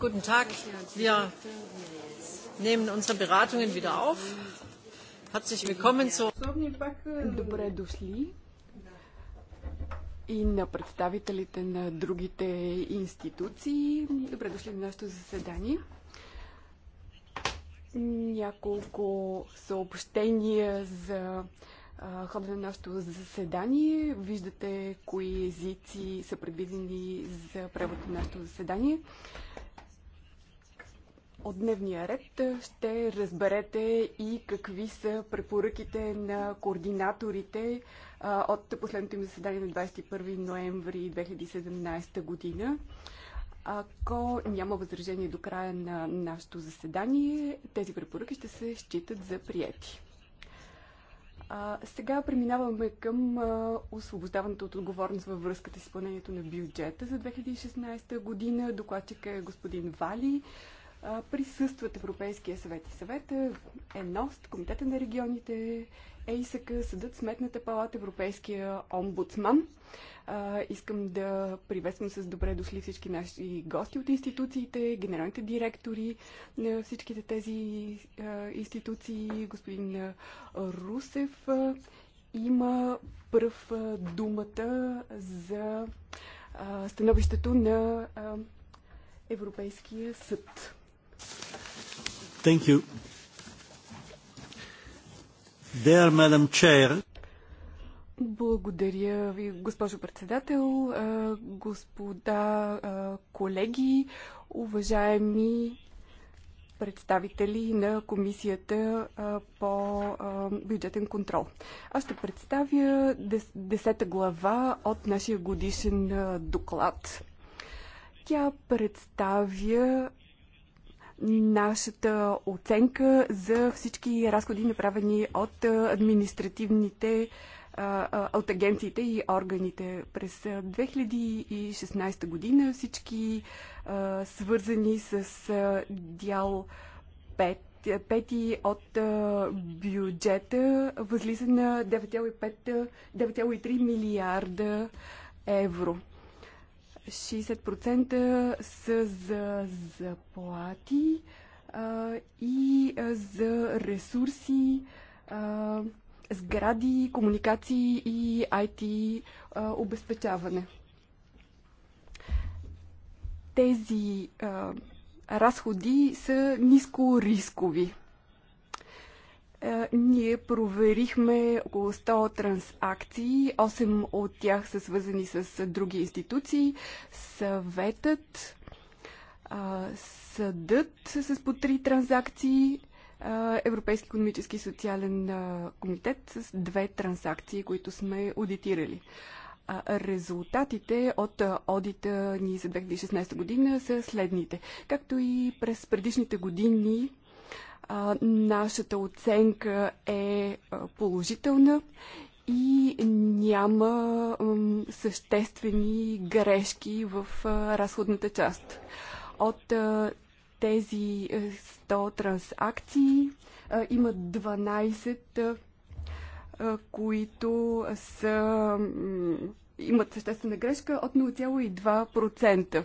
Guten Tag. Wir nehmen unsere Beratungen wieder auf. Herzlich willkommen zu. Добре дошли и на представителите на другите институции. Добре дошли на нашето заседание. Няколко съобщения за хода на нашето заседание. Виждате кои езици са предвидени за превод на нашето заседание от дневния ред ще разберете и какви са препоръките на координаторите от последното им заседание на 21 ноември 2017 година. Ако няма възражение до края на нашето заседание, тези препоръки ще се считат за прияти. А, сега преминаваме към а, освобождаването от отговорност във връзката с изпълнението на бюджета за 2016 година. Докладчик е господин Вали присъстват Европейския съвет и съвет, ЕНОСТ, Комитета на регионите, ЕИСК, Съдът, Сметната палата, Европейския омбудсман. Искам да приветствам с добре дошли всички наши гости от институциите, генералните директори на всичките тези институции, господин Русев. Има пръв думата за становището на Европейския съд. Thank you. There, Madam Chair. Благодаря ви, госпожо председател, господа колеги, уважаеми представители на Комисията по бюджетен контрол. Аз ще представя 10 глава от нашия годишен доклад. Тя представя нашата оценка за всички разходи, направени от административните от агенциите и органите. През 2016 година всички свързани с дял 5 пети от бюджета възлиза на 9,3 милиарда евро. 60% са за заплати а, и а, за ресурси, а, сгради, комуникации и IT а, обезпечаване. Тези а, разходи са ниско рискови. Е, ние проверихме около 100 трансакции, 8 от тях са свързани с други институции. Съветът, съдът с по 3 транзакции, Европейски економически и социален комитет с две транзакции, които сме аудитирали. Резултатите от одита ни за 2016 година са следните. Както и през предишните години, а, нашата оценка е положителна и няма съществени грешки в разходната част. От тези 100 е, транзакции има 12, които са, имат съществена грешка от 0,2%.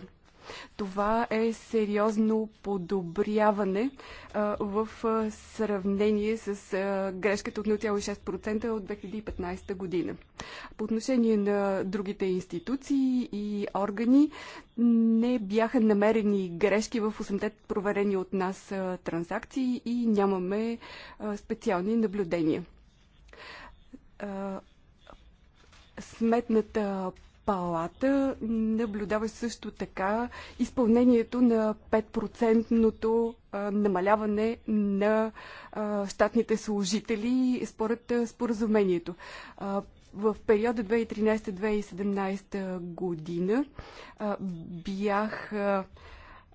Това е сериозно подобряване а, в сравнение с а, грешката от 0,6% от 2015 година. По отношение на другите институции и органи, не бяха намерени грешки в 8 проверени от нас а, транзакции и нямаме специални наблюдения. Сметната палата наблюдава също така изпълнението на 5 намаляване на щатните служители според споразумението. В периода 2013-2017 година бяха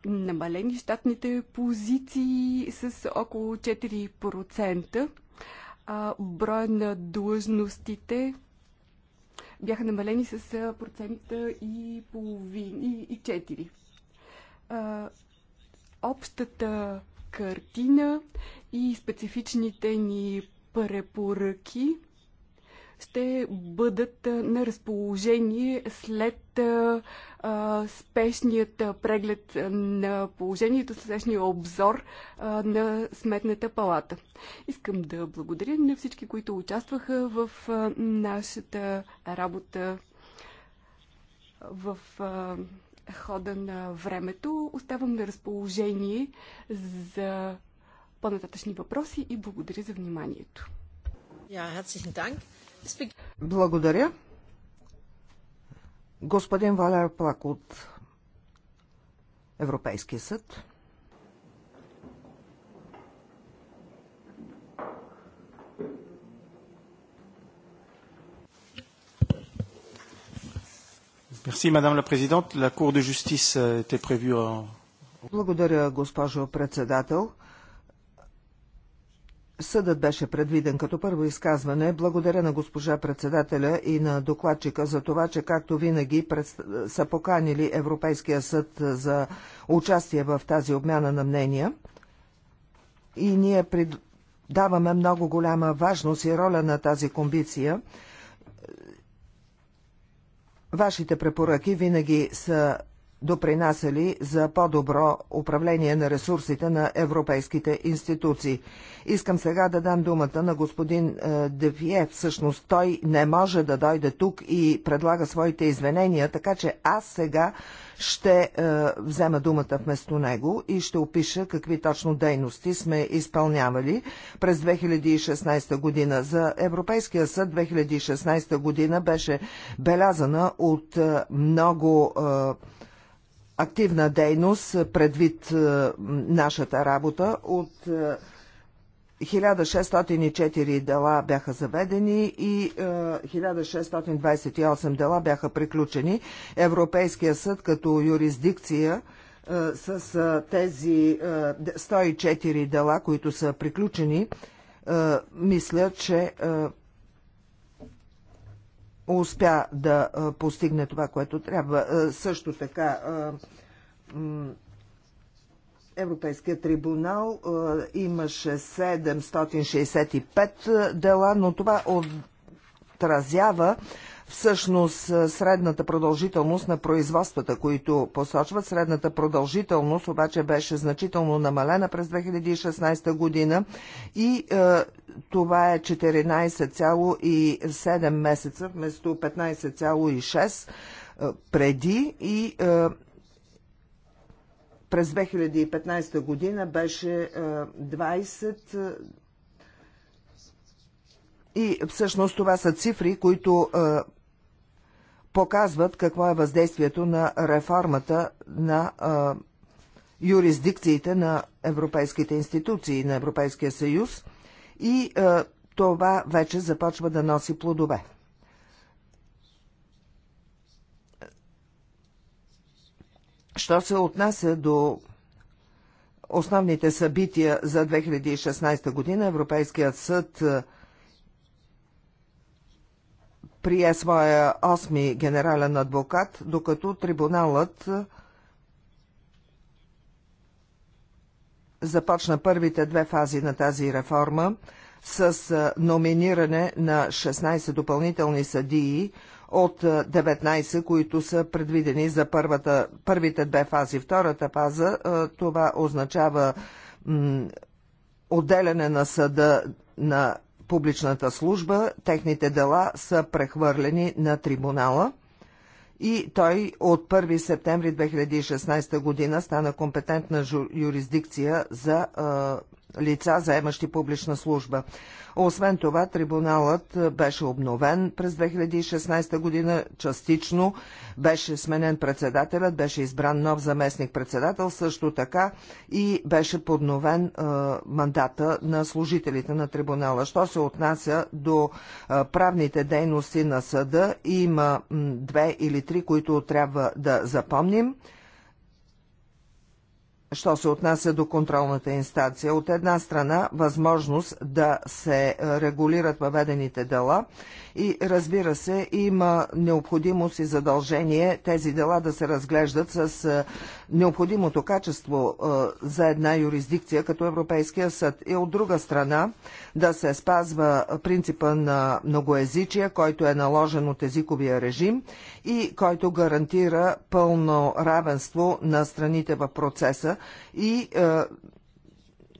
намалени щатните позиции с около 4%. Броя на длъжностите бяха намалени с процента и половин и, и А, общата картина и специфичните ни препоръки – ще бъдат на разположение след спешният преглед на положението, спешния обзор на Сметната палата. Искам да благодаря на всички, които участваха в нашата работа в хода на времето. Оставам на разположение за по-нататъчни въпроси и благодаря за вниманието. Ja, herzlichen Dank. Благодаря. Господин Валер Плак от Европейския съд. Merci, Madame la Présidente. La Cour de justice était prévue en... Благодаря, госпожо председател. Съдът беше предвиден като първо изказване. Благодаря на госпожа председателя и на докладчика за това, че както винаги са поканили Европейския съд за участие в тази обмяна на мнения. И ние придаваме даваме много голяма важност и роля на тази комбиция. Вашите препоръки винаги са допринасяли за по-добро управление на ресурсите на европейските институции. Искам сега да дам думата на господин е, Девие. Всъщност той не може да дойде тук и предлага своите извинения, така че аз сега ще е, взема думата вместо него и ще опиша какви точно дейности сме изпълнявали през 2016 година. За Европейския съд 2016 година беше белязана от е, много е, активна дейност предвид е, нашата работа. От 1604 е, дела бяха заведени и 1628 е, дела бяха приключени. Европейския съд като юрисдикция с тези 104 дела, които са приключени, мисля, че успя да постигне това, което трябва. Също така Европейския трибунал имаше 765 дела, но това отразява всъщност средната продължителност на производствата, които посочват. Средната продължителност обаче беше значително намалена през 2016 година и е, това е 14,7 месеца вместо 15,6 е, преди и е, през 2015 година беше е, 20 и всъщност това са цифри, които показват какво е въздействието на реформата на а, юрисдикциите на европейските институции на Европейския съюз и а, това вече започва да носи плодове. Що се отнася до основните събития за 2016 година, Европейският съд а, прие своя осми генерален адвокат, докато трибуналът започна първите две фази на тази реформа с номиниране на 16 допълнителни съдии от 19, които са предвидени за първата, първите две фази. Втората фаза, това означава отделяне на съда на публичната служба, техните дела са прехвърлени на трибунала и той от 1 септември 2016 година стана компетентна юрисдикция за лица, заемащи публична служба. Освен това, трибуналът е, беше обновен през 2016 година частично, беше сменен председателят, беше избран нов заместник-председател, също така и беше подновен е, мандата на служителите на трибунала. Що се отнася до е, правните дейности на съда, има м, две или три, които трябва да запомним що се отнася до контролната инстанция. От една страна възможност да се е, регулират въведените дела и разбира се има необходимост и задължение тези дела да се разглеждат с е, необходимото качество е, за една юрисдикция като Европейския съд. И от друга страна да се спазва принципа на многоезичие, който е наложен от езиковия режим и който гарантира пълно равенство на страните в процеса и е,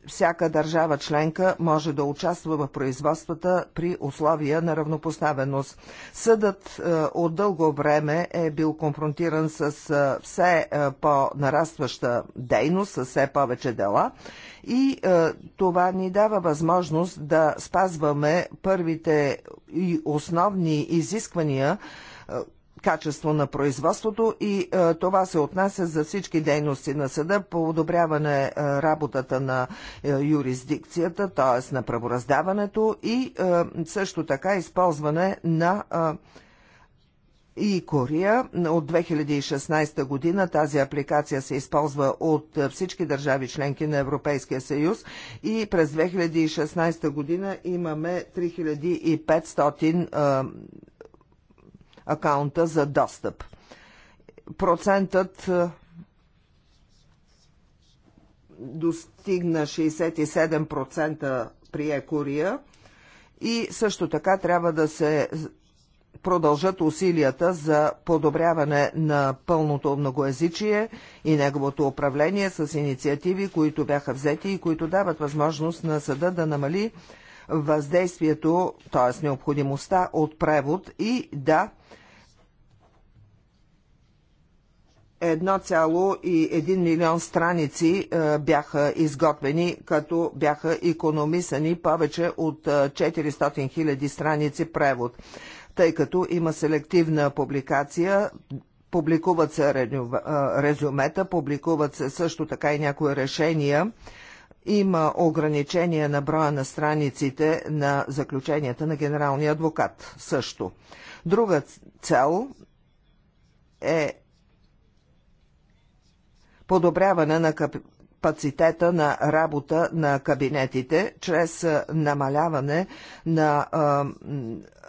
всяка държава членка може да участва в производствата при условия на равнопоставеност. Съдът е, от дълго време е бил конфронтиран с е, все е, по-нарастваща дейност, с все повече дела и е, това ни дава възможност да спазваме първите и основни изисквания, качество на производството и а, е, това се отнася за всички дейности на съда, одобряване а, е, работата на а, е, юрисдикцията, т.е. на правораздаването и също така използване на и Кория. От 2016 година тази апликация се използва от всички държави членки на Европейския съюз и през 2016 година имаме 3500 акаунта за достъп. Процентът е, достигна 67% при Екория и също така трябва да се продължат усилията за подобряване на пълното многоязичие и неговото управление с инициативи, които бяха взети и които дават възможност на съда да намали въздействието, т.е. необходимостта от превод и да 1,1 милион страници е, бяха изготвени, като бяха економисани повече от 400 е, хиляди страници превод. Тъй като има селективна публикация, публикуват се е, резюмета, публикуват се също така и някои решения. Има ограничение на броя на страниците на заключенията на генералния адвокат също. Друга цел е подобряване на капацитета на работа на кабинетите чрез намаляване на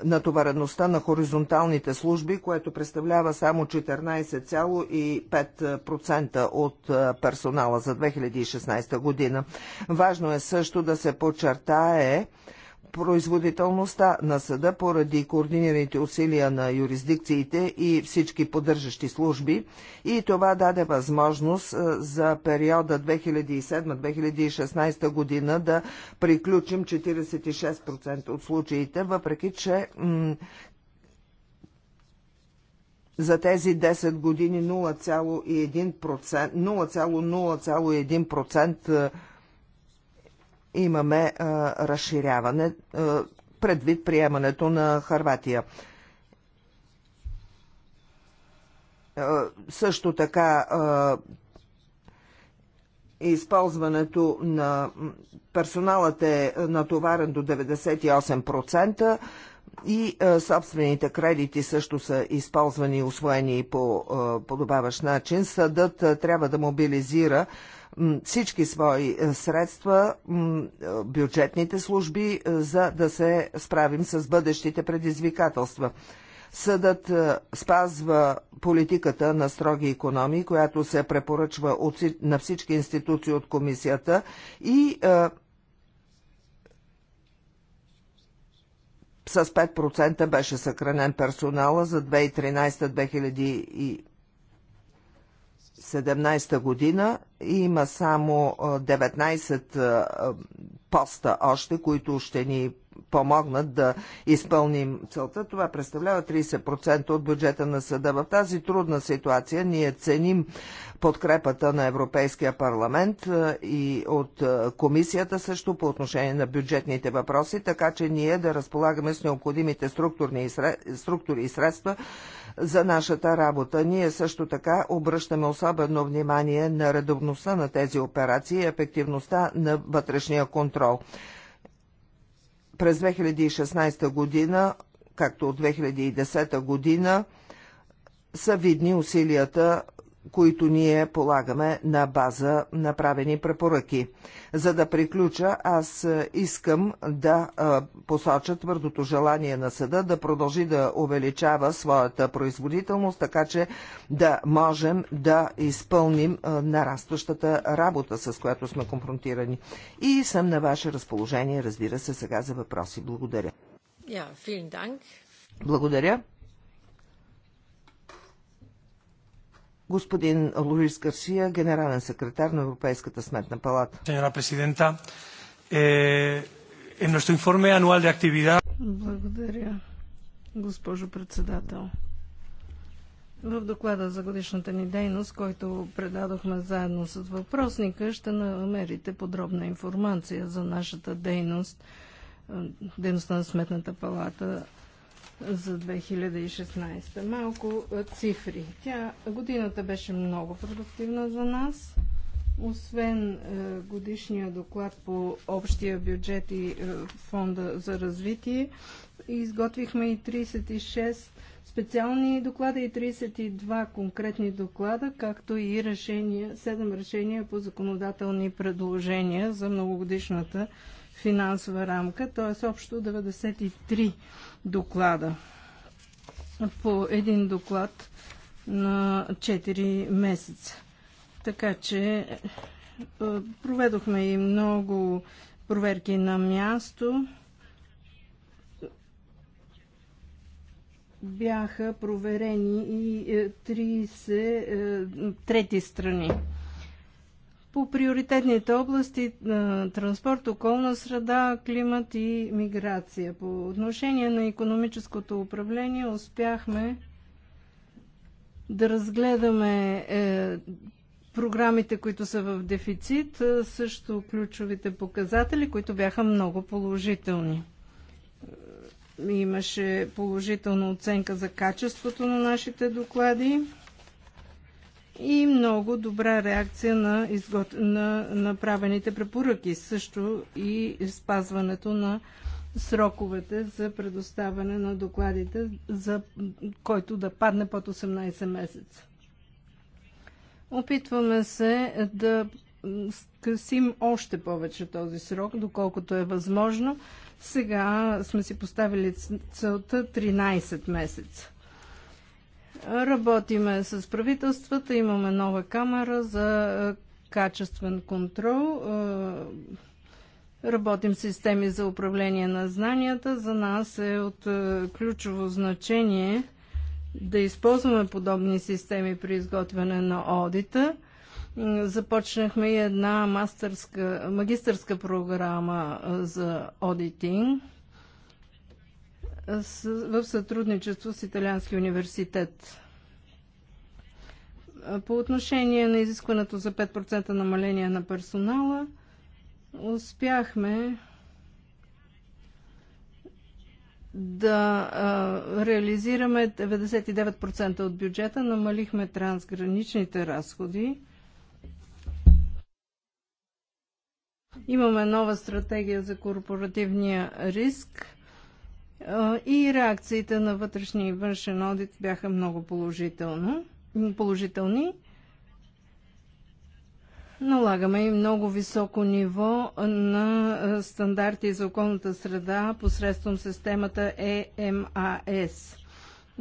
натовареността на хоризонталните служби, което представлява само 14,5% от персонала за 2016 година. Важно е също да се подчертае, производителността на съда поради координираните усилия на юрисдикциите и всички поддържащи служби и това даде възможност е, за периода 2007-2016 година да приключим 46% от случаите, въпреки че за тези 10 години 0,1%, 0,01% имаме а, разширяване а, предвид приемането на Харватия. А, също така а, използването на персоналът е натоварен до 98% и е, собствените кредити също са използвани и освоени по е, подобаващ начин. Съдът е, трябва да мобилизира е, всички свои е, средства, е, бюджетните служби, е, за да се справим с бъдещите предизвикателства. Съдът спазва политиката на строги економии, която се препоръчва от, на всички институции от комисията и е, с 5% беше съкранен персонала за 2013-2014 2017 година има само 19 поста още, които ще ни помогнат да изпълним целта. Това представлява 30% от бюджета на съда. В тази трудна ситуация ние ценим подкрепата на Европейския парламент и от комисията също по отношение на бюджетните въпроси, така че ние да разполагаме с необходимите структури и средства, за нашата работа. Ние също така обръщаме особено внимание на редовността на тези операции и ефективността на вътрешния контрол. През 2016 година, както от 2010 година, са видни усилията които ние полагаме на база направени препоръки. За да приключа, аз е, искам да е, посоча твърдото желание на съда да продължи да увеличава своята производителност, така че да можем да изпълним е, нарастващата работа, с която сме конфронтирани. И съм на ваше разположение, разбира се, сега за въпроси. Благодаря. Благодаря. Господин Луис Гарсия, генерален секретар на Европейската сметна палата. Сеньора президента, е, Благодаря, госпожо председател. В доклада за годишната ни дейност, който предадохме заедно с въпросника, ще намерите подробна информация за нашата дейност, дейността на Сметната палата за 2016. Малко е, цифри. Тя, годината беше много продуктивна за нас. Освен е, годишния доклад по общия бюджет и е, фонда за развитие, изготвихме и 36 специални доклада и 32 конкретни доклада, както и решения, 7 решения по законодателни предложения за многогодишната финансова рамка, т.е. общо 93 доклада по един доклад на 4 месеца. Така че е, проведохме и много проверки на място. Бяха проверени и 30 е, е, трети страни по приоритетните области транспорт, околна среда, климат и миграция. По отношение на економическото управление успяхме да разгледаме е, програмите, които са в дефицит, също ключовите показатели, които бяха много положителни. Имаше положителна оценка за качеството на нашите доклади и много добра реакция на, изгот... на направените препоръки, също и спазването на сроковете за предоставяне на докладите, за който да падне под 18 месеца. Опитваме се да скъсим още повече този срок, доколкото е възможно. Сега сме си поставили целта 13 месеца. Работиме с правителствата, имаме нова камера за е, качествен контрол. Е, работим системи за управление на знанията. За нас е от е, ключово значение да използваме подобни системи при изготвяне на одита. Започнахме и една магистърска програма за одитинг в сътрудничество с Италиански университет. По отношение на изискването за 5% намаление на персонала, успяхме да а, реализираме 99% от бюджета, намалихме трансграничните разходи. Имаме нова стратегия за корпоративния риск и реакциите на вътрешния и външен одит бяха много положително, положителни. Налагаме и много високо ниво на стандарти за околната среда посредством системата EMAS.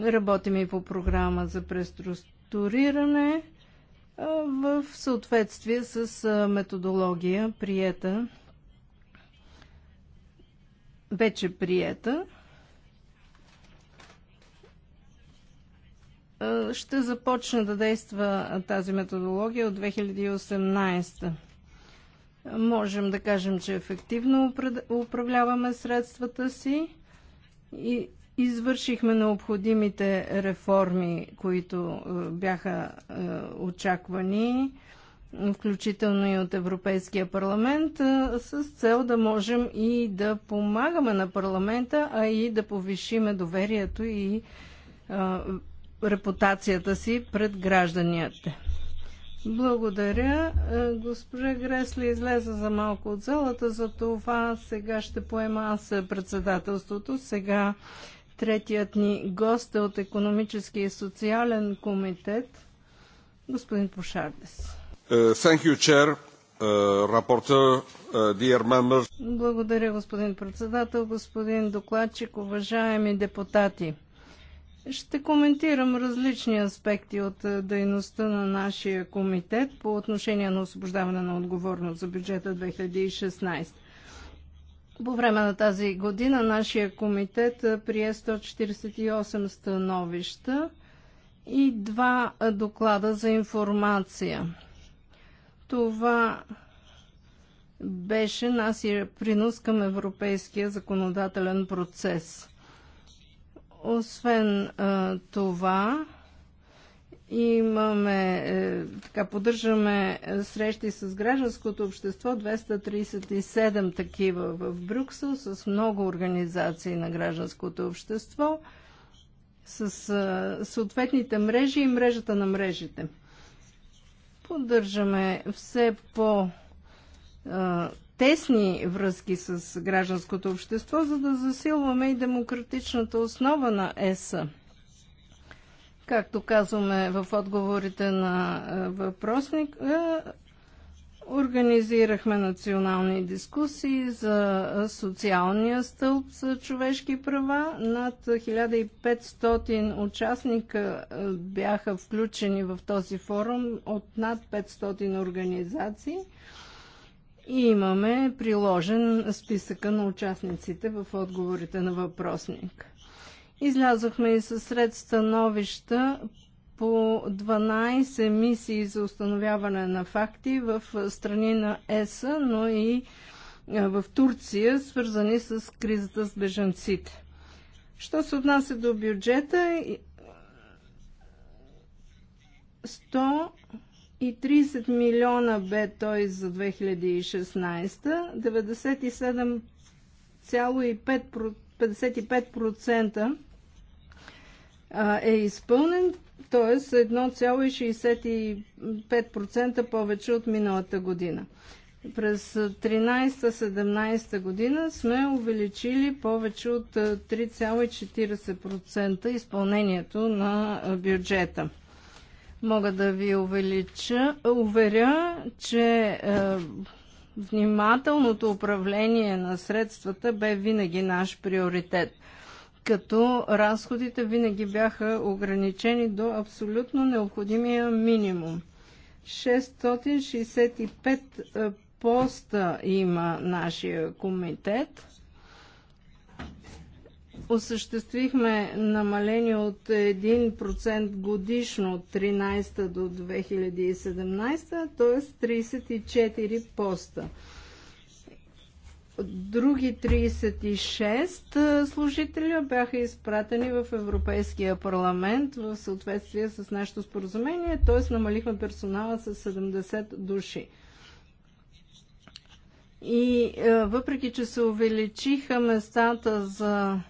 Е Работим и по програма за преструктуриране в съответствие с методология, приета, вече приета Е, ще започне да действа тази методология от 2018. Можем да кажем, че ефективно управляваме средствата си и извършихме необходимите реформи, които е, бяха е, очаквани, включително и от Европейския парламент, с цел да можем и да помагаме на парламента, а и да повишиме доверието и репутацията си пред гражданите. Благодаря. Е, госпожа Гресли излезе за малко от залата, за това сега ще поема аз председателството. Сега третият ни гост е от економически и социален комитет, господин Пошардес. Е, you, е, Благодаря, господин председател, господин докладчик, уважаеми депутати. Ще коментирам различни аспекти от е, дейността на нашия комитет по отношение на освобождаване на отговорност за бюджета 2016. По време на тази година нашия комитет е, прие 148 становища и два е, доклада за информация. Това беше нашия принос към европейския законодателен процес. Освен а, това, имаме, е, така, поддържаме е, срещи с гражданското общество, 237 такива в Брюксел, с много организации на гражданското общество, с а, е, съответните мрежи и мрежата на мрежите. Поддържаме все по е, тесни връзки с гражданското общество, за да засилваме и демократичната основа на ЕС. Както казваме в отговорите на е, въпросника, Организирахме национални дискусии за социалния стълб за човешки права. Над 1500 участника е, бяха включени в този форум от над 500 организации. И имаме приложен списъка на участниците в отговорите на въпросник. Излязохме и със сред становища по 12 мисии за установяване на факти в страни на ЕСА, но и в Турция, свързани с кризата с бежанците. Що се отнася до бюджета, 100 и 30 милиона бе той за 2016, 97,55% е изпълнен, т.е. 1,65% повече от миналата година. През 13-17 година сме увеличили повече от 3,40% изпълнението на бюджета. Мога да ви увелича, уверя, че е, внимателното управление на средствата бе винаги наш приоритет като разходите винаги бяха ограничени до абсолютно необходимия минимум. 665 е, поста има нашия комитет осъществихме намаление от 1% годишно от 13 до 2017, т.е. 34 поста. Други 36 служителя бяха изпратени в Европейския парламент в съответствие с нашето споразумение, т.е. намалихме персонала с 70 души. И е, въпреки, че се увеличиха местата за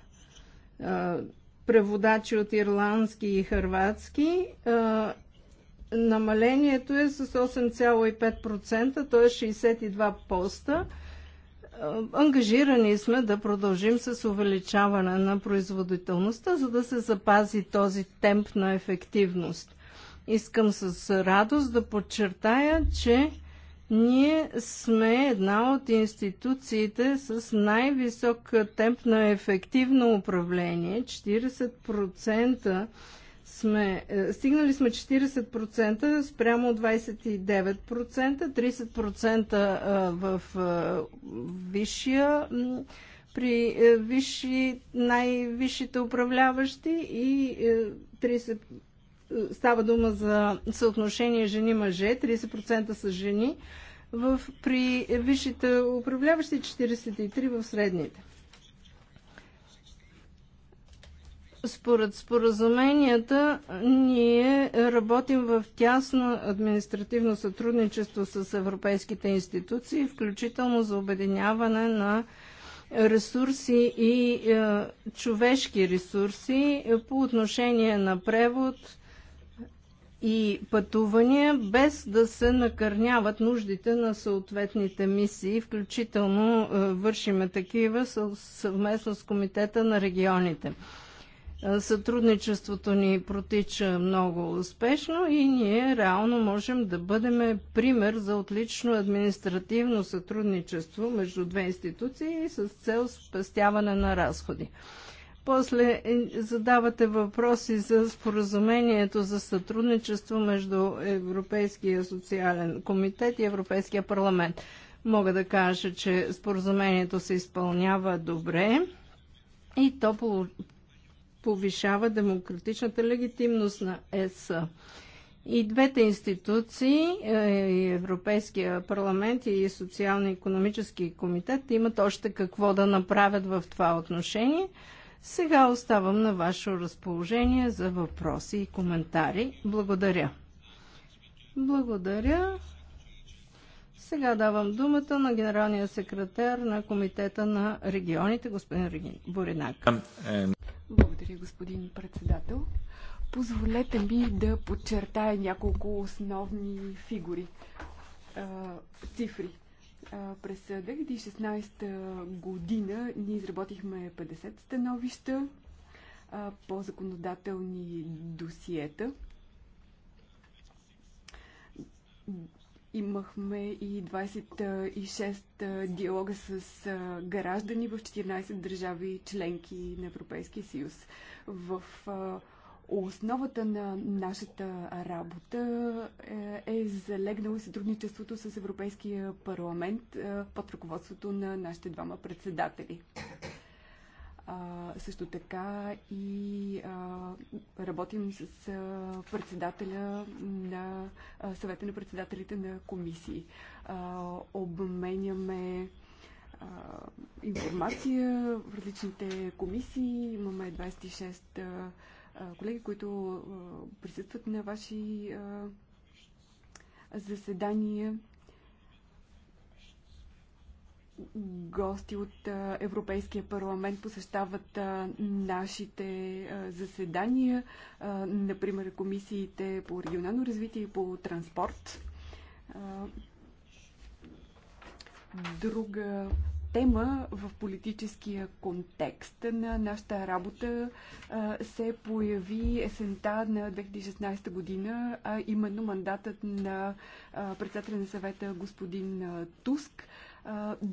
преводачи от ирландски и хърватски. Намалението е с 8,5%, т.е. 62 поста. Ангажирани сме да продължим с увеличаване на производителността, за да се запази този темп на ефективност. Искам с радост да подчертая, че ние сме една от институциите с най-висок темп на ефективно управление. 40% сме, е, стигнали сме 40% спрямо 29%, 30% е, в е, висшия при висши, най-висшите управляващи и 30 става дума за съотношение жени-мъже, 30% са жени, в, при висшите управляващи 43% в средните. Според споразуменията, ние работим в тясно административно сътрудничество с европейските институции, включително за обединяване на ресурси и е, човешки ресурси по отношение на превод, и пътувания, без да се накърняват нуждите на съответните мисии, включително е, вършиме такива съвместно с Комитета на регионите. Е, сътрудничеството ни протича много успешно и ние реално можем да бъдем пример за отлично административно сътрудничество между две институции с цел спестяване на разходи. После е, задавате въпроси за споразумението за сътрудничество между Европейския социален комитет и Европейския парламент. Мога да кажа, че споразумението се изпълнява добре и то повишава демократичната легитимност на ЕС. И двете институции, е, Европейския парламент и Социално-економически комитет, имат още какво да направят в това отношение – сега оставам на ваше разположение за въпроси и коментари. Благодаря. Благодаря. Сега давам думата на генералния секретар на Комитета на регионите, господин Боринак. Благодаря, господин председател. Позволете ми да подчертая няколко основни фигури, цифри. През 2016 година ние изработихме 50 становища по законодателни досиета. Имахме и 26 диалога с граждани в 14 държави членки на Европейския съюз. В Основата на нашата работа е, е залегнало сътрудничеството с Европейския парламент е, под ръководството на нашите двама председатели. А, също така и а, работим с а, председателя на а, съвета на председателите на комисии. А, обменяме а, информация в различните комисии. Имаме 26 а, колеги, които присъстват на ваши заседания, гости от Европейския парламент посещават нашите заседания, например комисиите по регионално развитие и по транспорт. Друга тема в политическия контекст на нашата работа се появи есента на 2016 година, а именно мандатът на председателя на съвета господин Туск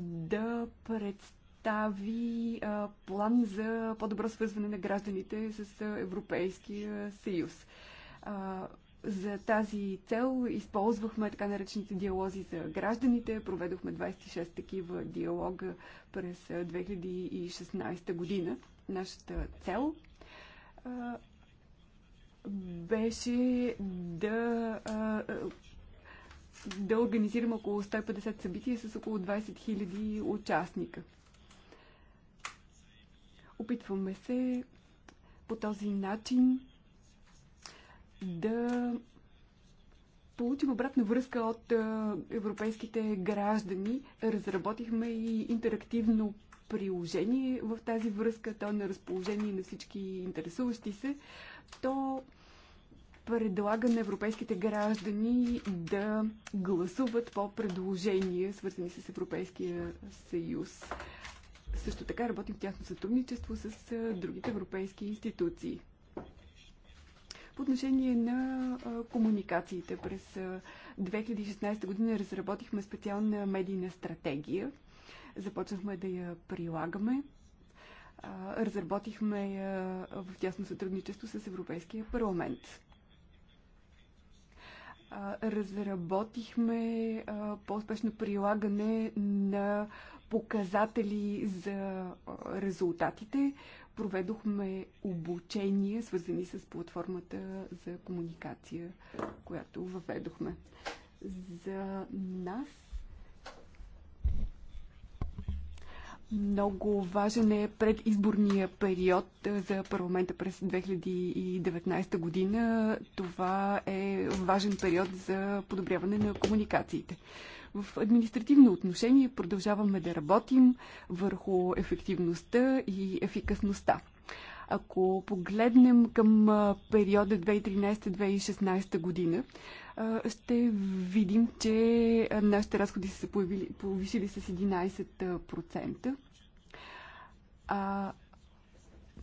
да представи план за по-добро свързване на гражданите с Европейския съюз за тази цел използвахме така наречените диалози за гражданите. Проведохме 26 такива диалога през 2016 година. Нашата цел а, беше да, а, да организираме около 150 събития с около 20 000 участника. Опитваме се по този начин да получим обратна връзка от европейските граждани. Разработихме и интерактивно приложение в тази връзка. То е на разположение на всички интересуващи се. То предлага на европейските граждани да гласуват по предложения, свързани с Европейския съюз. Също така работим в тяхно сътрудничество с другите европейски институции. По отношение на комуникациите през 2016 година разработихме специална медийна стратегия. Започнахме да я прилагаме. Разработихме я в тясно сътрудничество с Европейския парламент разработихме по-успешно прилагане на показатели за резултатите проведохме обучения, свързани с платформата за комуникация, която въведохме. За нас много важен е предизборния период за парламента през 2019 година. Това е важен период за подобряване на комуникациите. В административно отношение продължаваме да работим върху ефективността и ефикасността. Ако погледнем към периода 2013-2016 година, ще видим, че нашите разходи са се повишили с 11%. А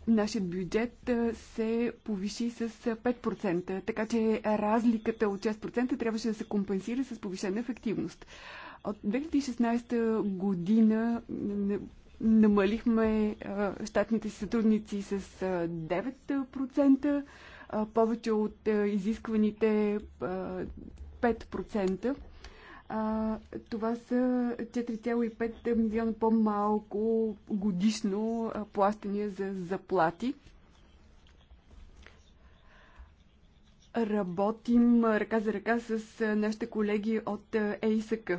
нашият бюджет се повиши с 5%, така че разликата от 6% трябваше да се компенсира с повишена ефективност. От 2016 година намалихме щатните си сътрудници с 9%, повече от изискваните 5% а, това са 4,5 милиона по-малко годишно плащания за заплати. Работим ръка за ръка с нашите колеги от ЕИСАК.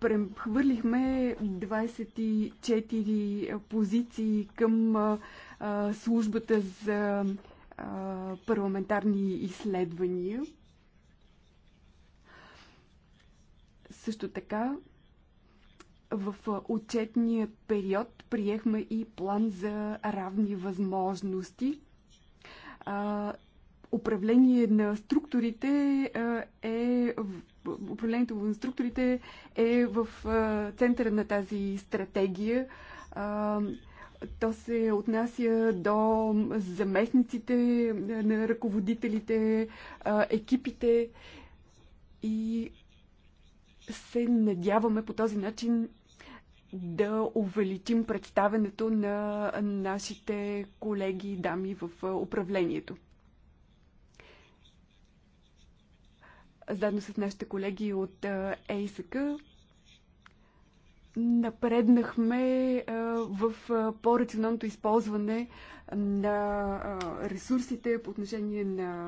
Прехвърлихме 24 позиции към службата за парламентарни изследвания Също така, в отчетния период приехме и план за равни възможности. А, управление на структурите е управлението на структурите е в центъра на тази стратегия. То се отнася до заместниците на ръководителите, екипите и се надяваме по този начин да увеличим представенето на нашите колеги и дами в управлението. Заедно с нашите колеги от ЕСК, напреднахме в по-рационалното използване на ресурсите по отношение на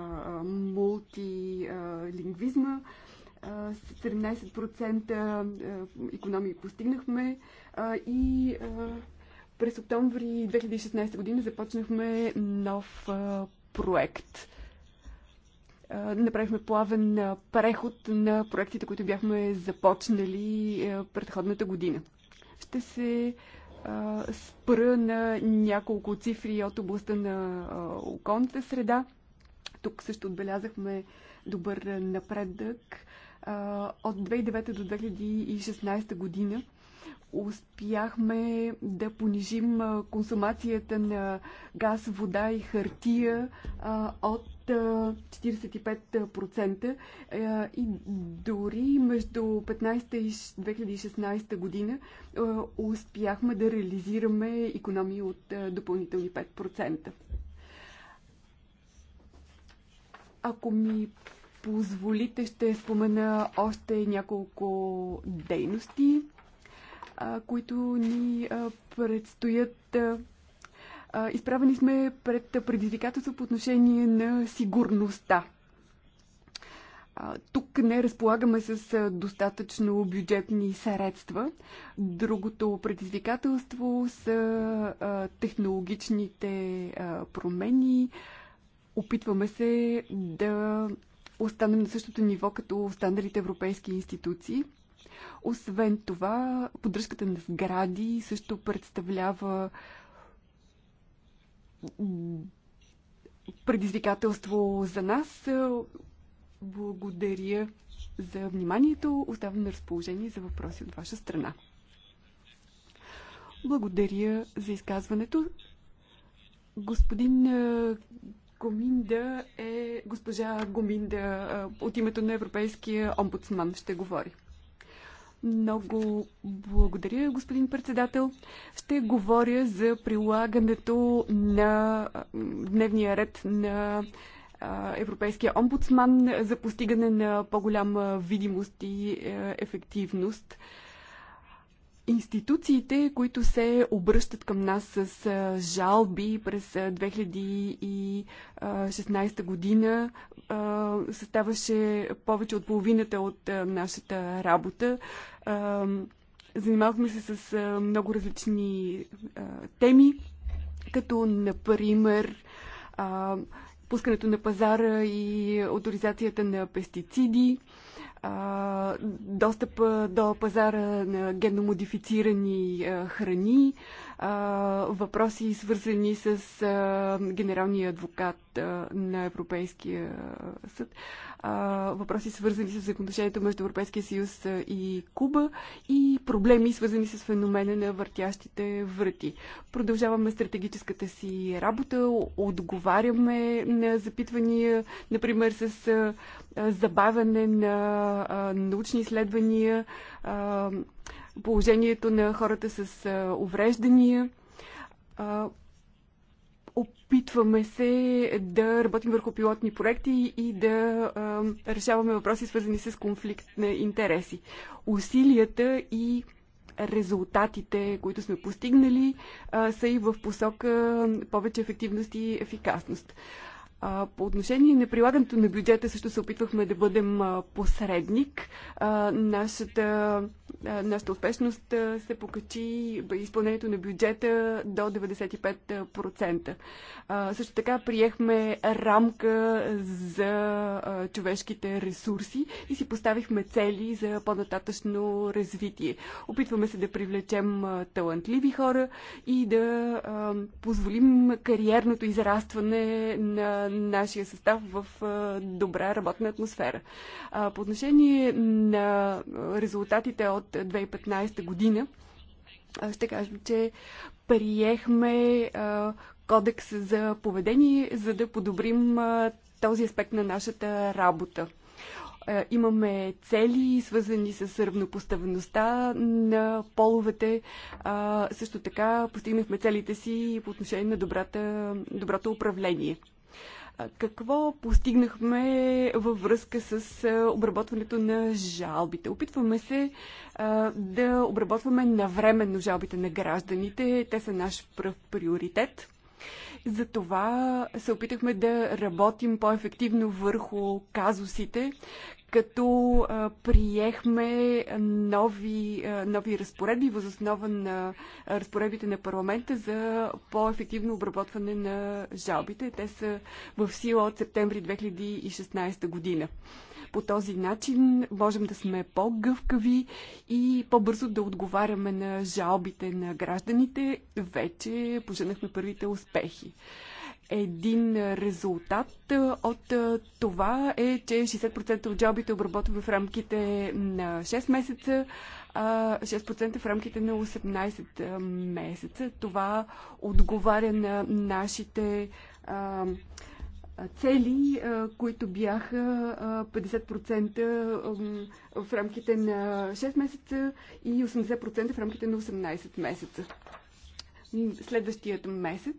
мултилингвизма, 17% економии постигнахме и през октомври 2016 година започнахме нов проект. Направихме плавен преход на проектите, които бяхме започнали предходната година. Ще се спра на няколко цифри от областта на околната среда. Тук също отбелязахме добър напредък от 2009 до 2016 година успяхме да понижим консумацията на газ, вода и хартия от 45% и дори между 15 и 2016 година успяхме да реализираме економии от допълнителни 5%. Ако ми позволите, ще спомена още няколко дейности, които ни предстоят. Изправени сме пред предизвикателство по отношение на сигурността. Тук не разполагаме с достатъчно бюджетни средства. Другото предизвикателство са технологичните промени. Опитваме се да останем на същото ниво като останалите европейски институции. Освен това, поддръжката на сгради също представлява предизвикателство за нас. Благодаря за вниманието. Оставам на разположение за въпроси от ваша страна. Благодаря за изказването. Господин Гоминда е госпожа Гоминда от името на Европейския омбудсман ще говори. Много благодаря, господин председател. Ще говоря за прилагането на дневния ред на Европейския омбудсман за постигане на по-голяма видимост и ефективност институциите, които се обръщат към нас с жалби през 2016 година, съставаше повече от половината от нашата работа. Занимавахме се с много различни теми, като, например, пускането на пазара и авторизацията на пестициди, Достъп до пазара на генномодифицирани храни, въпроси, свързани с генералния адвокат на Европейския съд, въпроси, свързани с взаимоотношението между Европейския съюз и Куба и проблеми, свързани с феномена на въртящите врати. Продължаваме стратегическата си работа, отговаряме на запитвания, например, с забавяне на научни изследвания, положението на хората с увреждания. Опитваме се да работим върху пилотни проекти и да решаваме въпроси, свързани с конфликт на интереси. Усилията и резултатите, които сме постигнали, са и в посока повече ефективност и ефикасност. А, по отношение на прилагането на бюджета също се опитвахме да бъдем а, посредник. А, нашата, а, нашата успешност а, се покачи изпълнението на бюджета до 95%. А, също така приехме рамка за а, човешките ресурси и си поставихме цели за по-нататъчно развитие. Опитваме се да привлечем а, талантливи хора и да а, позволим кариерното израстване на нашия състав в добра работна атмосфера. По отношение на резултатите от 2015 година, ще кажа, че приехме кодекс за поведение, за да подобрим този аспект на нашата работа имаме цели, свързани с равнопоставеността на половете. А, също така постигнахме целите си по отношение на добрата, доброто управление. Какво постигнахме във връзка с обработването на жалбите? Опитваме се да обработваме навременно жалбите на гражданите. Те са наш пръв приоритет. Затова се опитахме да работим по-ефективно върху казусите, като а, приехме нови, а, нови разпоредби, възоснова на разпоредбите на парламента за по-ефективно обработване на жалбите. Те са в сила от септември 2016 година. По този начин можем да сме по-гъвкави и по-бързо да отговаряме на жалбите на гражданите. Вече поженахме първите успехи. Един резултат от това е, че 60% от жалбите е обработваме в рамките на 6 месеца, а 6% в рамките на 18 месеца. Това отговаря на нашите а, цели, които бяха 50% в рамките на 6 месеца и 80% в рамките на 18 месеца. Следващият месец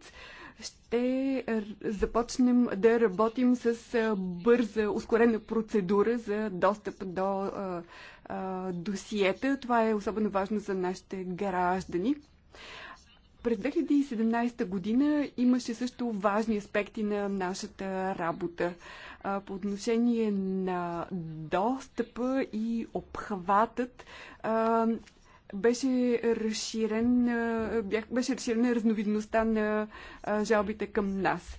ще започнем да работим с бърза, ускорена процедура за достъп до досиета. Това е особено важно за нашите граждани. През 2017 година имаше също важни аспекти на нашата работа по отношение на достъпа и обхватът беше разширен, бях, беше разширена разновидността на жалбите към нас.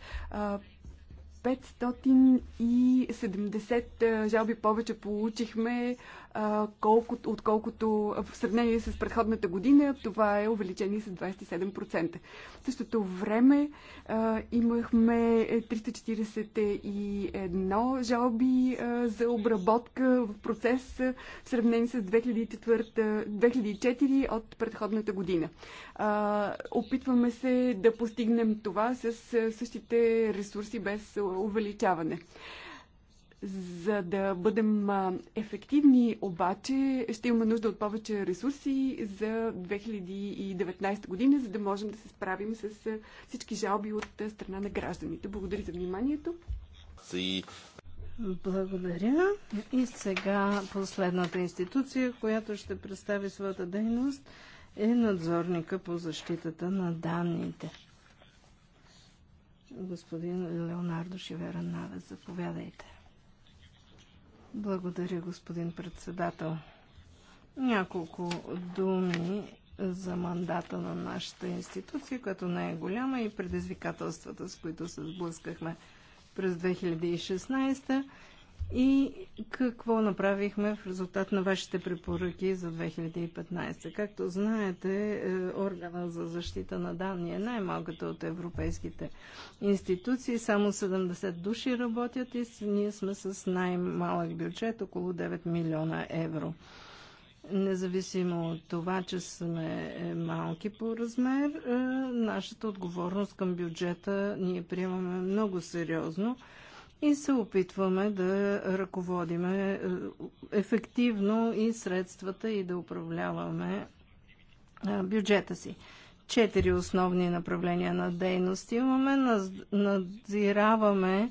570 жалби повече получихме колкото, отколкото в сравнение с предходната година, това е увеличение с 27%. В същото време а, имахме 341 жалби а, за обработка в процес а, в сравнение с 2004, 2004 от предходната година. А, опитваме се да постигнем това с същите ресурси без увеличаване. За да бъдем ефективни обаче, ще имаме нужда от повече ресурси за 2019 година, за да можем да се справим с всички жалби от страна на гражданите. Благодаря за вниманието. Благодаря. И сега последната институция, която ще представи своята дейност е надзорника по защитата на данните. Господин Леонардо Шивера Наве, заповядайте. Благодаря, господин председател. Няколко думи за мандата на нашата институция, която не е голяма и предизвикателствата, с които се сблъскахме през 2016 и какво направихме в резултат на вашите препоръки за 2015. Както знаете, е, органа за защита на данни е най-малката от европейските институции. Само 70 души работят и ние сме с най-малък бюджет, около 9 милиона евро. Независимо от това, че сме е, малки по размер, е, нашата отговорност към бюджета ние приемаме много сериозно и се опитваме да ръководиме е, ефективно и средствата и да управляваме е, бюджета си. Четири основни направления на дейност имаме. Надзираваме е,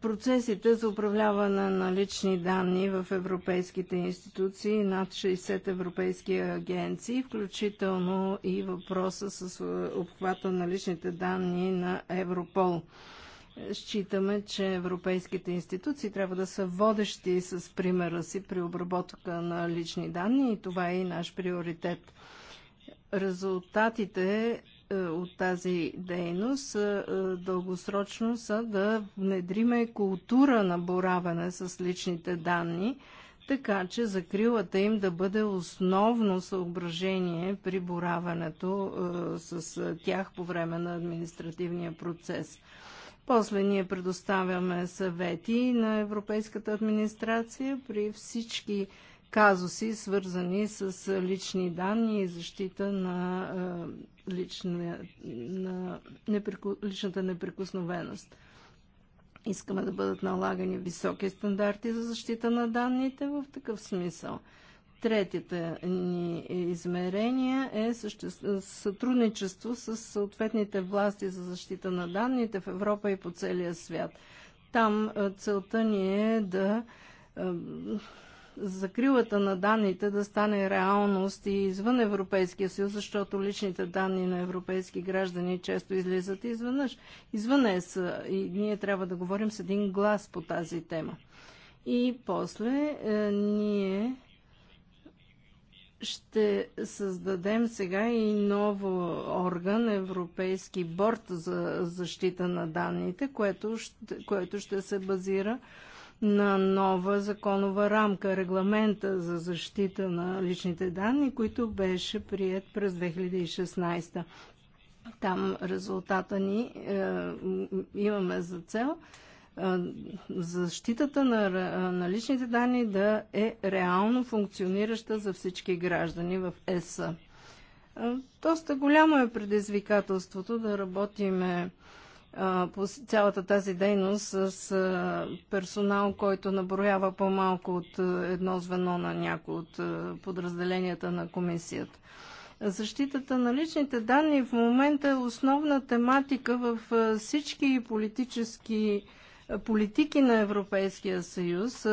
процесите за управляване на лични данни в европейските институции, над 60 европейски агенции, включително и въпроса с обхвата на личните данни на Европол. Считаме, че европейските институции трябва да са водещи с примера си при обработка на лични данни и това е и наш приоритет. Резултатите е, от тази дейност е, е, дългосрочно са да внедриме култура на бораване с личните данни, така че закрилата им да бъде основно съображение при бораването с тях по време на административния процес. После ние предоставяме съвети на Европейската администрация при всички казуси, свързани с лични данни и защита на, лична, на неприку, личната неприкосновеност. Искаме да бъдат налагани високи стандарти за защита на данните в такъв смисъл. Третите ни измерения е сътрудничество с съответните власти за защита на данните в Европа и по целия свят. Там целта ни е да закрилата на данните да стане реалност и извън Европейския съюз, защото личните данни на европейски граждани често излизат извънъж. Извън ЕС и ние трябва да говорим с един глас по тази тема. И после е, ние ще създадем сега и ново орган, Европейски борт за защита на данните, което ще, което ще се базира на нова законова рамка, регламента за защита на личните данни, който беше прият през 2016. Там резултата ни е, имаме за цел защитата на, на личните данни да е реално функционираща за всички граждани в ЕСА. Доста голямо е предизвикателството да работиме по цялата тази дейност с персонал, който наброява по-малко от едно звено на някои от подразделенията на комисията. Защитата на личните данни в момента е основна тематика в всички политически политики на Европейския съюз.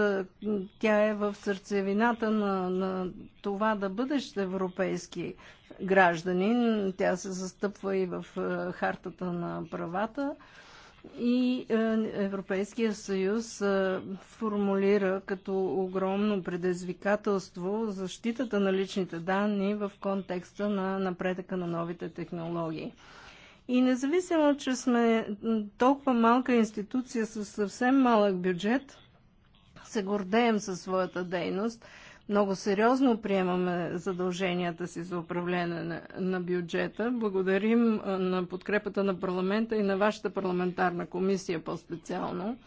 Тя е в сърцевината на, на това да бъдеш европейски гражданин. Тя се застъпва и в хартата на правата. И Европейския съюз формулира като огромно предизвикателство защитата на личните данни в контекста на напредъка на новите технологии. И независимо, че сме толкова малка институция с съвсем малък бюджет, се гордеем със своята дейност. Много сериозно приемаме задълженията си за управление на, на бюджета. Благодарим на подкрепата на парламента и на вашата парламентарна комисия по-специално.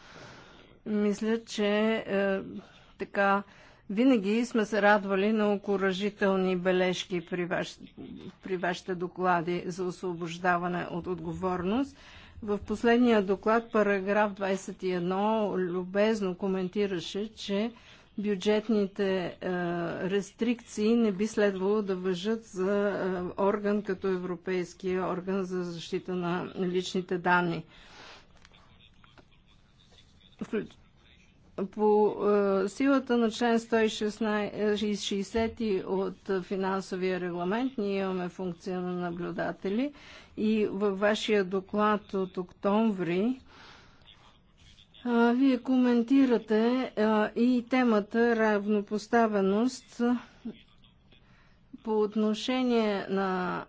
Мисля, че е, така винаги сме се радвали на окоръжителни бележки при, ваш, при вашите доклади за освобождаване от отговорност. В последния доклад, параграф 21, любезно коментираше, че бюджетните е, рестрикции не би следвало да въжат за е, орган като Европейския орган за защита на личните данни. По е, силата на член 160 е, от финансовия регламент ние имаме функция на наблюдатели и във вашия доклад от октомври е, вие коментирате и темата равнопоставеност по отношение на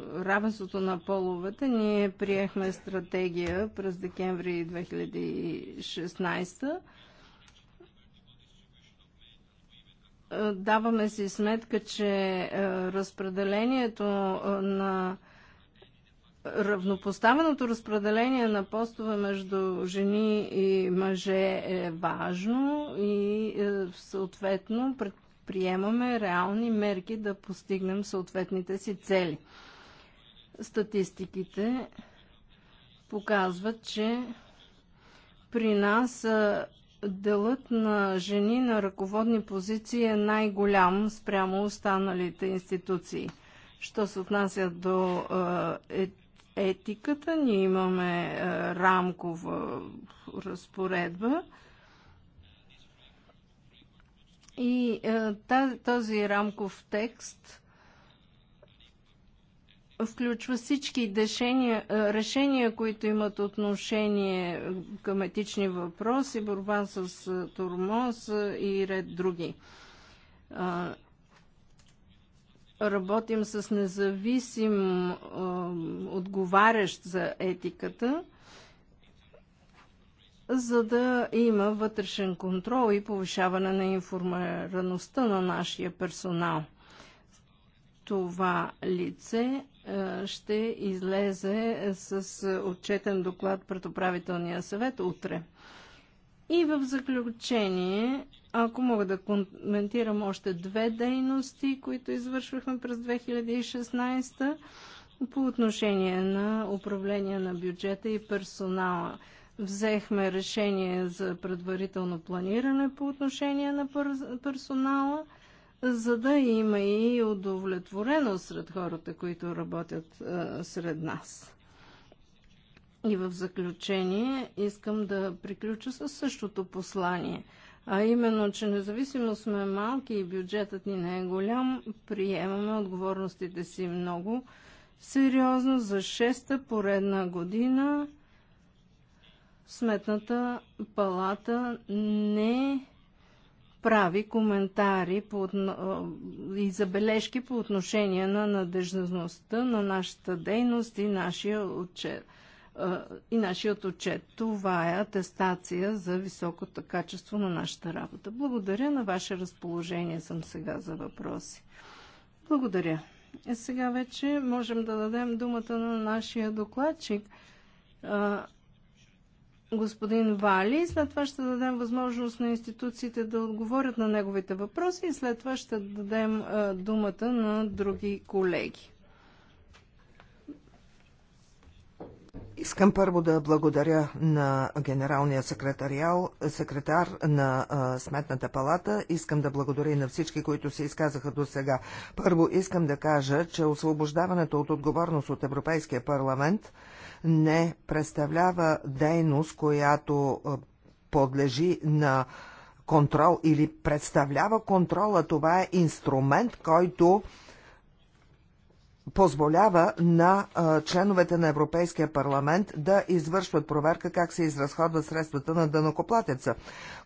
равенството на половете, ние приехме стратегия през декември 2016 даваме си сметка, че е, разпределението е, на равнопоставеното разпределение на постове между жени и мъже е важно и е, съответно предприемаме реални мерки да постигнем съответните си цели статистиките показват, че при нас делът на жени на ръководни позиции е най-голям спрямо останалите институции. Що се отнася до е, етиката, ние имаме е, рамкова разпоредба. И е, тази, този рамков текст включва всички дешения, решения, които имат отношение към етични въпроси, борба с турмоз и ред други. Работим с независим отговарящ за етиката, за да има вътрешен контрол и повишаване на информираността на нашия персонал това лице е, ще излезе с отчетен доклад пред управителния съвет утре. И в заключение, ако мога да коментирам още две дейности, които извършвахме през 2016 по отношение на управление на бюджета и персонала. Взехме решение за предварително планиране по отношение на персонала – за да има и удовлетвореност сред хората, които работят а, сред нас. И в заключение искам да приключа със същото послание, а именно, че независимо сме малки и бюджетът ни не е голям, приемаме отговорностите си много сериозно за шеста поредна година. Сметната палата не е прави коментари по, и забележки по отношение на надежността на нашата дейност и нашия отчет. И нашият отчет. Това е атестация за високото качество на нашата работа. Благодаря на ваше разположение съм сега за въпроси. Благодаря. Е, сега вече можем да дадем думата на нашия докладчик господин Вали. След това ще дадем възможност на институциите да отговорят на неговите въпроси и след това ще дадем думата на други колеги. Искам първо да благодаря на генералния секретариал, секретар на а, Сметната палата. Искам да благодаря и на всички, които се изказаха до сега. Първо искам да кажа, че освобождаването от отговорност от Европейския парламент – не представлява дейност, която подлежи на контрол или представлява контрола. Това е инструмент, който позволява на а, членовете на Европейския парламент да извършват проверка как се изразходват средствата на дънокоплатеца,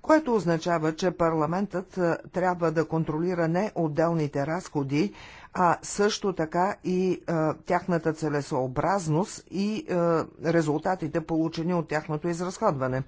което означава, че парламентът а, трябва да контролира не отделните разходи, а също така и а, тяхната целесообразност и а, резултатите получени от тяхното изразходване.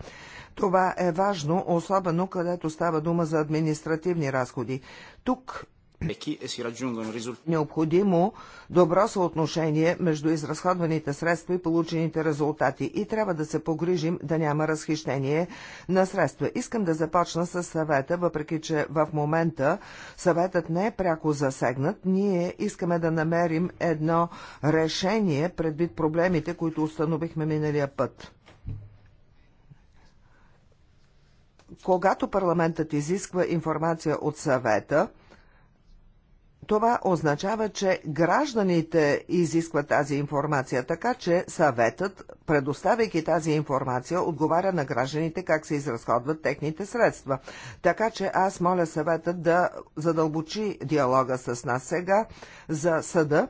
Това е важно, особено където става дума за административни разходи. Тук е, е, Необходимо добро съотношение между изразходваните средства и получените резултати и трябва да се погрижим да няма разхищение на средства. Искам да започна с съвета, въпреки че в момента съветът не е пряко засегнат. Ние искаме да намерим едно решение предвид проблемите, които установихме миналия път. Когато парламентът изисква информация от съвета, това означава, че гражданите изискват тази информация, така че съветът, предоставяйки тази информация, отговаря на гражданите как се изразходват техните средства. Така че аз моля съветът да задълбочи диалога с нас сега за съда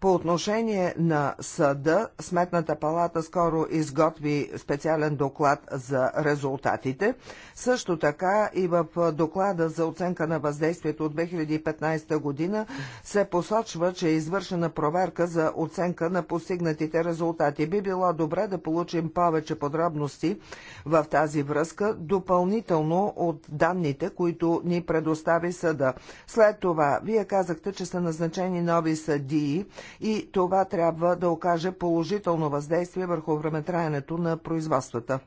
по отношение на съда, Сметната палата скоро изготви специален доклад за резултатите. Също така и в доклада за оценка на въздействието от 2015 година се посочва, че е извършена проверка за оценка на постигнатите резултати. Би било добре да получим повече подробности в тази връзка, допълнително от данните, които ни предостави съда. След това, вие казахте, че са назначени нови съдии и това трябва да окаже положително въздействие върху времетраенето на производствата.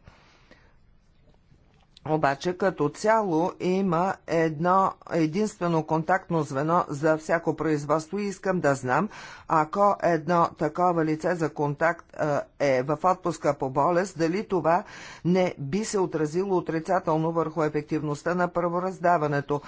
Обаче като цяло има едно единствено контактно звено за всяко производство и искам да знам, ако едно такова лице за контакт е в отпуска по болест, дали това не би се отразило отрицателно върху ефективността на правораздаването.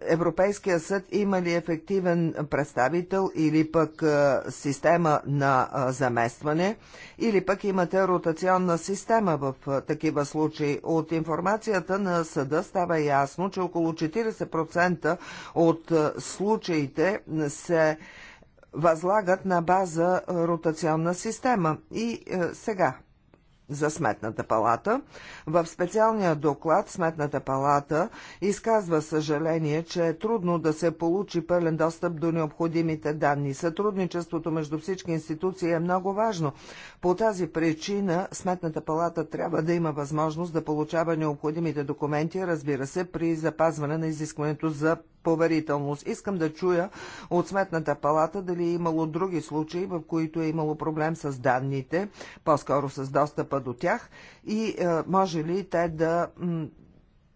Европейския съд има ли ефективен представител или пък система на заместване, или пък имате ротационна система в такива случаи от информация юриспруденцията на съда става ясно, че около 40% от е, случаите се възлагат на база ротационна система. И е, сега за Сметната палата. В специалния доклад Сметната палата изказва съжаление, че е трудно да се получи пълен достъп до необходимите данни. Сътрудничеството между всички институции е много важно. По тази причина Сметната палата трябва да има възможност да получава необходимите документи, разбира се, при запазване на изискването за поверителност. Искам да чуя от Сметната палата дали е имало други случаи, в които е имало проблем с данните, по-скоро с достъпа до тях и е, може ли те да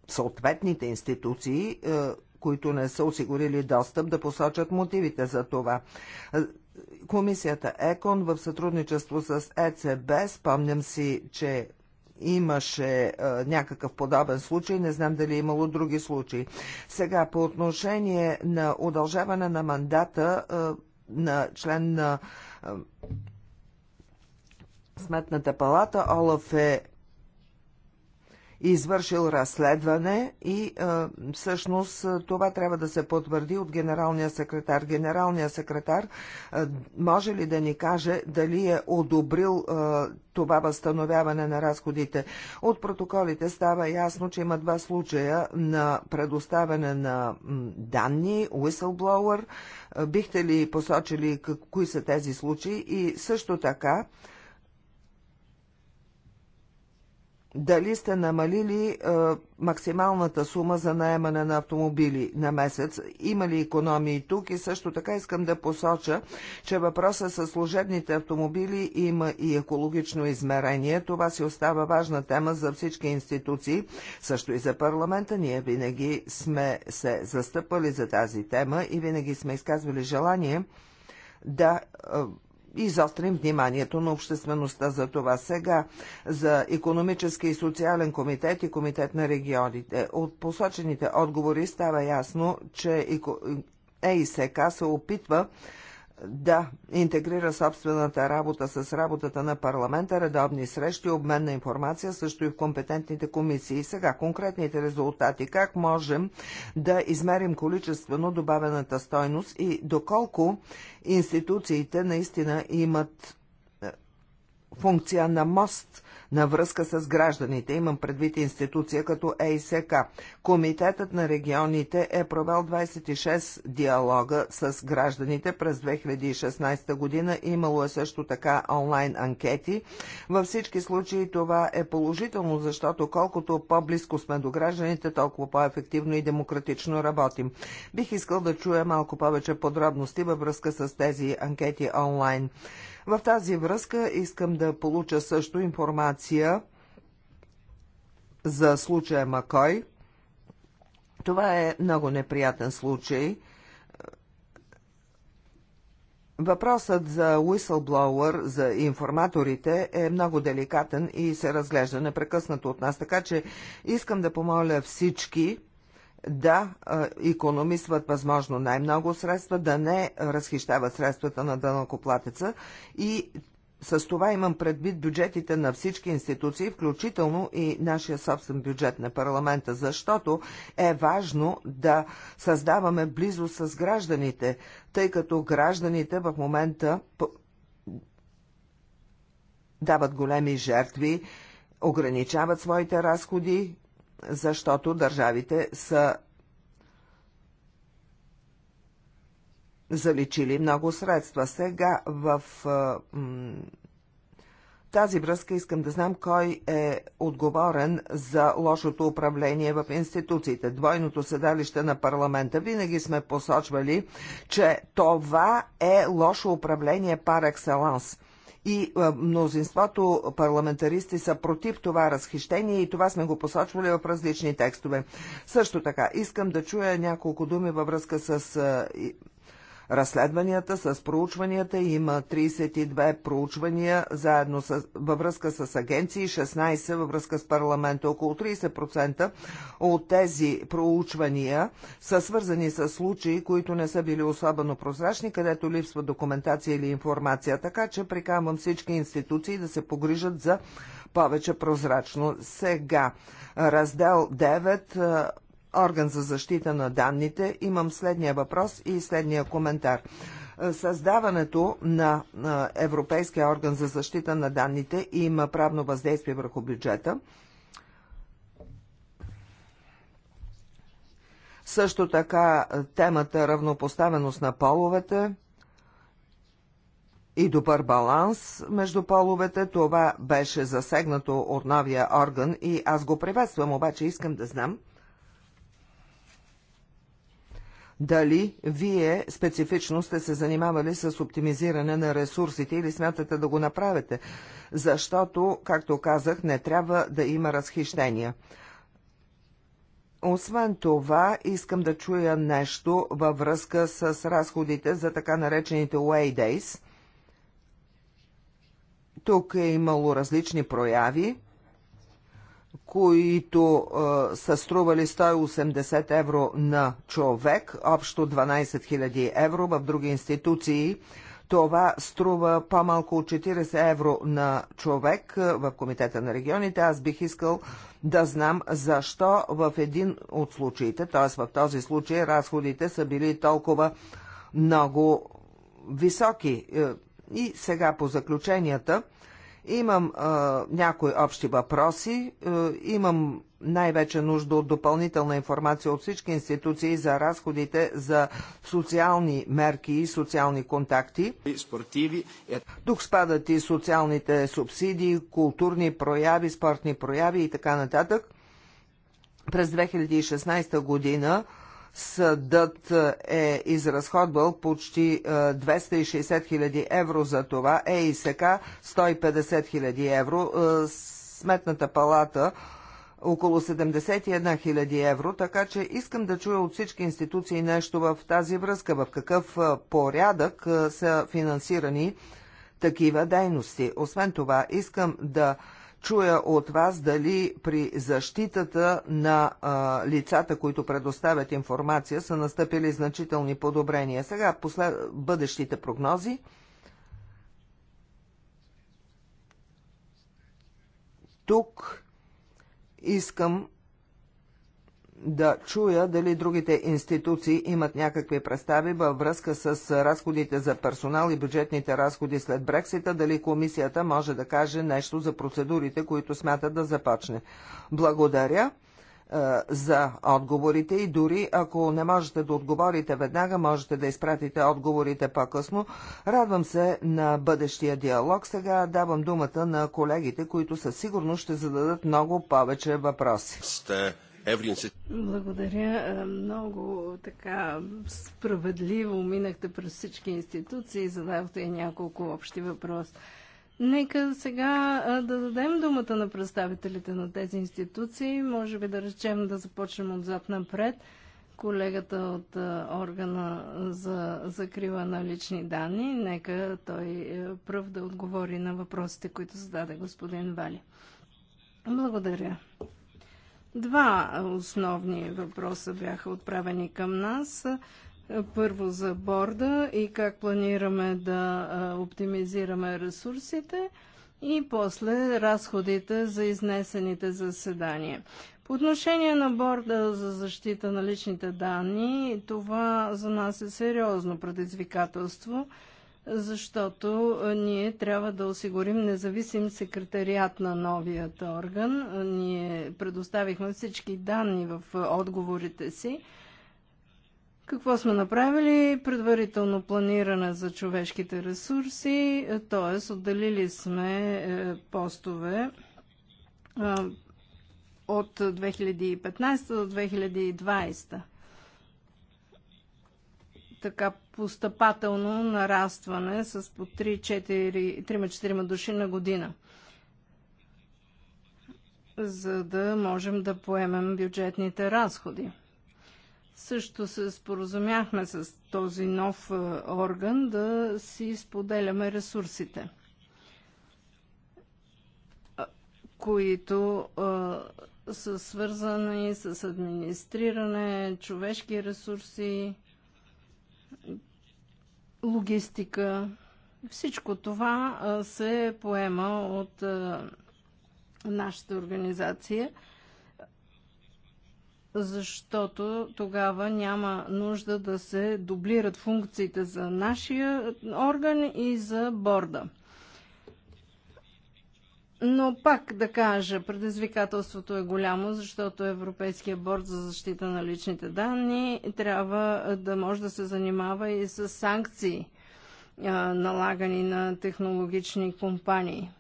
съответните институции, е, които не са осигурили достъп, да посочат мотивите за това. Е, комисията ЕКОН в сътрудничество с ЕЦБ, спомням си, че имаше а, някакъв подобен случай, не знам дали е имало други случаи. Сега, по отношение на удължаване на мандата а, на член на а, Сметната палата, Олаф е извършил разследване и а, всъщност това трябва да се потвърди от генералния секретар. Генералния секретар а, може ли да ни каже дали е одобрил а, това възстановяване на разходите? От протоколите става ясно, че има два случая на предоставяне на данни, whistleblower. Бихте ли посочили как, кои са тези случаи и също така дали сте намалили максималната сума за наемане на автомобили на месец? Има ли економии тук? И също така искам да посоча, че въпроса с служебните автомобили има и екологично измерение. Това си остава важна тема за всички институции, също и за парламента. Ние винаги сме се застъпали за тази тема и винаги сме изказвали желание да изострим вниманието на обществеността за това сега, за економически и социален комитет и комитет на регионите. От посочените отговори става ясно, че ЕИСК се опитва да интегрира собствената работа с работата на парламента, редовни срещи, обмен на информация, също и в компетентните комисии. Сега конкретните резултати. Как можем да измерим количествено добавената стойност и доколко институциите наистина имат е, функция на мост – на връзка с гражданите, имам предвид институция като ЕСК. Комитетът на регионите е провел 26 диалога с гражданите през 2016 година. Имало е също така онлайн анкети. Във всички случаи това е положително, защото колкото по-близко сме до гражданите, толкова по-ефективно и демократично работим. Бих искал да чуя малко повече подробности във връзка с тези анкети онлайн. В тази връзка искам да получа също информация за случая Макой. Това е много неприятен случай. Въпросът за whistleblower, за информаторите е много деликатен и се разглежда непрекъснато от нас, така че искам да помоля всички да економисват възможно най-много средства, да не разхищават средствата на дънакоплатеца и с това имам предвид бюджетите на всички институции, включително и нашия собствен бюджет на парламента, защото е важно да създаваме близо с гражданите, тъй като гражданите в момента дават големи жертви, ограничават своите разходи, защото държавите са заличили много средства. Сега в тази връзка искам да знам кой е отговорен за лошото управление в институциите. Двойното седалище на парламента винаги сме посочвали, че това е лошо управление пар екселанс и мнозинството парламентаристи са против това разхищение и това сме го посочвали в различни текстове. Също така, искам да чуя няколко думи във връзка с разследванията, с проучванията. Има 32 проучвания заедно с, във връзка с агенции, 16 във връзка с парламента. Около 30% от тези проучвания са свързани с случаи, които не са били особено прозрачни, където липсва документация или информация. Така че прикамвам всички институции да се погрижат за повече прозрачно. Сега раздел 9 орган за защита на данните, имам следния въпрос и следния коментар е, създаването на е, Европейския орган за защита на данните има правно въздействие върху бюджета. Също така е, темата равнопоставеност на половете и добър баланс между половете, това беше засегнато от новия орган и аз го приветствам, обаче искам да знам дали вие специфично сте се занимавали с оптимизиране на ресурсите или смятате да го направите, защото, както казах, не трябва да има разхищения. Освен това, искам да чуя нещо във връзка с разходите за така наречените Way Days. Тук е имало различни прояви които а, са стрували 180 евро на човек, общо 12 000 евро в други институции. Това струва по-малко от 40 евро на човек в Комитета на регионите. Аз бих искал да знам защо в един от случаите, т.е. в този случай, разходите са били толкова много високи. И сега по заключенията – Имам а, някои общи въпроси, а, е, имам най-вече нужда от допълнителна информация от всички институции за разходите за социални мерки и социални контакти. Спортиви. Е- Тук спадат и социалните субсидии, културни прояви, спортни прояви и така нататък. През 2016 година съдът е, е изразходвал почти 260 е, хиляди евро за това, Е сега 150 хиляди евро, е, Сметната палата около 71 хиляди евро, така че искам да чуя от всички институции нещо в тази връзка, в какъв порядък са финансирани такива дейности. Освен това, искам да чуя от вас дали при защитата на а, лицата, които предоставят информация, са настъпили значителни подобрения. Сега послед... бъдещите прогнози. Тук искам да чуя дали другите институции имат някакви представи във връзка с разходите за персонал и бюджетните разходи след Брексита, дали комисията може да каже нещо за процедурите, които смята да започне. Благодаря е, за отговорите и дори ако не можете да отговорите веднага, можете да изпратите отговорите по-късно. Радвам се на бъдещия диалог. Сега давам думата на колегите, които със сигурност ще зададат много повече въпроси. Сте благодаря е, много така справедливо минахте през всички институции и задавахте и няколко общи въпроси. Нека сега е, да дадем думата на представителите на тези институции. Може би да речем да започнем отзад напред. Колегата от е, органа за закрива на лични данни. Нека той пръв да отговори на въпросите, които зададе господин Вали. Благодаря. Два основни въпроса бяха отправени към нас. Първо за борда и как планираме да оптимизираме ресурсите и после разходите за изнесените заседания. По отношение на борда за защита на личните данни, това за нас е сериозно предизвикателство – защото ние трябва да осигурим независим секретариат на новият орган. Ние предоставихме всички данни в отговорите си. Какво сме направили? Предварително планиране за човешките ресурси, т.е. отделили сме е, постове от 2015 до 2020 така постъпателно нарастване с по 3-4 души на година, за да можем да поемем бюджетните разходи. Също се споразумяхме с този нов е, орган да си споделяме ресурсите, които е, са свързани с администриране, човешки ресурси, логистика. Всичко това се поема от нашата организация, защото тогава няма нужда да се дублират функциите за нашия орган и за борда. Но пак да кажа, предизвикателството е голямо, защото Европейския борд за защита на личните данни трябва да може да се занимава и с санкции, налагани на технологични компании.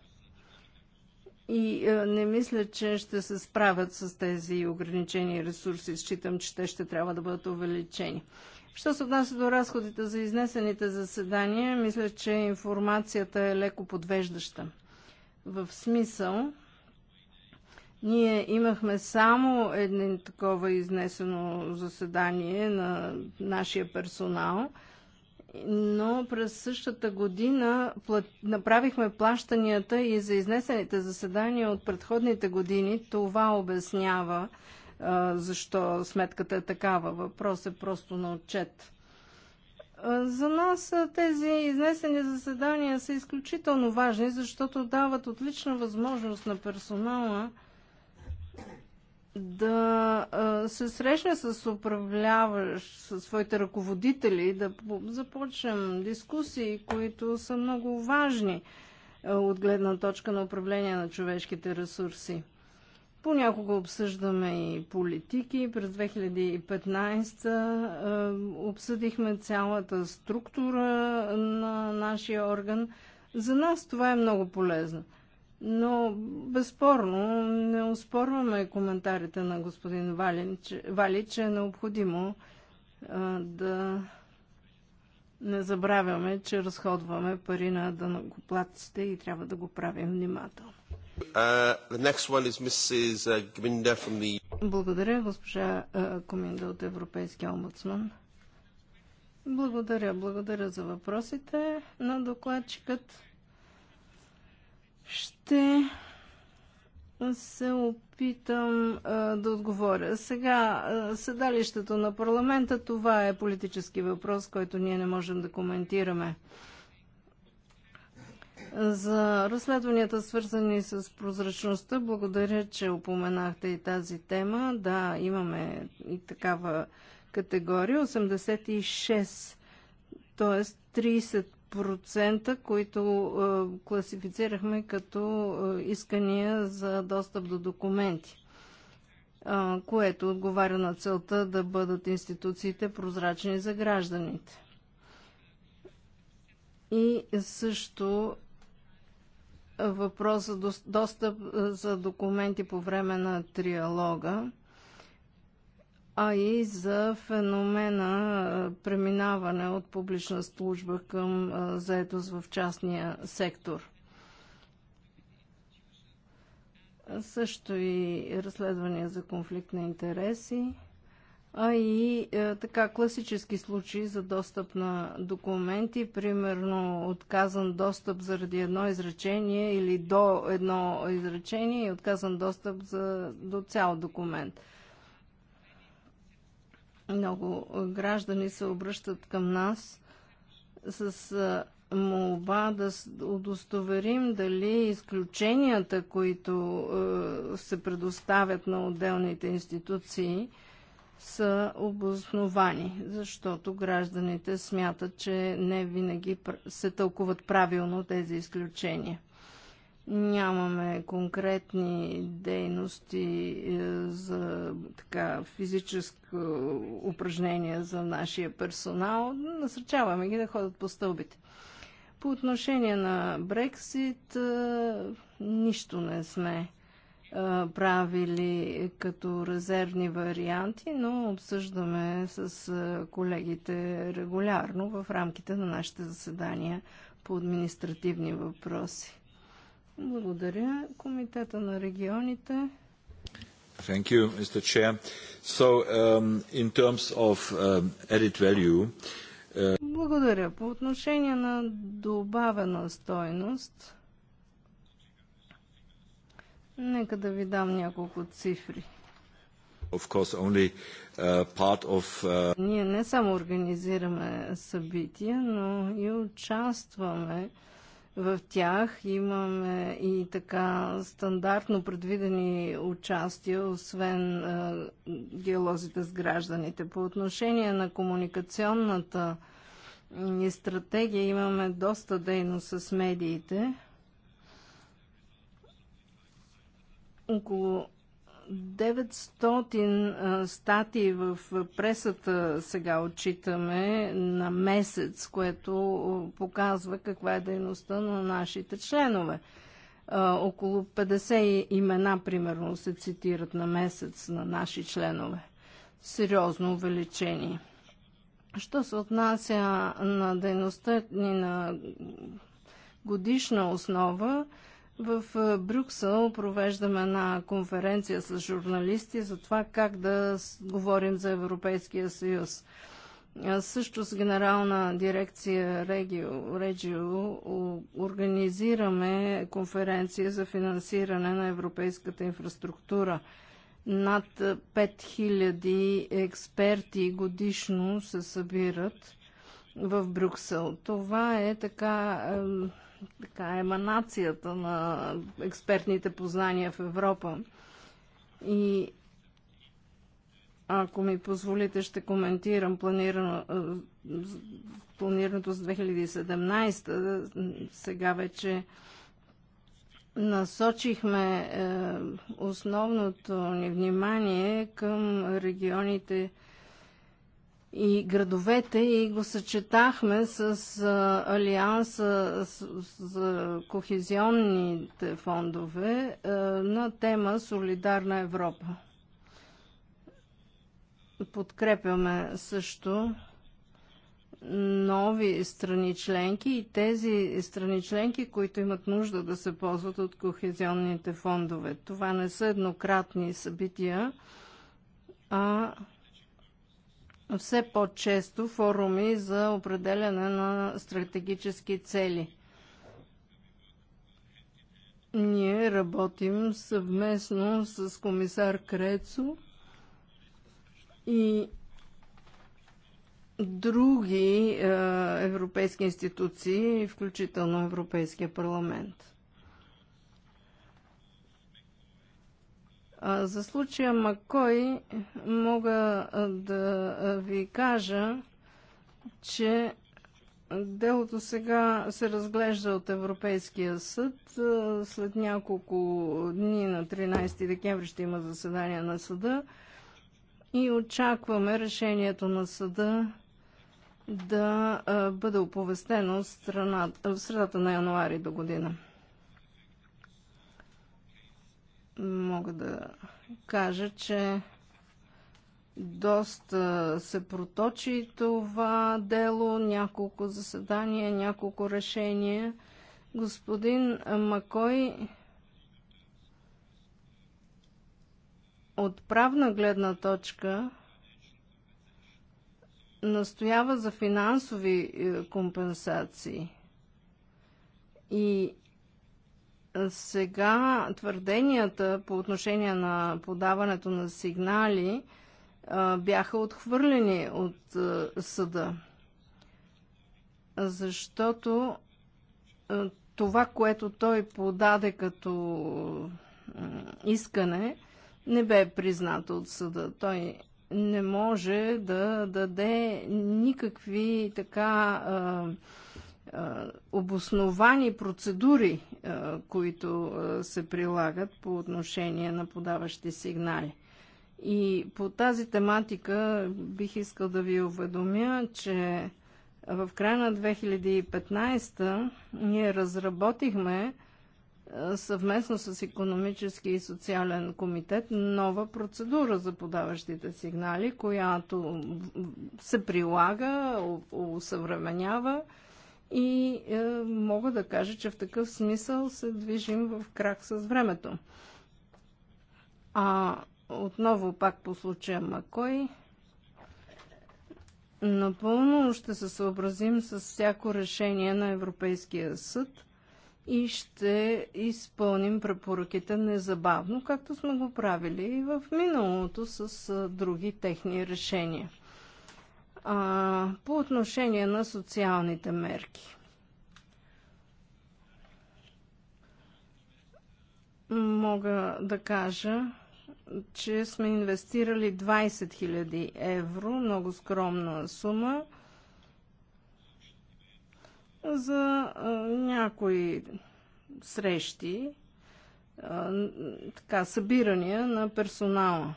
И не мисля, че ще се справят с тези ограничени ресурси. Считам, че те ще трябва да бъдат увеличени. Що се отнася до разходите за изнесените заседания, мисля, че информацията е леко подвеждаща. В смисъл, ние имахме само едно такова изнесено заседание на нашия персонал, но през същата година плат... направихме плащанията и за изнесените заседания от предходните години. Това обяснява а, защо сметката е такава. Въпрос е просто на отчет. За нас тези изнесени заседания са изключително важни, защото дават отлична възможност на персонала да се срещне с управляващ, със своите ръководители, да започнем дискусии, които са много важни от гледна точка на управление на човешките ресурси. Понякога обсъждаме и политики. През 2015 е, обсъдихме цялата структура на нашия орган. За нас това е много полезно. Но безспорно не успорваме коментарите на господин Вали, че, Вали, че е необходимо а, е, да не забравяме, че разходваме пари на дънакоплатците и трябва да го правим внимателно. Uh, uh, благодаря, госпожа Коминда от Европейския омбудсман. Благодаря, благодаря за въпросите на докладчикът. Ще се опитам а, да отговоря. Сега, а, седалището на парламента, това е политически въпрос, който ние не можем да коментираме. За разследванията, свързани с прозрачността, благодаря, че упоменахте и тази тема. Да, имаме и такава категория. 86, т.е. 30%, които е, класифицирахме като е, искания за достъп до документи е, което отговаря на целта да бъдат институциите прозрачни за гражданите. И също въпрос за достъп е, за документи по време на триалога, а и за феномена е, преминаване от публична служба към е, заетост в частния сектор. Също и разследвания за конфликт на интереси а и е, така класически случаи за достъп на документи, примерно отказан достъп заради едно изречение или до едно изречение и отказан достъп за, до цял документ. Много граждани се обръщат към нас с е, молба да удостоверим дали изключенията, които е, се предоставят на отделните институции, са обосновани, защото гражданите смятат, че не винаги се тълкуват правилно тези изключения. Нямаме конкретни дейности е, за така, физическо упражнение за нашия персонал. Насърчаваме ги да ходят по стълбите. По отношение на Брексит, е, нищо не сме правили като резервни варианти, но обсъждаме с колегите регулярно в рамките на нашите заседания по административни въпроси. Благодаря. Комитета на регионите. Thank you, Mr. Chair. So, um, in terms of um, added value, uh... Благодаря. По отношение на добавена стойност, Нека да ви дам няколко цифри. Of course, only, uh, part of, uh... Ние не само организираме събития, но и участваме в тях. Имаме и така стандартно предвидени участия, освен uh, диалозите с гражданите. По отношение на комуникационната ни стратегия имаме доста дейност с медиите Около 900 статии в пресата сега отчитаме на месец, което показва каква е дейността на нашите членове. Около 50 имена, примерно, се цитират на месец на наши членове. Сериозно увеличение. Що се отнася на дейността ни на годишна основа, в Брюксел провеждаме една конференция с журналисти за това как да говорим за Европейския съюз. също с генерална дирекция Регио, Регио организираме конференция за финансиране на европейската инфраструктура. Над 5000 експерти годишно се събират в Брюксел. Това е така така, еманацията на експертните познания в Европа. И ако ми позволите, ще коментирам планирано, планирането с 2017. Сега вече насочихме е, основното ни внимание към регионите, и градовете и го съчетахме с а, Алианса с, за кохезионните фондове а, на тема Солидарна Европа. Подкрепяме също нови страни членки и тези страни членки, които имат нужда да се ползват от кохезионните фондове. Това не са еднократни събития, а все по-често форуми за определяне на стратегически цели. Ние работим съвместно с комисар Крецо и други е, европейски институции, включително Европейския парламент. За случая Макой мога да ви кажа, че делото сега се разглежда от Европейския съд. След няколко дни на 13 декември ще има заседание на съда и очакваме решението на съда да бъде оповестено в средата на януари до година. мога да кажа, че доста се проточи това дело, няколко заседания, няколко решения. Господин Макой от правна гледна точка настоява за финансови е, компенсации. И сега твърденията по отношение на подаването на сигнали бяха отхвърлени от съда. Защото това, което той подаде като искане, не бе признато от съда. Той не може да даде никакви така обосновани процедури, които се прилагат по отношение на подаващи сигнали. И по тази тематика бих искал да ви уведомя, че в края на 2015 ние разработихме съвместно с Економически и социален комитет нова процедура за подаващите сигнали, която се прилага, усъвременява и е, мога да кажа, че в такъв смисъл се движим в крак с времето. А отново пак по случая Макой, напълно ще се съобразим с всяко решение на Европейския съд и ще изпълним препоръките незабавно, както сме го правили и в миналото с е, други техни решения. А, по отношение на социалните мерки. Мога да кажа, че сме инвестирали 20 000 евро, много скромна сума, за някои срещи, така, събирания на персонала.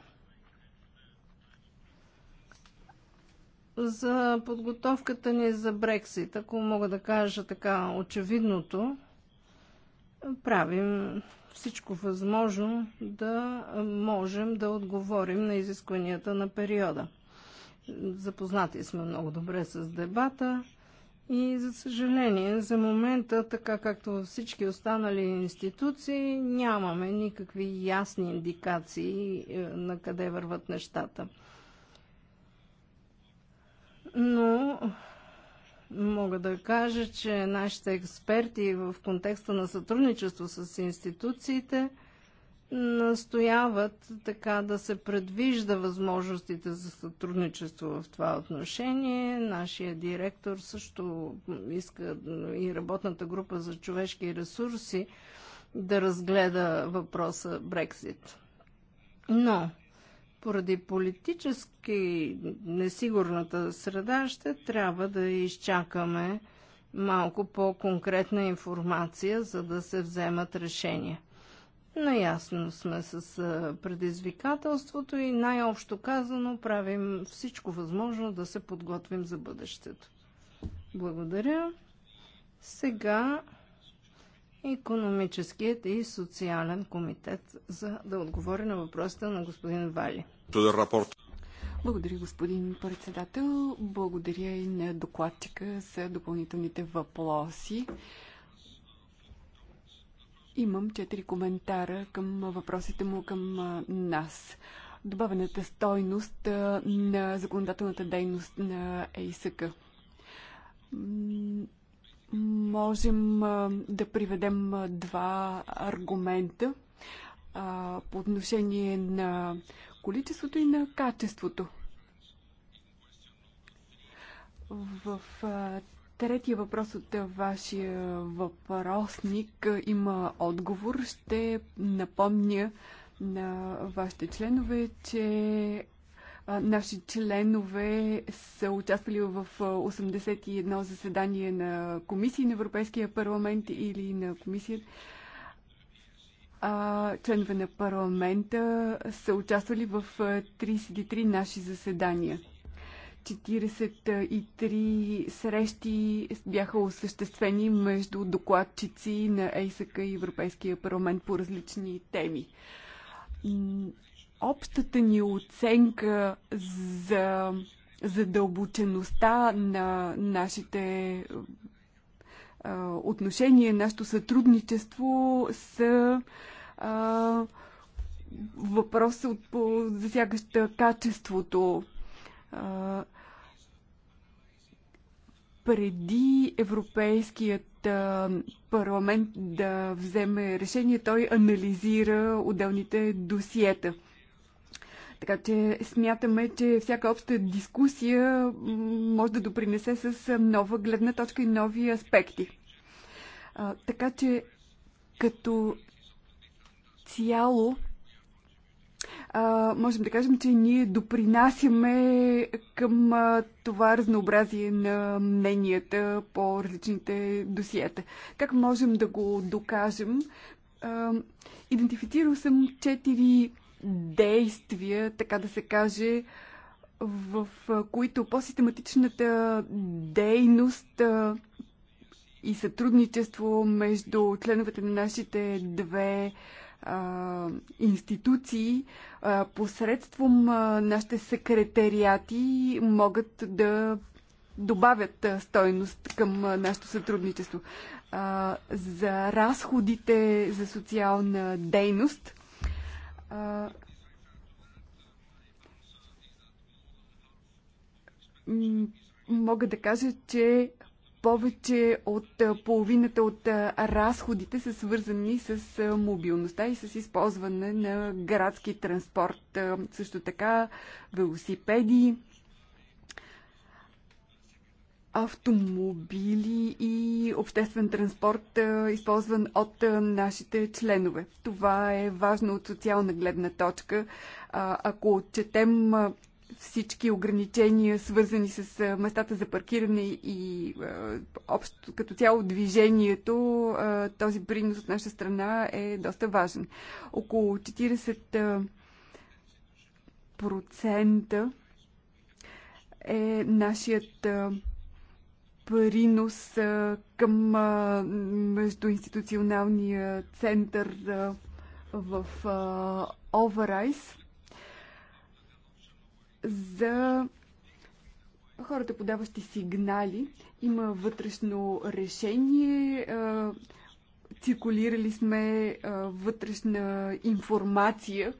за подготовката ни за Брексит. Ако мога да кажа така очевидното, правим всичко възможно да можем да отговорим на изискванията на периода. Запознати сме много добре с дебата и за съжаление за момента, така както във всички останали институции, нямаме никакви ясни индикации е, на къде върват нещата но мога да кажа, че нашите експерти в контекста на сътрудничество с институциите настояват така да се предвижда възможностите за сътрудничество в това отношение. Нашия директор също иска и работната група за човешки ресурси да разгледа въпроса Брексит. Но поради политически несигурната среда ще трябва да изчакаме малко по-конкретна информация, за да се вземат решения. Наясно сме с предизвикателството и най-общо казано правим всичко възможно да се подготвим за бъдещето. Благодаря. Сега економическият и социален комитет, за да отговори на въпросите на господин Вали. Е Благодаря, господин председател. Благодаря и на докладчика за допълнителните въпроси. Имам четири коментара към въпросите му към нас. Добавената стойност на законодателната дейност на ЕИСК можем да приведем два аргумента по отношение на количеството и на качеството. В третия въпрос от вашия въпросник има отговор. Ще напомня на вашите членове, че Наши членове са участвали в 81 заседание на комисии на Европейския парламент или на комисията. А, членове на парламента са участвали в 33 наши заседания. 43 срещи бяха осъществени между докладчици на ЕСК и Европейския парламент по различни теми общата ни оценка за задълбочеността на нашите отношения, нашето сътрудничество са а, въпрос от засягаща качеството. А, преди Европейският парламент да вземе решение, той анализира отделните досиета. Така че смятаме, че всяка обща дискусия може да допринесе с нова гледна точка и нови аспекти. А, така че като цяло а, можем да кажем, че ние допринасяме към а, това разнообразие на мненията по различните досиета. Как можем да го докажем? А, идентифицирал съм четири действия, така да се каже, в които по-систематичната дейност и сътрудничество между членовете на нашите две а, институции а, посредством а, нашите секретариати могат да добавят а, стойност към а, нашето сътрудничество. А, за разходите за социална дейност мога да кажа, че повече от половината от разходите са свързани с мобилността и с използване на градски транспорт. Също така велосипеди, автомобили и обществен транспорт, използван от нашите членове. Това е важно от социална гледна точка. Ако отчетем всички ограничения, свързани с местата за паркиране и общо като цяло движението, този принос от наша страна е доста важен. Около 40 процента е нашият принос към междуинституционалния център в Оварайс за хората, подаващи сигнали. Има вътрешно решение. Циркулирали сме вътрешна информация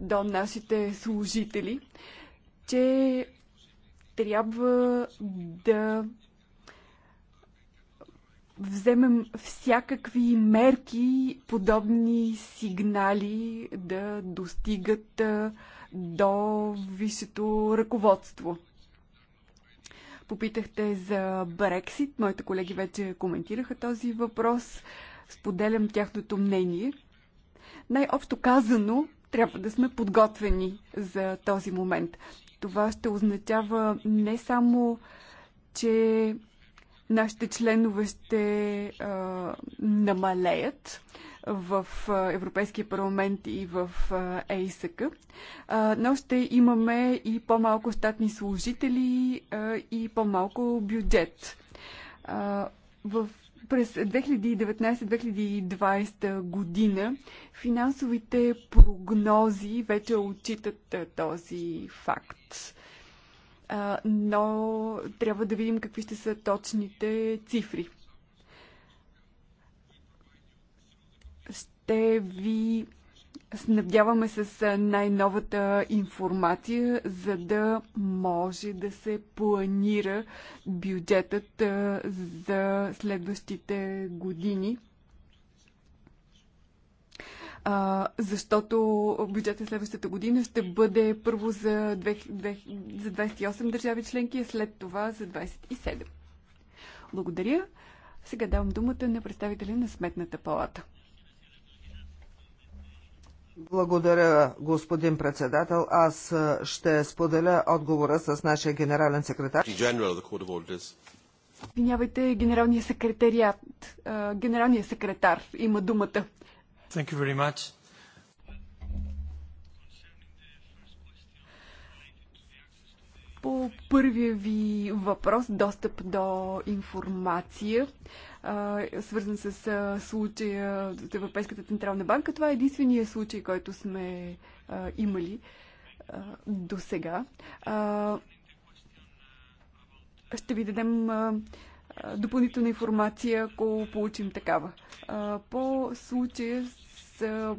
до нашите служители, че трябва да вземем всякакви мерки, подобни сигнали да достигат до висшето ръководство. Попитахте за Брексит. Моите колеги вече коментираха този въпрос. Споделям тяхното мнение. Най-общо казано, трябва да сме подготвени за този момент. Това ще означава не само, че Нашите членове ще а, намалеят в Европейския парламент и в ЕИСК, но ще имаме и по-малко щатни служители и по-малко бюджет. В през 2019-2020 година финансовите прогнози вече отчитат този факт но трябва да видим какви ще са точните цифри. Ще ви снабдяваме с най-новата информация, за да може да се планира бюджетът за следващите години а, защото бюджета следващата година ще бъде първо за, 2, 2, за 28 държави членки, а след това за 27. Благодаря. Сега давам думата на представителя на Сметната палата. Благодаря, господин председател. Аз ще споделя отговора с нашия генерален секретар. Извинявайте, генералният секретариат. Генералният секретар има думата. Thank you very much. По първия ви въпрос, достъп до информация, свързан с случая от Европейската Централна банка, това е единствения случай, който сме имали до сега. Ще ви дадем допълнителна информация, ако получим такава. По случая с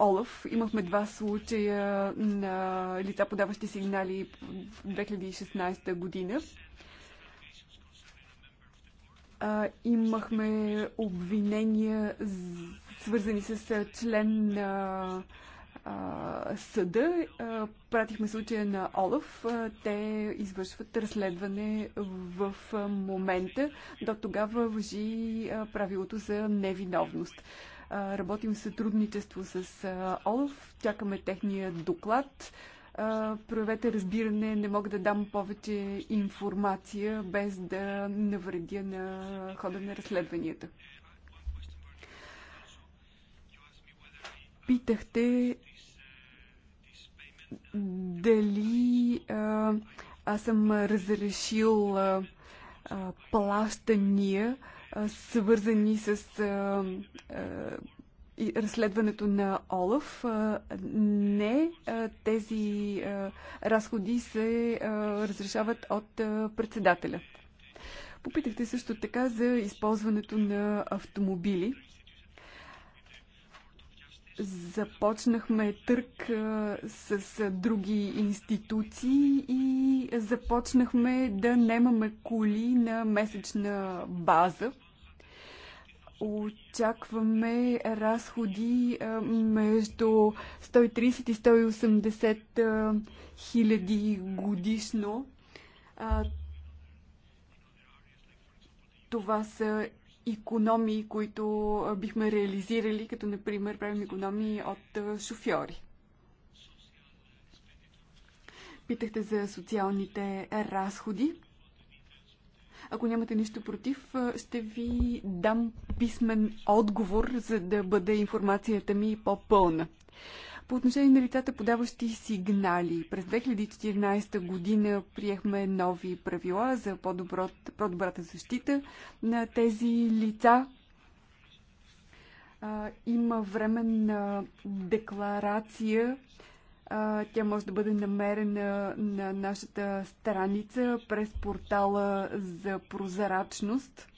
Олаф имахме два случая на лица, подаващи сигнали в 2016 година. Имахме обвинения, свързани с член на а, съда. А, пратихме случая на Олаф. те извършват разследване в а, момента. До тогава въжи а, правилото за невиновност. А, работим в сътрудничество с а, Олаф. Чакаме техния доклад. А, проявете разбиране. Не мога да дам повече информация, без да навредя на хода на разследванията. питахте дали а, аз съм разрешил а, а, плащания, а, свързани с а, а, и разследването на Олаф. А, не, а, тези а, разходи се а, разрешават от а, председателя. Попитахте също така за използването на автомобили. Започнахме търк с други институции и започнахме да немаме коли на месечна база. Очакваме разходи между 130 и 180 хиляди годишно. Това са економии, които бихме реализирали, като например правим економии от шофьори. Питахте за социалните разходи. Ако нямате нищо против, ще ви дам писмен отговор, за да бъде информацията ми по-пълна. По отношение на лицата, подаващи сигнали, през 2014 година приехме нови правила за по-добрата защита на тези лица. Има временна декларация. Тя може да бъде намерена на нашата страница през портала за прозрачност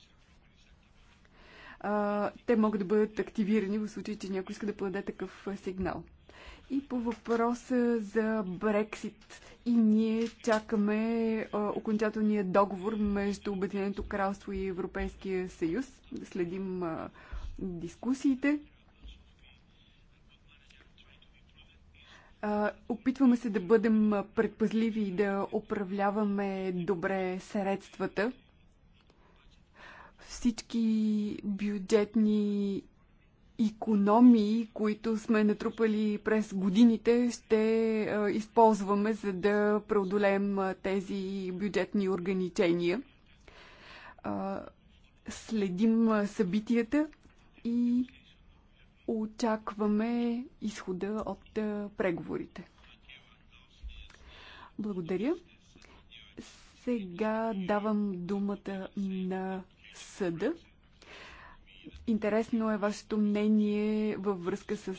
те могат да бъдат активирани в случай, че някой иска да подаде такъв сигнал. И по въпроса за Брексит. И ние чакаме а, окончателния договор между Обединеното кралство и Европейския съюз. Да следим а, дискусиите. А, опитваме се да бъдем предпазливи и да управляваме добре средствата. Всички бюджетни икономии, които сме натрупали през годините, ще използваме, за да преодолеем тези бюджетни ограничения. Следим събитията и очакваме изхода от преговорите. Благодаря. Сега давам думата на съда. Интересно е вашето мнение във връзка с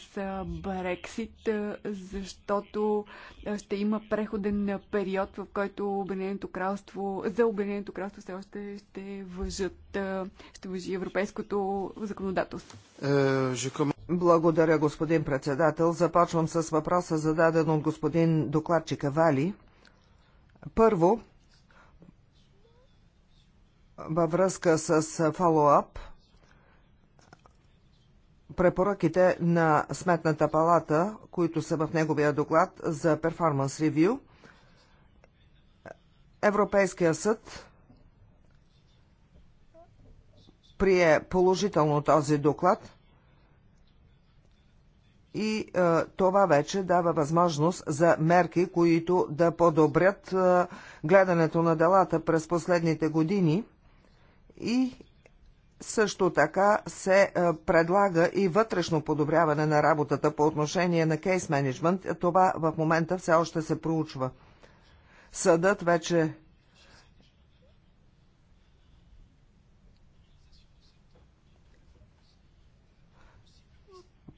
Брексит, защото ще има преходен период, в който Обединеното кралство, за Обединеното кралство все още ще въжат, ще въжи европейското законодателство. Е, Благодаря, господин председател. Започвам с въпроса, зададен от господин докладчика Вали. Първо, във връзка с фоллоуап, препоръките на Сметната палата, които са в неговия доклад за перформанс ревю. Европейския съд прие положително този доклад и е, това вече дава възможност за мерки, които да подобрят е, гледането на делата през последните години и също така се е, предлага и вътрешно подобряване на работата по отношение на кейс менеджмент. Това в момента все още се проучва. Съдът вече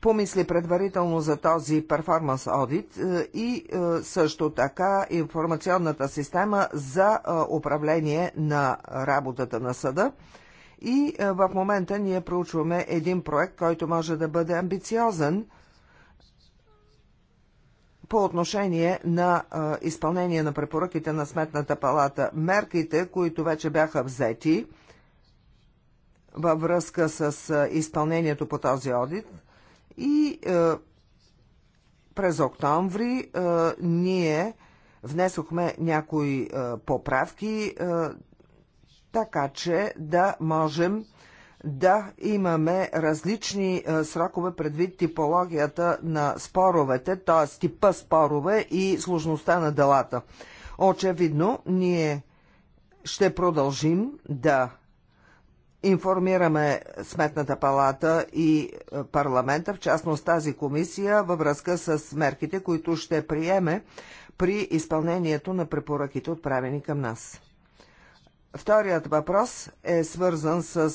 помисли предварително за този перформанс одит е, и е, също така информационната система за управление на работата на съда. И е, в момента ние проучваме един проект, който може да бъде амбициозен по отношение на е, изпълнение на препоръките на Сметната палата. Мерките, които вече бяха взети във връзка с е, изпълнението по този одит и през октомври ние внесохме някои поправки така че да можем да имаме различни е, срокове предвид типологията на споровете, т.е. типа спорове и сложността на делата. Очевидно, ние ще продължим да информираме Сметната палата и е, парламента, в частност тази комисия, във връзка с мерките, които ще приеме при изпълнението на препоръките, отправени към нас. Вторият въпрос е свързан с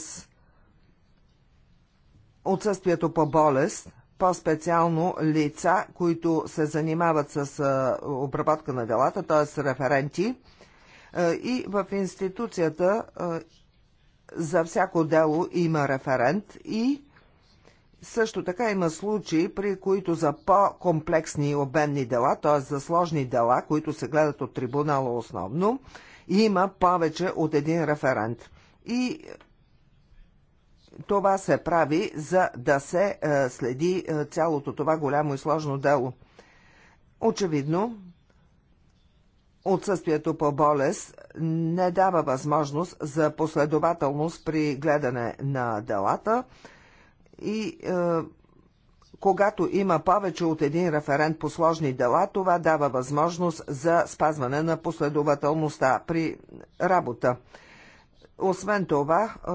отсъствието по болест, по-специално лица, които се занимават с обработка на делата, т.е. референти. И в институцията за всяко дело има референт и също така има случаи, при които за по-комплексни и обемни дела, т.е. за сложни дела, които се гледат от трибунала основно, има повече от един референт. И това се прави, за да се е, следи е, цялото това голямо и сложно дело. Очевидно, отсъствието по болест не дава възможност за последователност при гледане на делата и е, когато има повече от един референт по сложни дела, това дава възможност за спазване на последователността при работа. Освен това, е,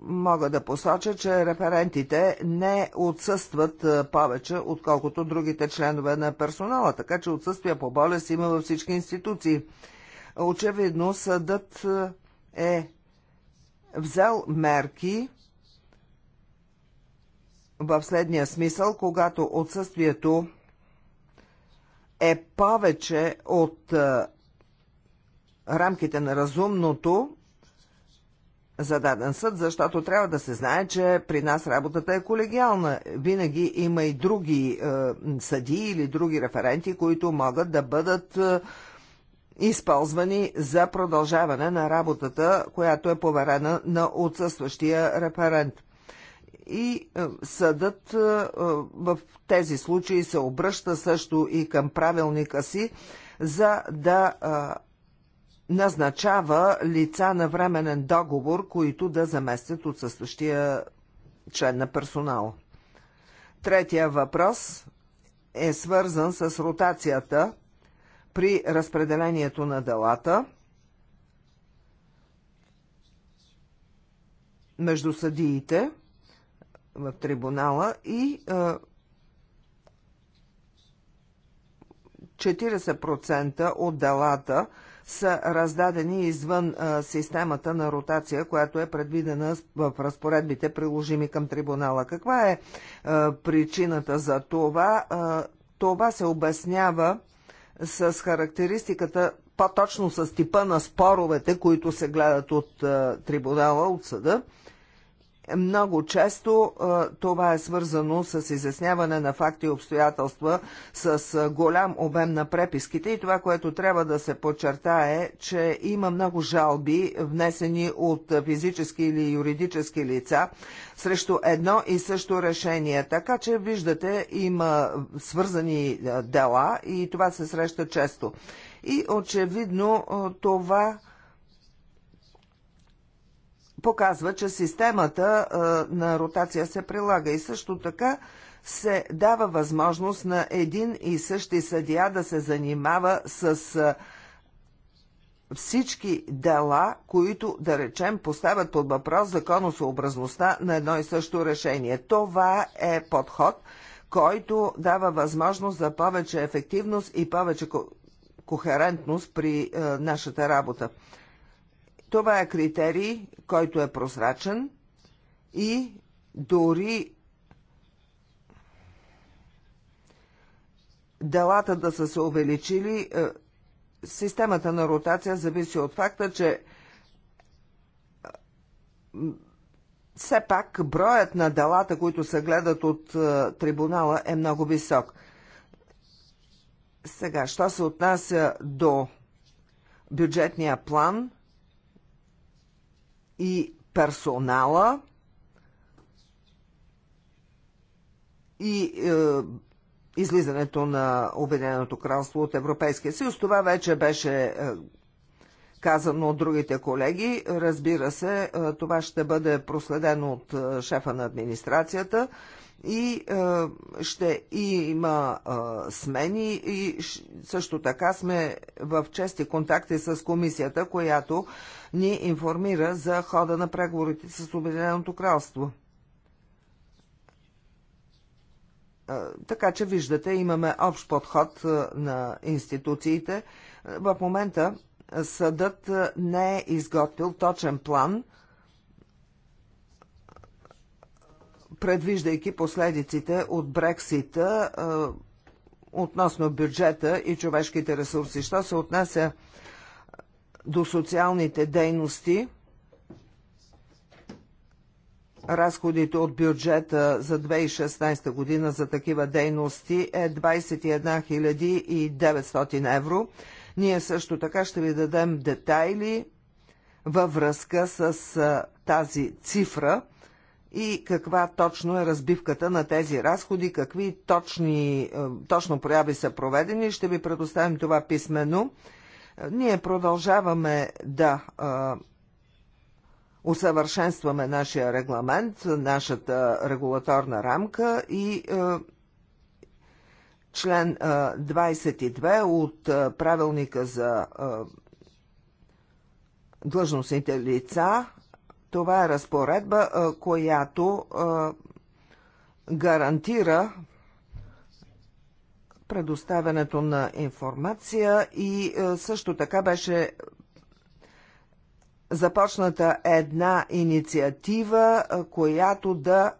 мога да посоча, че референтите не отсъстват е, повече, отколкото другите членове на персонала, така че отсъствия по болест има във всички институции. Очевидно, съдът е взел мерки, в следния смисъл, когато отсъствието е повече от а, е, рамките на разумното за даден съд, защото трябва да се знае, че при нас работата е колегиална. Винаги има и други е, съди или други референти, които могат да бъдат е, използвани за продължаване на работата, която е поверена на отсъстващия референт и е, съдът е, е, в тези случаи се обръща също и към правилника си, за да назначава лица на временен договор, които да заместят отсъстващия член на персонал. Третия въпрос е свързан с ротацията при разпределението на делата между съдиите – в трибунала и 40% от делата са раздадени извън а, системата на ротация, която е предвидена в разпоредбите, приложими към трибунала. Каква е а, причината за това? А, това се обяснява с характеристиката, по-точно с типа на споровете, които се гледат от трибунала, от съда. Много често това е свързано с изясняване на факти и обстоятелства, с голям обем на преписките и това, което трябва да се подчертае, че има много жалби, внесени от физически или юридически лица срещу едно и също решение. Така че, виждате, има свързани дела и това се среща често. И очевидно това показва, че системата на ротация се прилага и също така се дава възможност на един и същи съдия да се занимава с всички дела, които, да речем, поставят под въпрос законосъобразността на едно и също решение. Това е подход, който дава възможност за повече ефективност и повече кохерентност при е, нашата работа. Това е критерий, който е прозрачен и дори делата да са се увеличили, е, системата на ротация зависи от факта, че е, все пак броят на делата, които се гледат от е, трибунала е много висок. Сега, що се отнася до бюджетния план, и персонала и е, излизането на Обединеното кралство от Европейския съюз. Това вече беше е, казано от другите колеги. Разбира се, е, това ще бъде проследено от е, шефа на администрацията и а, е, ще има а, е, смени и също така сме в чести контакти с комисията, която ни информира за хода на преговорите с Обединеното кралство. Е, така че виждате, имаме общ подход на институциите. В момента съдът не е изготвил точен план предвиждайки последиците от Брексита относно бюджета и човешките ресурси. Що се отнася до социалните дейности, разходите от бюджета за 2016 година за такива дейности е 21 900 евро. Ние също така ще ви дадем детайли във връзка с тази цифра и каква точно е разбивката на тези разходи, какви точни, е, точно прояви са проведени. Ще ви предоставим това писменно. Е, ние продължаваме да е, усъвършенстваме нашия регламент, нашата регулаторна рамка и член 22 от правилника за длъжностните лица това е разпоредба, която гарантира предоставянето на информация и също така беше започната една инициатива, която да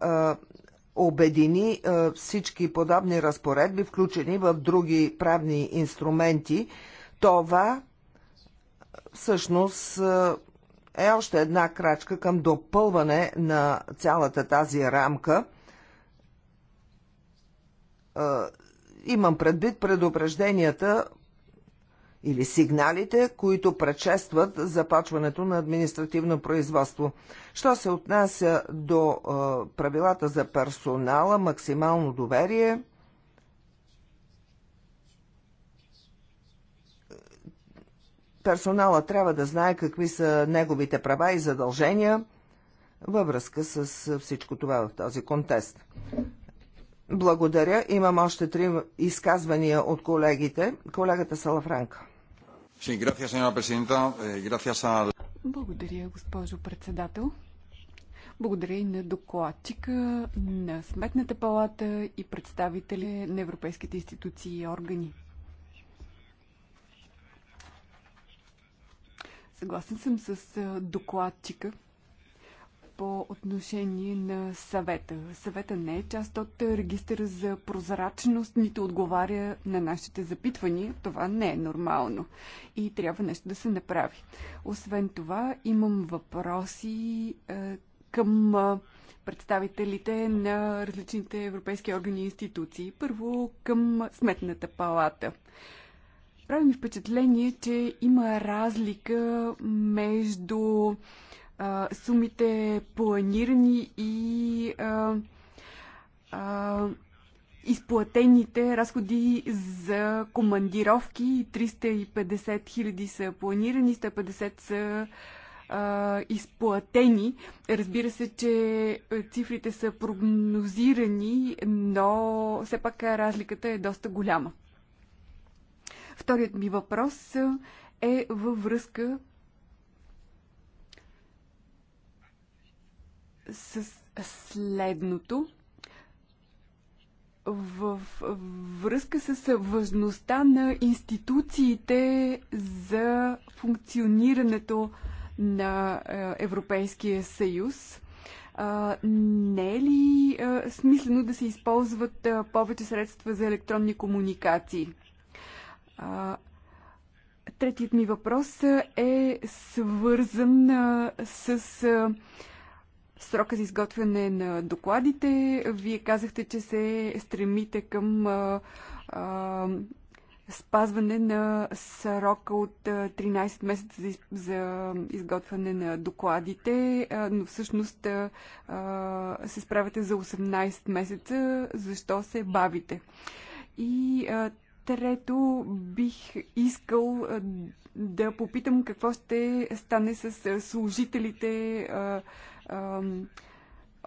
обедини всички подобни разпоредби, включени в други правни инструменти. Това всъщност е още една крачка към допълване на цялата тази рамка. Имам предвид предупрежденията или сигналите, които предшестват започването на административно производство. Що се отнася до правилата за персонала, максимално доверие – персонала трябва да знае какви са неговите права и задължения във връзка с всичко това в този контест. Благодаря. Имам още три изказвания от колегите. Колегата Салафранка. Eh, Благодаря, госпожо председател. Благодаря и на докладчика, на Сметната палата и представители на европейските институции и органи. Съгласен съм с докладчика по отношение на съвета. Съвета не е част от регистъра за прозрачност, нито отговаря на нашите запитвания. Това не е нормално и трябва нещо да се направи. Освен това, имам въпроси към представителите на различните европейски органи и институции. Първо към Сметната палата. Прави ми впечатление, че има разлика между а, сумите планирани и а, а, изплатените разходи за командировки. 350 хиляди са планирани, 150 са изплатени. Разбира се, че цифрите са прогнозирани, но все пак разликата е доста голяма. Вторият ми въпрос е във връзка с следното в връзка с важността на институциите за функционирането на е, Европейския съюз. Не е ли е, смислено да се използват е, повече средства за електронни комуникации? А, третият ми въпрос е свързан а, с а, срока за изготвяне на докладите. Вие казахте, че се стремите към а, а, спазване на срока от 13 месеца за изготвяне на докладите, но всъщност се справяте за 18 месеца. Защо се бавите? И Трето, бих искал да попитам какво ще стане с служителите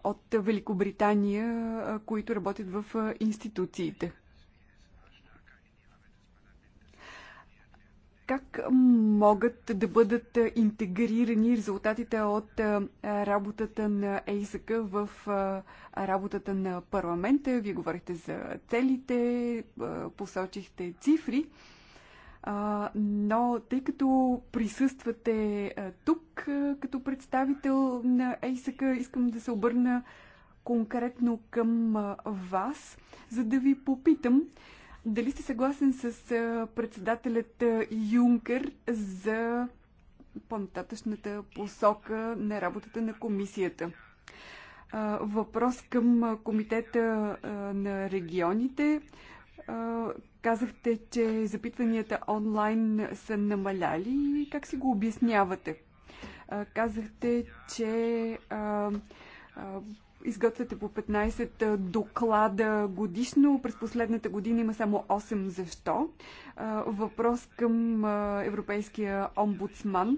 от Великобритания, които работят в институциите. Как могат да бъдат интегрирани резултатите от работата на ЕИСК в работата на парламента? Вие говорите за целите, посочихте цифри, но тъй като присъствате тук като представител на ЕИСК, искам да се обърна конкретно към вас, за да ви попитам дали сте съгласен с председателят Юнкер за по-нататъчната посока на работата на комисията? Въпрос към комитета на регионите. Казахте, че запитванията онлайн са намаляли. Как си го обяснявате? Казахте, че изготвяте по 15 доклада годишно. През последната година има само 8. Защо? Въпрос към Европейския омбудсман.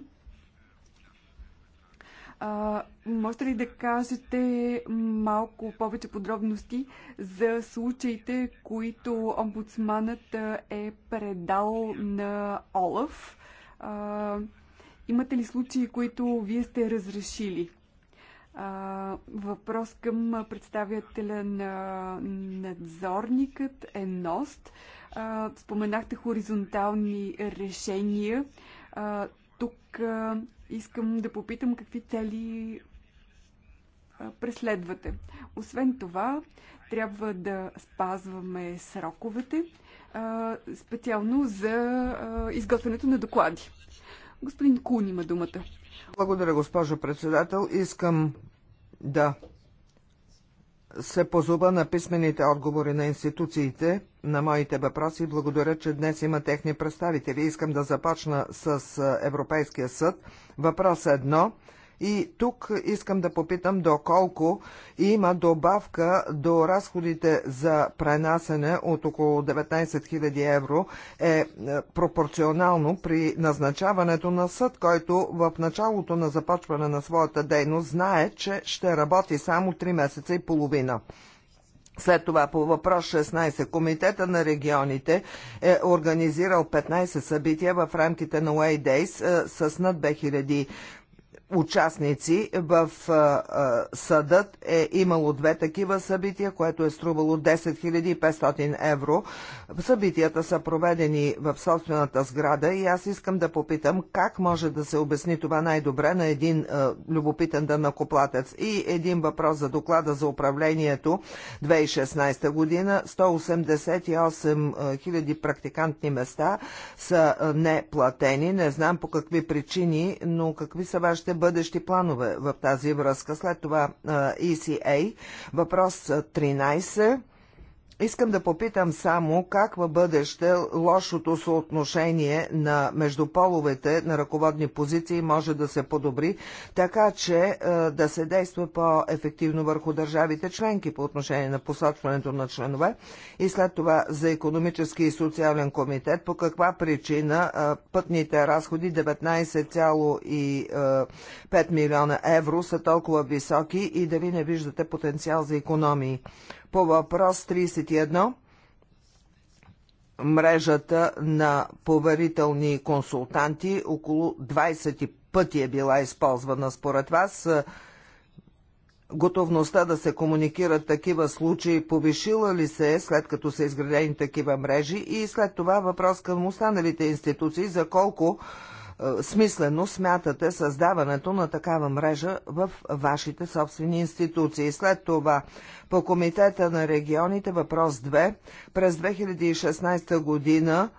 можете ли да кажете малко повече подробности за случаите, които омбудсманът е предал на Олаф? имате ли случаи, които вие сте разрешили? въпрос към представителя на надзорникът Е А, Споменахте хоризонтални решения. Тук искам да попитам какви цели преследвате. Освен това, трябва да спазваме сроковете, специално за изготвянето на доклади. Господин Кун има думата. Благодаря, госпожо председател. Искам да се позова на писмените отговори на институциите на моите въпроси. Благодаря, че днес има техни представители. Искам да започна с е, Европейския съд. Въпрос едно – и тук искам да попитам доколко има добавка до разходите за пренасене от около 19 000 евро е, е пропорционално при назначаването на съд, който в началото на започване на своята дейност знае, че ще работи само 3 месеца и половина. След това по въпрос 16 Комитета на регионите е организирал 15 събития в рамките на Way Days е, с над 2000 участници в съдът е имало две такива събития, което е струвало 10 500 евро. Събитията са проведени в собствената сграда и аз искам да попитам как може да се обясни това най-добре на един а, любопитен дънакоплатец. И един въпрос за доклада за управлението 2016 година. 188 000 практикантни места са неплатени. Не знам по какви причини, но какви са вашите бъдещи планове в тази връзка. След това ECA, въпрос 13 Искам да попитам само как във бъдеще лошото съотношение на междуполовете на ръководни позиции може да се подобри, така че е, да се действа по-ефективно върху държавите членки по отношение на посочването на членове и след това за економически и социален комитет, по каква причина е, пътните разходи 19,5 е, милиона евро са толкова високи и дали не виждате потенциал за економии по въпрос 31 мрежата на поверителни консултанти около 20 пъти е била използвана според вас. Готовността да се комуникират такива случаи повишила ли се след като са изградени такива мрежи и след това въпрос към останалите институции за колко е, смислено смятате създаването на такава мрежа в вашите собствени институции. След това по Комитета на регионите въпрос 2 през 2016 година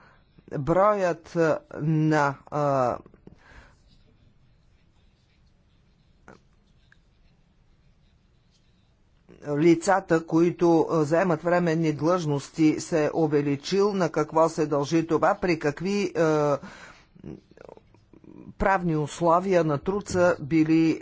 броят е, на е, лицата, които заемат временни длъжности, се е увеличил, на какво се дължи това, при какви е, правни условия на труд са били е,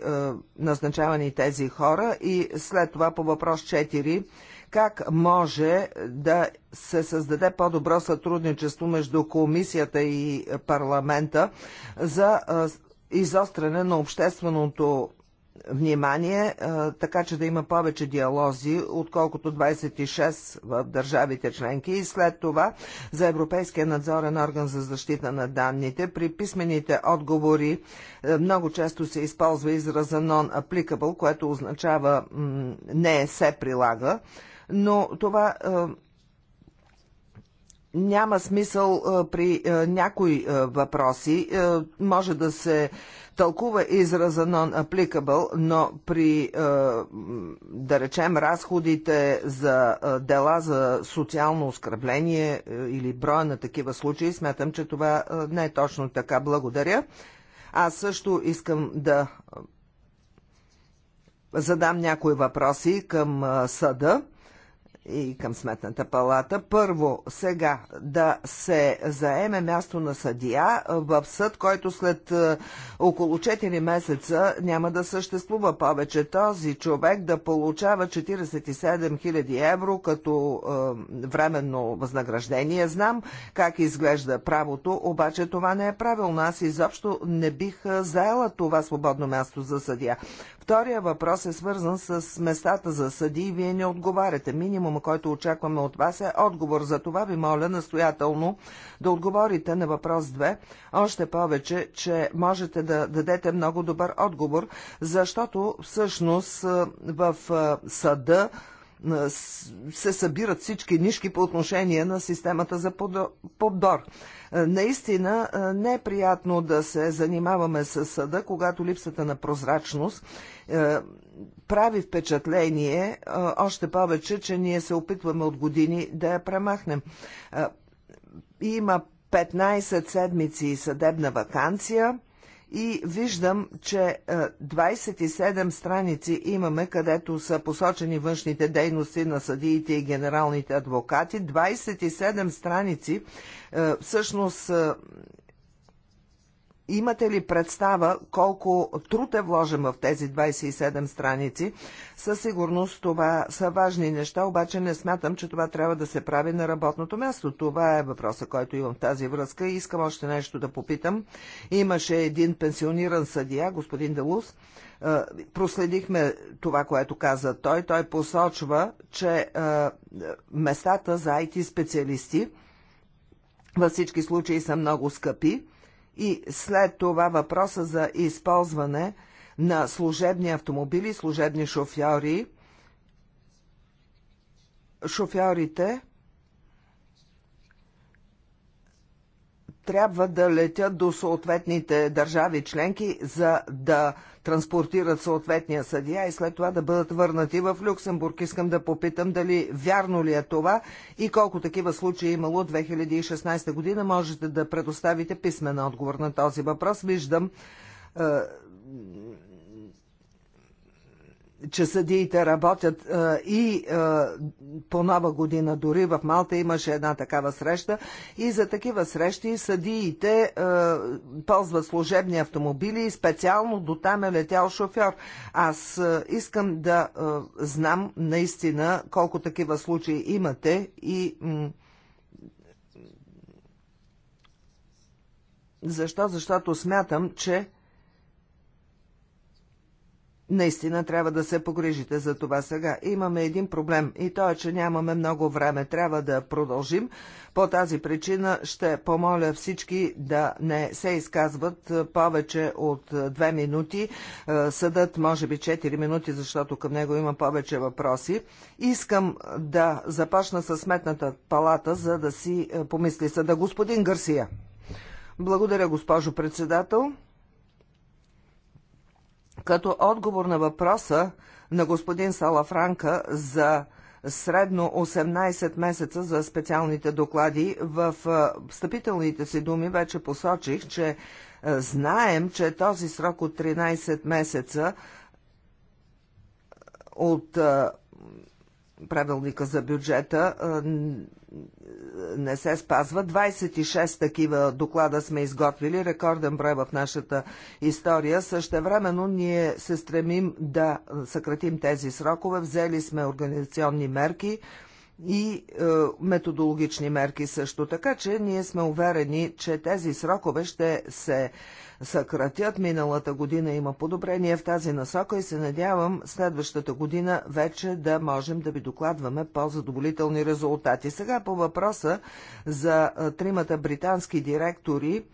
назначавани тези хора и след това по въпрос 4 как може да се създаде по-добро сътрудничество между комисията и парламента за е, изостряне на общественото внимание, така че да има повече диалози, отколкото 26 в държавите членки и след това за Европейския надзорен орган за защита на данните. При писмените отговори много често се използва израза non-applicable, което означава не се прилага, но това няма смисъл при някои въпроси. Може да се тълкува израза non-applicable, но при, да речем, разходите за дела за социално оскърбление или броя на такива случаи, смятам, че това не е точно така. Благодаря. Аз също искам да задам някои въпроси към съда и към Сметната палата. Първо, сега да се заеме място на съдия в съд, който след е, около 4 месеца няма да съществува повече. Този човек да получава 47 000 евро като е, временно възнаграждение. Знам как изглежда правото, обаче това не е правилно. Аз изобщо не бих е, заела това свободно място за съдия. Втория въпрос е свързан с местата за съди и вие не отговаряте. Минимум минимума, който очакваме от вас, е отговор. За това ви моля настоятелно да отговорите на въпрос 2, още повече, че можете да дадете много добър отговор, защото всъщност в съда се събират всички нишки по отношение на системата за подбор. Наистина не е приятно да се занимаваме с съда, когато липсата на прозрачност прави впечатление, още повече, че ние се опитваме от години да я премахнем. Има 15 седмици съдебна вакансия и виждам, че 27 страници имаме, където са посочени външните дейности на съдиите и генералните адвокати. 27 страници всъщност Имате ли представа колко труд е вложен в тези 27 страници? Със сигурност това са важни неща, обаче не смятам, че това трябва да се прави на работното място. Това е въпроса, който имам в тази връзка и искам още нещо да попитам. Имаше един пенсиониран съдия, господин Делус. Е, проследихме това, което каза той. Той посочва, че е, местата за IT специалисти във всички случаи са много скъпи и след това въпроса за използване на служебни автомобили, служебни шофьори. Шофьорите трябва да летят до съответните държави членки, за да транспортират съответния съдия и след това да бъдат върнати в Люксембург. Искам да попитам дали вярно ли е това и колко такива случаи е имало 2016 година. Можете да предоставите писмен отговор на този въпрос. Виждам е, че съдиите работят и по нова година. Дори в Малта имаше една такава среща и за такива срещи съдиите ползват служебни автомобили и специално до там е летял шофьор. Аз искам да знам наистина колко такива случаи имате и защо? Защото смятам, че Наистина трябва да се погрижите за това сега. Имаме един проблем и то е, че нямаме много време. Трябва да продължим. По тази причина ще помоля всички да не се изказват повече от две минути. Е, съдът може би 4 минути, защото към него има повече въпроси. Искам да започна с сметната палата, за да си е, помисли съда. Господин Гърсия. Благодаря, госпожо председател като отговор на въпроса на господин Салафранка за средно 18 месеца за специалните доклади. В встъпителните си думи вече посочих, че знаем, че този срок от 13 месеца от правилника за бюджета не се спазва. 26 такива доклада сме изготвили, рекорден брой в нашата история. Същевременно ние се стремим да съкратим тези срокове. Взели сме организационни мерки и е, методологични мерки също. Така че ние сме уверени, че тези срокове ще се съкратят. Миналата година има подобрение в тази насока и се надявам следващата година вече да можем да ви докладваме по-задоволителни резултати. Сега по въпроса за тримата британски директори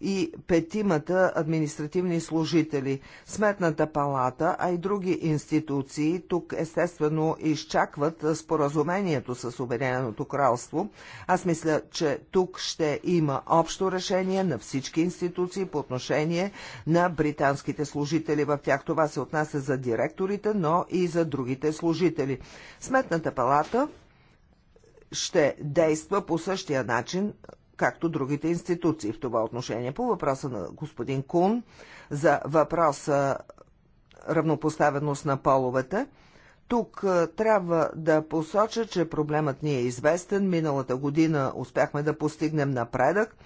и петимата административни служители. Сметната палата, а и други институции тук естествено изчакват споразумението с Обединеното кралство. Аз мисля, че тук ще има общо решение на всички институции по отношение на британските служители. В тях това се отнася за директорите, но и за другите служители. Сметната палата ще действа по същия начин както другите институции в това отношение. По въпроса на господин Кун за въпроса равнопоставеност на половете, тук трябва да посоча, че проблемът ни е известен. Миналата година успяхме да постигнем напредък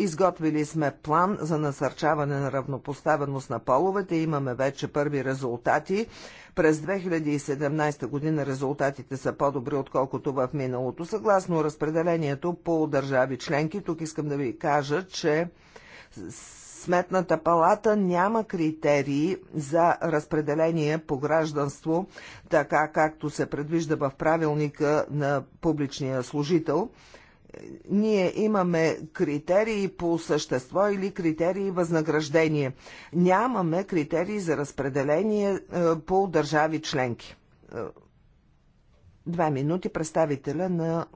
Изготвили сме план за насърчаване на равнопоставеност на половете. Имаме вече първи резултати. През 2017 година резултатите са по-добри, отколкото в миналото. Съгласно разпределението по държави членки, тук искам да ви кажа, че Сметната палата няма критерии за разпределение по гражданство, така както се предвижда в правилника на публичния служител – ние имаме критерии по същество или критерии възнаграждение. Нямаме критерии за разпределение е, по държави членки. Е, Два минути представителя на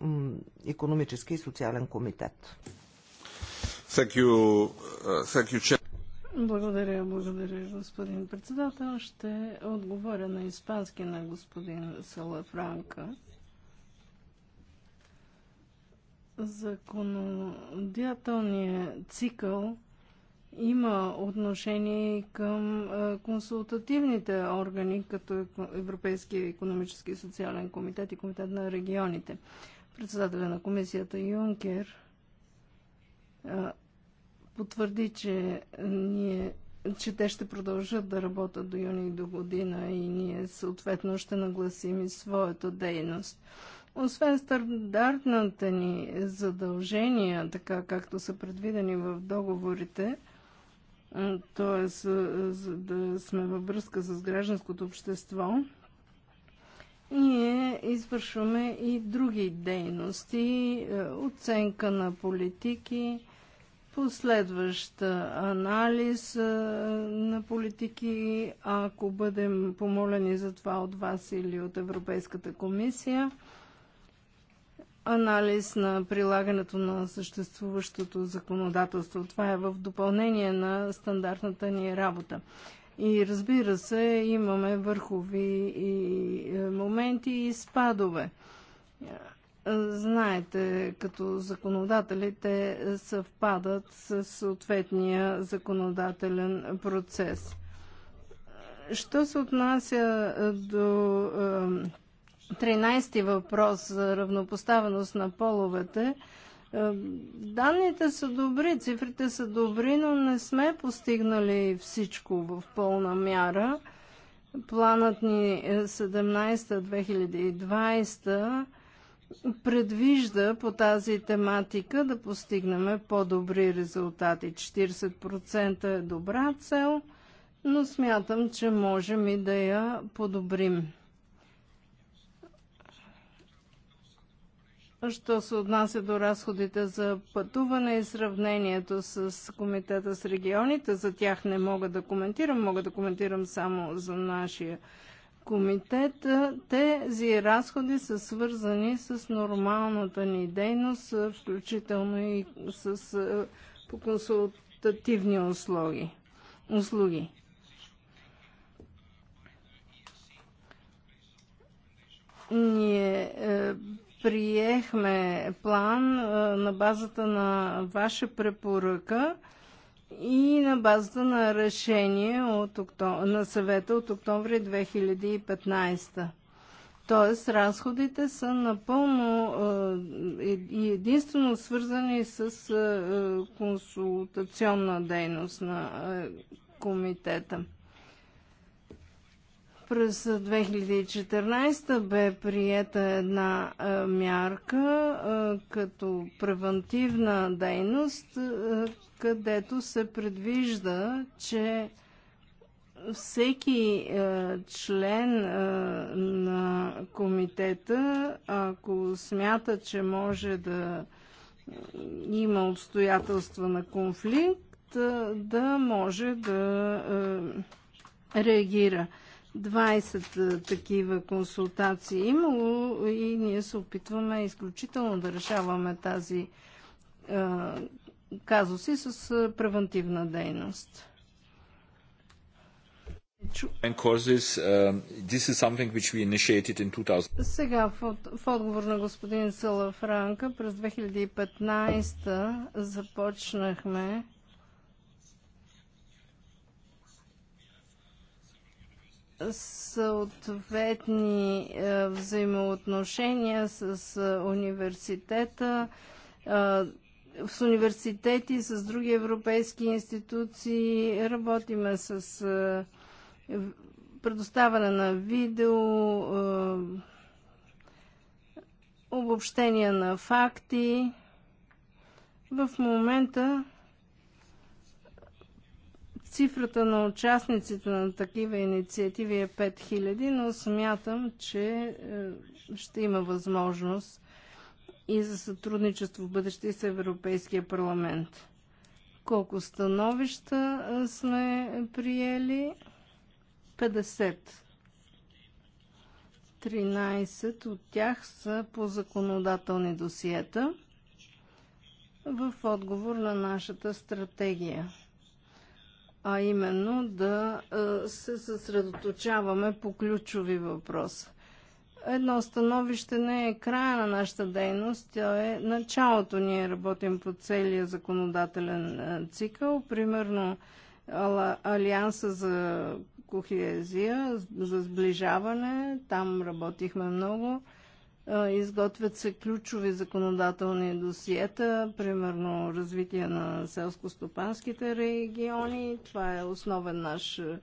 економически и социален комитет. Е, благодаря, благодаря, господин председател. Ще отговоря на испански на господин Салафранка. Франка. Законодателният цикъл има отношение и към консултативните органи, като Европейския економически и социален комитет и комитет на регионите. Председателя на комисията Юнкер потвърди, че, ние, че те ще продължат да работят до юни до година и ние съответно ще нагласим и своята дейност. Освен стандартната ни задължения, така както са предвидени в договорите, т.е. да сме във връзка с гражданското общество, ние извършваме и други дейности, оценка на политики, последваща анализ на политики, ако бъдем помолени за това от вас или от Европейската комисия – анализ на прилагането на съществуващото законодателство. Това е в допълнение на стандартната ни работа. И разбира се, имаме върхови и е, моменти и спадове. Е, знаете, като законодателите съвпадат с съответния законодателен процес. Е, що се отнася до 13-ти въпрос за равнопоставеност на половете. Е, данните са добри, цифрите са добри, но не сме постигнали всичко в пълна мяра. Планът ни 17-2020 е предвижда по тази тематика да постигнем по-добри резултати. 40% е добра цел, но смятам, че можем и да я подобрим. Що се отнася до разходите за пътуване и сравнението с Комитета с регионите, за тях не мога да коментирам, мога да коментирам само за нашия комитет. Тези разходи са свързани с нормалната ни дейност, включително и с е, по консултативни услуги. услуги. Ние е, приехме план на базата на ваша препоръка и на базата на решение от октом... на съвета от октомври 2015. Тоест, разходите са напълно е, и единствено свързани с е, консултационна дейност на е, комитета. През 2014 бе приета една а, мярка а, като превентивна дейност, а, където се предвижда, че всеки член на комитета, ако смята, че може да има обстоятелства на конфликт, да може да реагира. 20 такива консултации е имало и ние се опитваме изключително да решаваме тази е, казуси с превентивна дейност. Сега в, в отговор на господин Салафранка през 2015 започнахме съответни е, взаимоотношения с е, университета, е, с университети, с други европейски институции. Работиме с предоставяне на видео, обобщения на факти. В момента Цифрата на участниците на такива инициативи е 5000, но смятам, че е, ще има възможност и за сътрудничество в бъдеще с Европейския парламент. Колко становища е, сме приели? 50. 13 от тях са по законодателни досиета в отговор на нашата стратегия а именно да се съсредоточаваме по ключови въпроси. Едно становище не е края на нашата дейност, тя е началото. Ние работим по целия законодателен цикъл. Примерно Алианса за кохезия, за сближаване, там работихме много. Изготвят се ключови законодателни досиета, примерно развитие на селско-стопанските региони. Това е основен наш, е,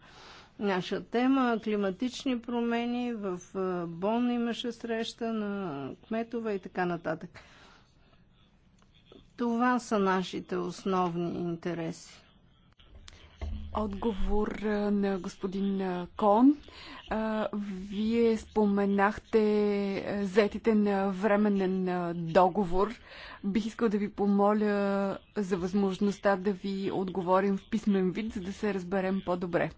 наша тема. Климатични промени. В е, Бон имаше среща на кметове и така нататък. Това са нашите основни интереси отговор на господин Кон. Вие споменахте заетите на временен договор. Бих искал да ви помоля за възможността да ви отговорим в писмен вид, за да се разберем по-добре.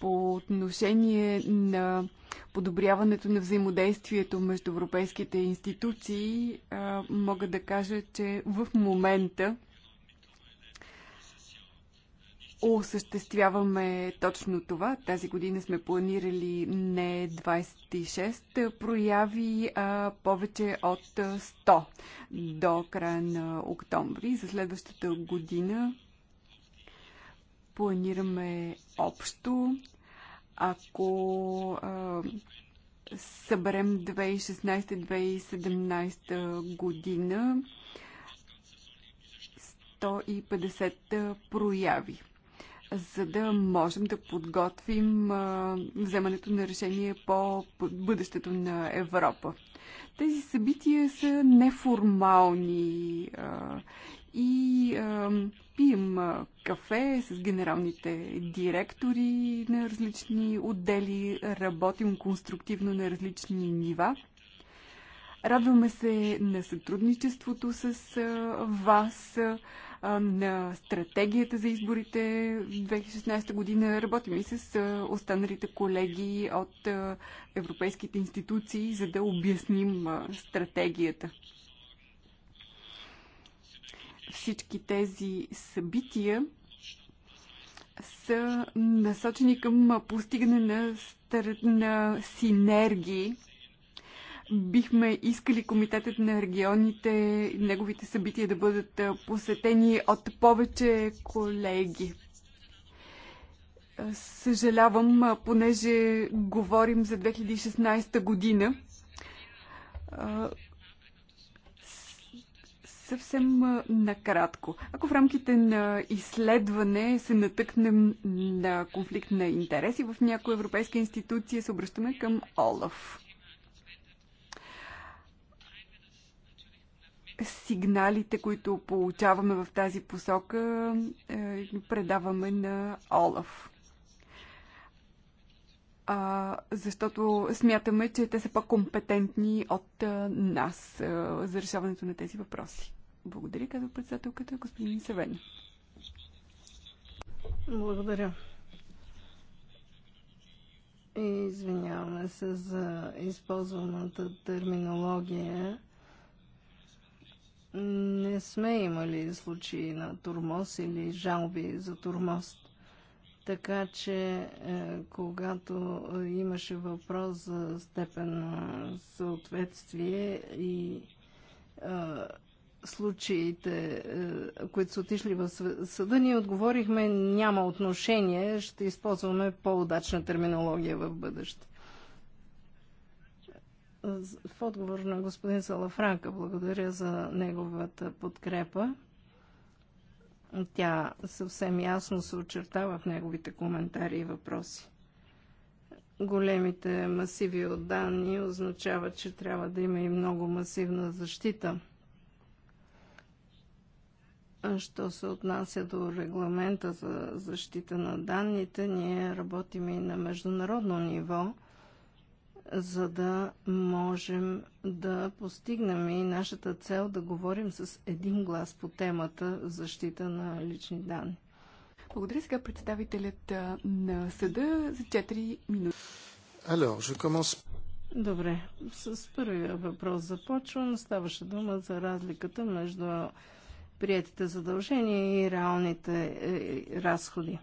По отношение на подобряването на взаимодействието между европейските институции, мога да кажа, че в момента осъществяваме точно това. Тази година сме планирали не 26 прояви, а повече от 100 до края на октомври. За следващата година планираме общо. Ако а, съберем 2016-2017 година, 150 прояви за да можем да подготвим вземането на решение по бъдещето на Европа. Тези събития са неформални и пием кафе с генералните директори на различни отдели, работим конструктивно на различни нива. Радваме се на сътрудничеството с вас на стратегията за изборите 2016 година. Работим и с останалите колеги от европейските институции, за да обясним стратегията. Всички тези събития са насочени към постигане на, на синергии бихме искали Комитетът на регионите, неговите събития да бъдат посетени от повече колеги. Съжалявам, понеже говорим за 2016 година. Съвсем накратко. Ако в рамките на изследване се натъкнем на конфликт на интереси в някоя европейска институция, се обръщаме към ОЛАФ. сигналите, които получаваме в тази посока, е, предаваме на Олаф. А, защото смятаме, че те са по-компетентни от а, е, нас а, е, за решаването на тези въпроси. Благодаря, казва председателката, господин Савен. Благодаря. Извиняваме се за използваната терминология не сме имали случаи на турмоз или жалби за турмоз. Така че, е, когато имаше въпрос за степен на съответствие и е, случаите, е, които са отишли в съда, ние отговорихме няма отношение, ще използваме по-удачна терминология в бъдеще в отговор на господин Салафранка, благодаря за неговата подкрепа. Тя съвсем ясно се очертава в неговите коментари и въпроси. Големите масиви от данни означават, че трябва да има и много масивна защита. Що се отнася до регламента за защита на данните, ние работим и на международно ниво – за да можем да постигнем и нашата цел да говорим с един глас по темата защита на лични данни. Благодаря сега представителят на съда за 4 минути. Alors, je commence... Добре, с първия въпрос започвам. Ставаше дума за разликата между приятите задължения и реалните е, разходи.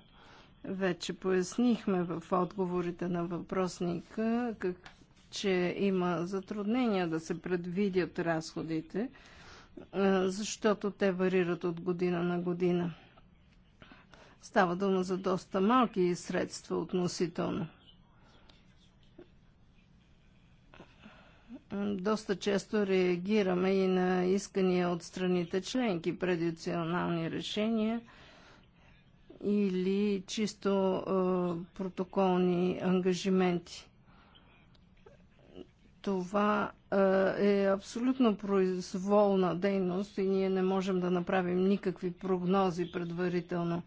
Вече пояснихме в отговорите на въпросника как, че има затруднения да се предвидят разходите, е, защото те варират от година на година. Става дума за доста малки средства относително. Доста често реагираме и на искания от страните членки, предиционални решения или чисто е, протоколни ангажименти това е абсолютно произволна дейност и ние не можем да направим никакви прогнози предварително.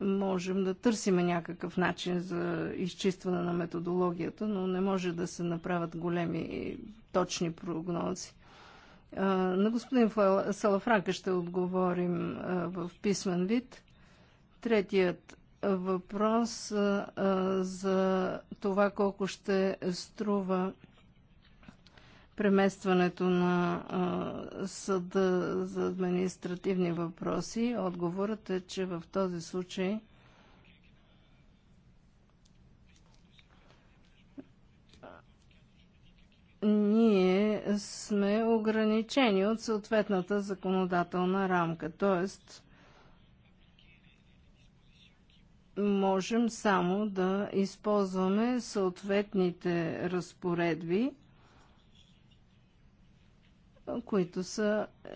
Можем да търсим някакъв начин за изчистване на методологията, но не може да се направят големи точни прогнози. На господин Салафранка ще отговорим в писмен вид. Третият въпрос а, за това колко ще струва преместването на съда за административни въпроси. Отговорът е, че в този случай ние сме ограничени от съответната законодателна рамка. Тоест, можем само да използваме съответните разпоредби – които са е,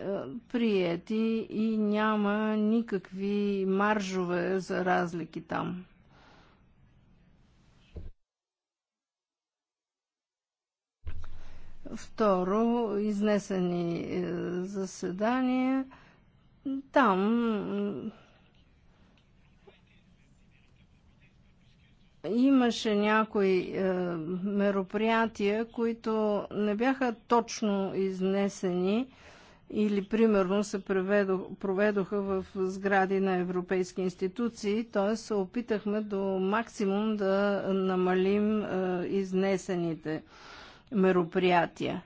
приети и няма никакви маржове за разлики там. Второ, изнесени е, заседания. Там имаше някои е, мероприятия, които не бяха точно изнесени или примерно се проведоха в сгради на европейски институции, т.е. се опитахме до максимум да намалим е, изнесените мероприятия.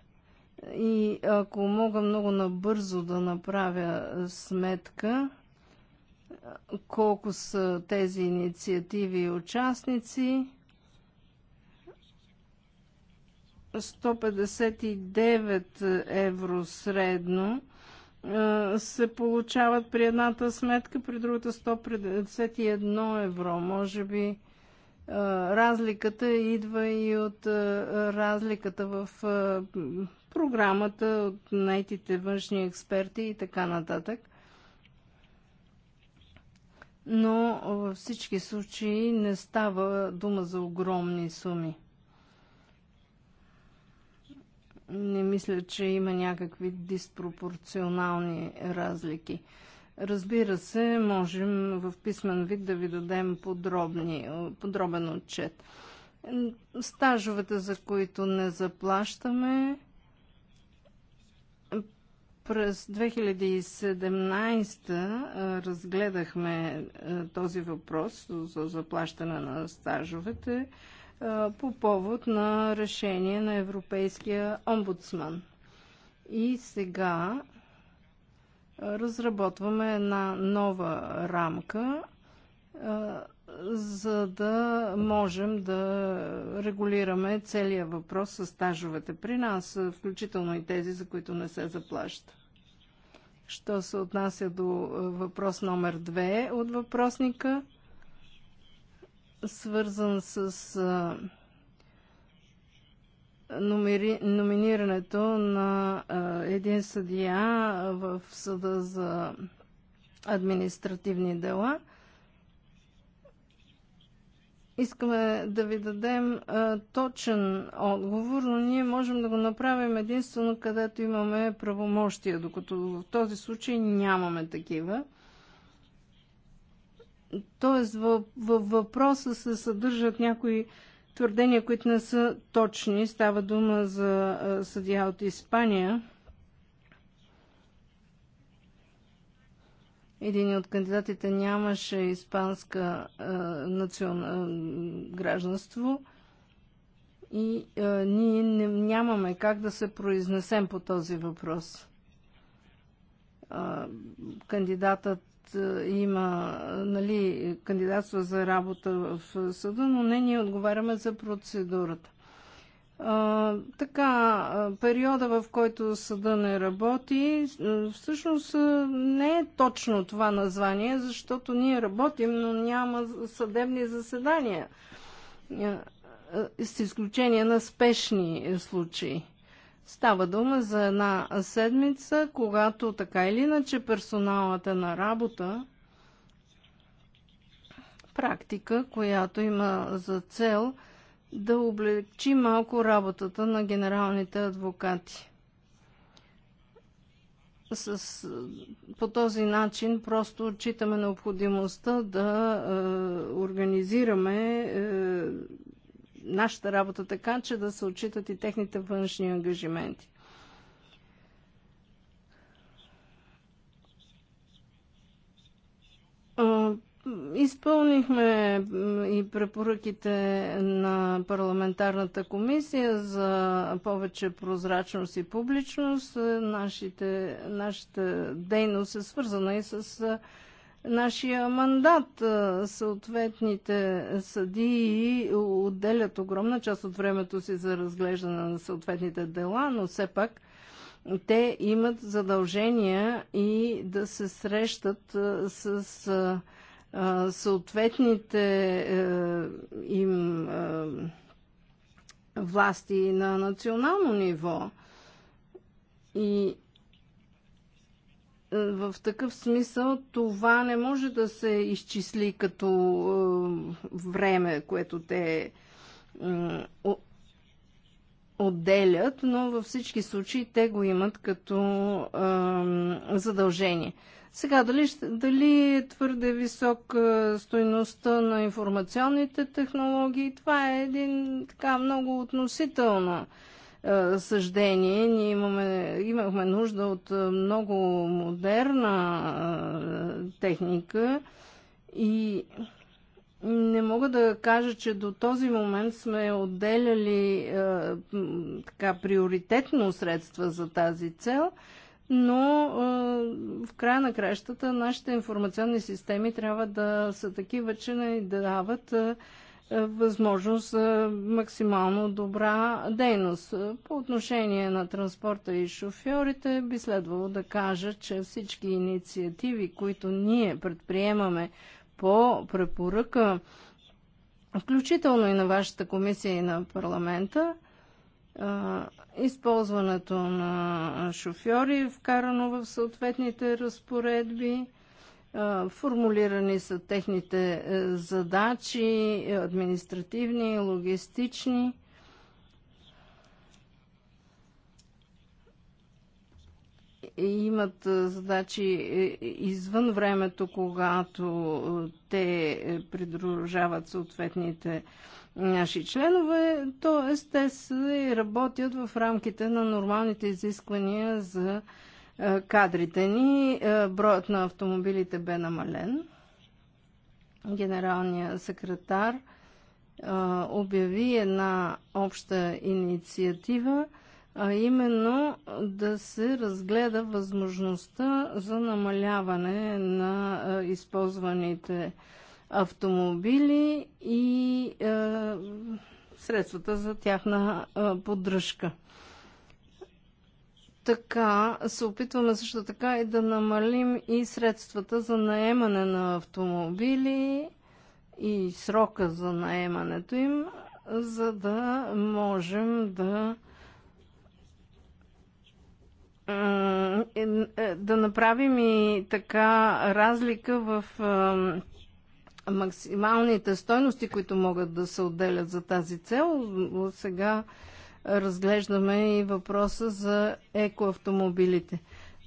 И ако мога много набързо да направя сметка, колко са тези инициативи и участници. 159 евро средно се получават при едната сметка, при другата 151 евро. Може би разликата идва и от разликата в програмата, от найтите външни експерти и така нататък но във всички случаи не става дума за огромни суми. Не мисля, че има някакви диспропорционални разлики. Разбира се, можем в писмен вид да ви дадем подробни, подробен отчет. Стажовете, за които не заплащаме, през 2017 разгледахме този въпрос за заплащане на стажовете по повод на решение на Европейския омбудсман. И сега разработваме една нова рамка за да можем да регулираме целия въпрос с стажовете при нас, включително и тези, за които не се заплаща. Що се отнася до е, въпрос номер 2 от въпросника, свързан с е, номери... номинирането на е, един съдия в съда за административни дела – Искаме да ви дадем а, точен отговор, но ние можем да го направим единствено където имаме правомощия, докато в този случай нямаме такива. Тоест във въпроса се съдържат някои твърдения, които не са точни. Става дума за съдия от Испания – Един от кандидатите нямаше испанска а, национ... а, гражданство и а, ние не, нямаме как да се произнесем по този въпрос. А, кандидатът има нали, кандидатство за работа в съда, но не ние отговаряме за процедурата така, периода в който съда не работи, всъщност не е точно това название, защото ние работим, но няма съдебни заседания, с изключение на спешни случаи. Става дума за една седмица, когато така или иначе персоналът е на работа, практика, която има за цел – да облегчи малко работата на генералните адвокати. С, по този начин просто отчитаме необходимостта да е, организираме е, нашата работа така, че да се отчитат и техните външни ангажименти. Е, Изпълнихме и препоръките на парламентарната комисия за повече прозрачност и публичност. Нашите, нашата дейност е свързана и с нашия мандат. Съответните съдии отделят огромна част от времето си за разглеждане на съответните дела, но все пак те имат задължения и да се срещат с съответните е, им е, власти на национално ниво. И е, в такъв смисъл това не може да се изчисли като време, което те отделят, но във всички случаи те го имат като задължение. Сега, дали, дали е твърде висока стоеността на информационните технологии, това е един така много относително е, съждение. Ние имаме, имахме нужда от е, много модерна е, техника и не мога да кажа, че до този момент сме отделяли е, така приоритетно средства за тази цел – но в края на кращата нашите информационни системи трябва да са такива, че не дават възможност за максимално добра дейност. По отношение на транспорта и шофьорите би следвало да кажа, че всички инициативи, които ние предприемаме по препоръка, включително и на вашата комисия и на парламента, използването на шофьори, вкарано в съответните разпоредби. Формулирани са техните е, задачи, административни, логистични. И имат е, задачи е, извън времето, когато те придружават съответните наши членове, т.е. те се работят в рамките на нормалните изисквания за е, кадрите ни. Е, броят на автомобилите бе намален. Генералният секретар е, обяви една обща инициатива, а именно да се разгледа възможността за намаляване на използваните автомобили и е, средствата за тяхна е, поддръжка. Така се опитваме също така и да намалим и средствата за наемане на автомобили и срока за наемането им, за да можем да е, е, да направим и така разлика в е, максималните стойности, които могат да се отделят за тази цел. Сега разглеждаме и въпроса за екоавтомобилите.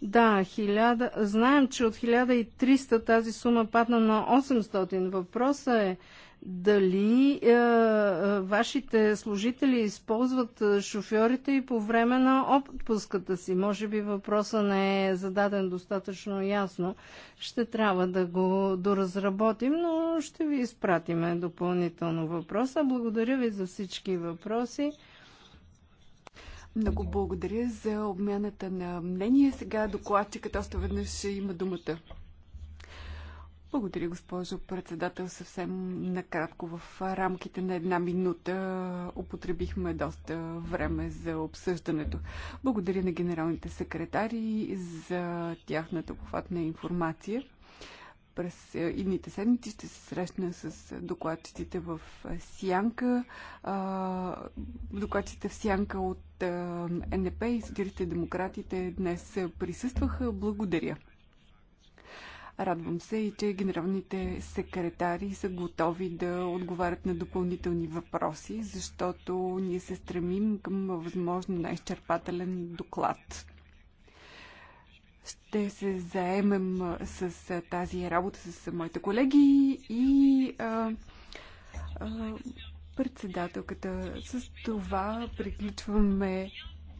Да, 1000... знаем, че от 1300 тази сума падна на 800. Въпросът е дали е, е, вашите служители използват е, шофьорите и по време на отпуската си. Може би въпроса не е зададен достатъчно ясно. Ще трябва да го доразработим, но ще ви изпратиме допълнително въпроса. Благодаря ви за всички въпроси. Много благодаря за обмяната на мнение. Сега докладчикът още веднъж ще има думата. Благодаря, госпожо председател. Съвсем накратко в рамките на една минута употребихме доста време за обсъждането. Благодаря на генералните секретари за тяхната обхватна информация. През е, идните седмици ще се срещна с докладчиците в Сянка, докладчиците в Сянка от е, НП и социалистите демократите днес присъстваха. Благодаря. Радвам се и, че генералните секретари са готови да отговарят на допълнителни въпроси, защото ние се стремим към възможно най-изчерпателен доклад. Ще се заемем с тази работа с моите колеги и а, а, председателката. С това приключваме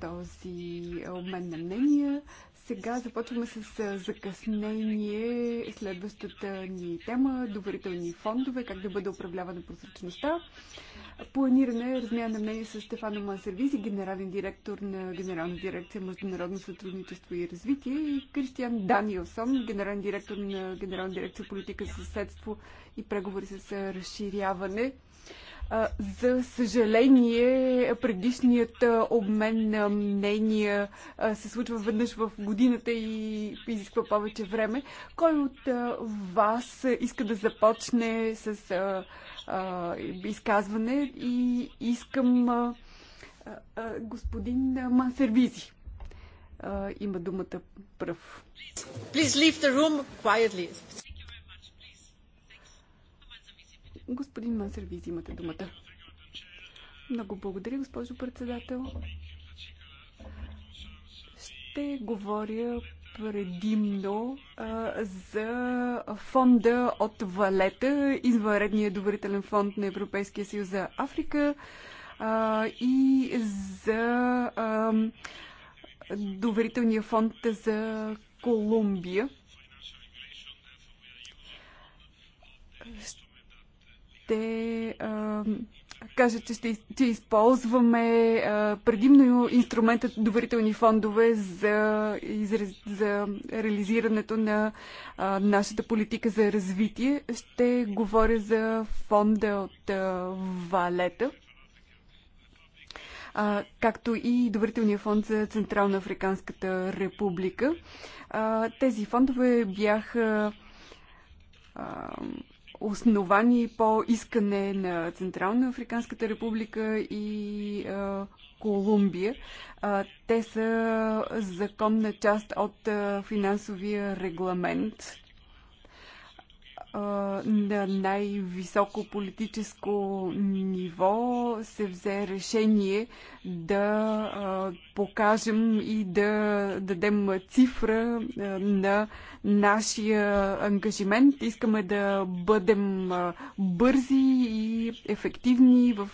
този обмен на мнения. Сега започваме с закъснение следващата ни тема доверителни фондове, как да бъде управлявана прозрачността. Планиране, размяна на мнение с Стефано Мансервизи, генерален директор на Генерална дирекция Международно сътрудничество и развитие и Кристиан Даниелсон, генерален директор на Генерална дирекция политика, съседство и преговори с разширяване за съжаление, предишният обмен на мнения се случва веднъж в годината и изисква повече време. Кой от вас иска да започне с изказване и искам господин Мансервизи. Има думата пръв. Please leave the room quietly. Господин Мансервиз, имате думата. Много благодаря, госпожо председател. Ще говоря предимно а, за фонда от Валета, извънредния доверителен фонд на Европейския съюз за Африка а, и за а, доверителния фонд за Колумбия. Ще ще а, кажа, че ще че използваме а, предимно инструментът доверителни фондове за, израз, за реализирането на а, нашата политика за развитие. Ще говоря за фонда от а, Валета, а, както и Доверителния фонд за Централна Африканската република. А, тези фондове бяха основани по искане на Централна Африканската република и а, Колумбия. А, те са законна част от а, финансовия регламент на най-високо политическо ниво се взе решение да покажем и да дадем цифра на нашия ангажимент. Искаме да бъдем бързи и ефективни в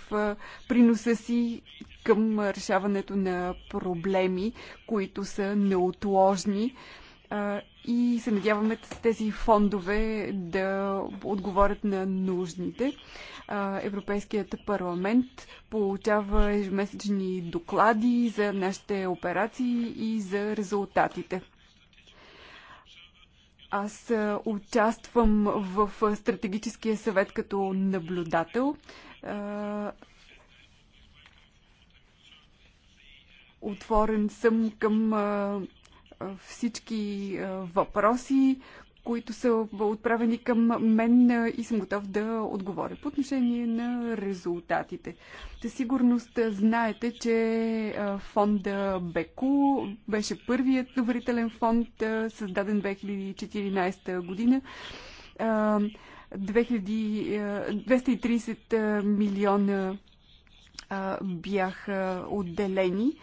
приноса си към решаването на проблеми, които са неотложни и се надяваме тези фондове да отговорят на нужните. Европейският парламент получава ежемесечни доклади за нашите операции и за резултатите. Аз участвам в стратегическия съвет като наблюдател. Отворен съм към всички въпроси, които са отправени към мен и съм готов да отговоря. По отношение на резултатите. Със сигурност знаете, че фонда Беку беше първият доверителен фонд, създаден 2014 година. 230 милиона бяха отделени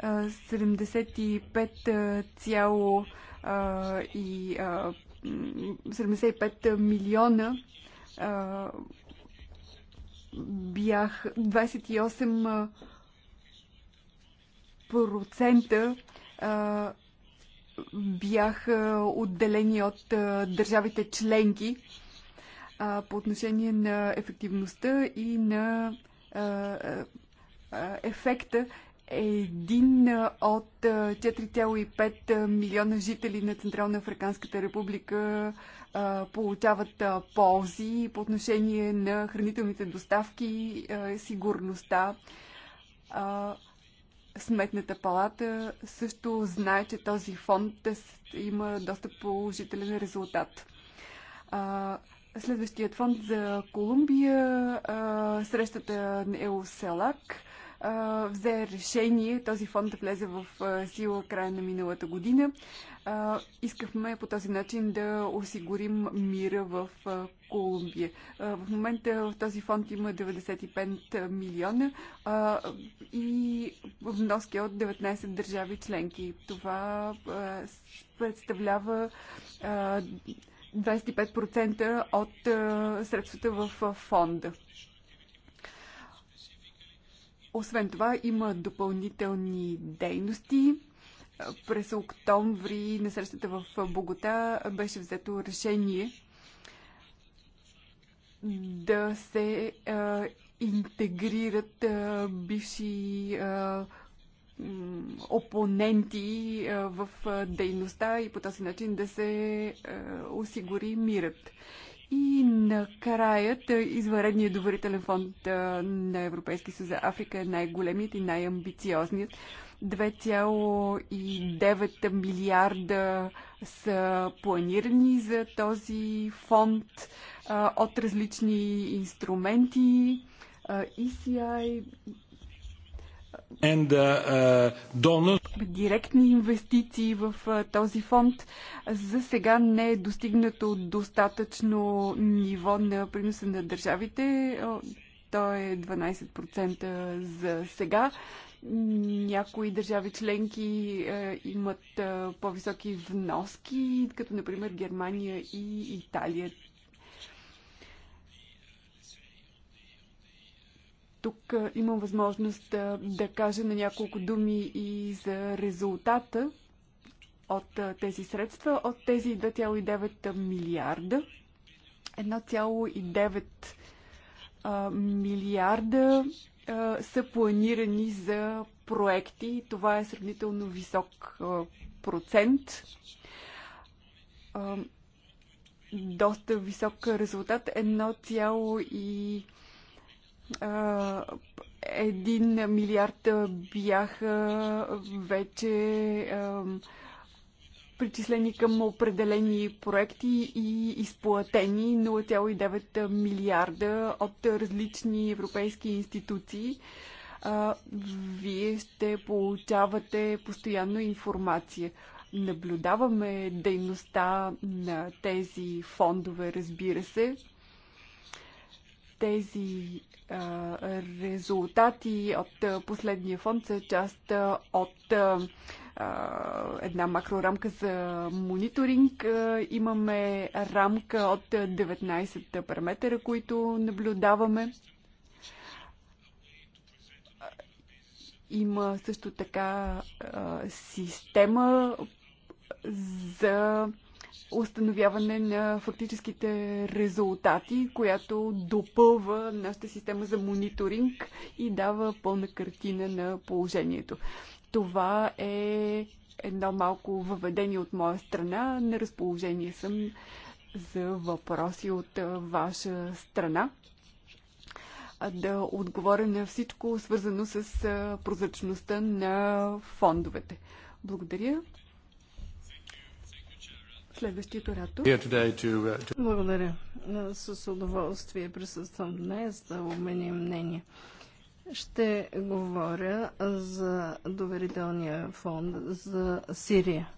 75, 75 милиона бях 28 процента бяха отделени от държавите членки по отношение на ефективността и на ефекта един от 4,5 милиона жители на Централна Африканската република получават ползи по отношение на хранителните доставки, сигурността. Сметната палата също знае, че този фонд има доста положителен резултат. Следващият фонд за Колумбия, срещата е у Селак – взе решение този фонд да влезе в сила края на миналата година. искахме по този начин да осигурим мира в Колумбия. в момента в този фонд има 95 милиона и вноски от 19 държави членки. Това представлява 25% от средствата в фонда. Освен това има допълнителни дейности. През октомври на срещата в Богота беше взето решение да се а, интегрират а, бивши а, опоненти а, в дейността и по този начин да се а, осигури мирът. И накрая е, извънредният доверителен фонд е, на Европейски съюз за Африка е най-големият и най-амбициозният. 2,9 милиарда са планирани за този фонд е, от различни инструменти, ECI, And, uh, uh Директни инвестиции в uh, този фонд за сега не е достигнато достатъчно ниво на приноса на държавите. То е 12% за сега. Някои държави членки е, имат е, по-високи вноски, като например Германия и Италия. Тук имам възможност да кажа на няколко думи и за резултата от тези средства, от тези 2,9 милиарда. 1,9 милиарда са планирани за проекти. Това е сравнително висок процент. Доста висок резултат. Един милиард бяха вече причислени към определени проекти и изплатени 0,9 милиарда от различни европейски институции. Вие ще получавате постоянно информация. Наблюдаваме дейността на тези фондове, разбира се. Тези резултати от последния фонд са част от една макрорамка за мониторинг. Имаме рамка от 19 параметъра, които наблюдаваме. Има също така система за установяване на фактическите резултати, която допълва нашата система за мониторинг и дава пълна картина на положението. Това е едно малко въведение от моя страна. На разположение съм за въпроси от ваша страна. Да отговоря на всичко свързано с прозрачността на фондовете. Благодаря. Следващият оратор. Uh, Благодаря. С удоволствие присъствам днес да обменим мнение. Ще говоря за доверителния фонд за Сирия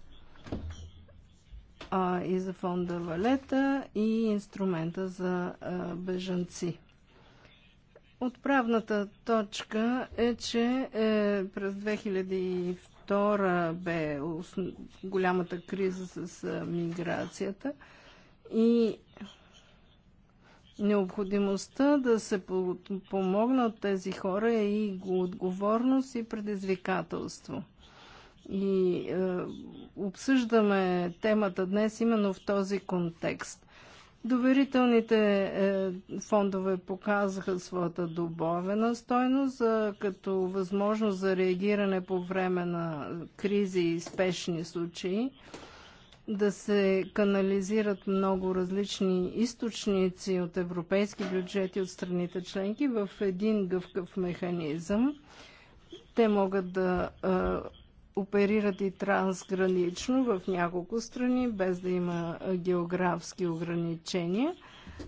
а, и за фонда Валета и инструмента за бежанци. Отправната точка е, че е, през втора бе голямата криза с миграцията и необходимостта да се помогнат тези хора е и отговорност и предизвикателство. И е, обсъждаме темата днес именно в този контекст. Доверителните е, фондове показаха своята добавена стойност като възможност за реагиране по време на кризи и спешни случаи, да се канализират много различни източници от европейски бюджети от страните членки в един гъвкав механизъм. Те могат да е, оперират и трансгранично в няколко страни, без да има географски ограничения,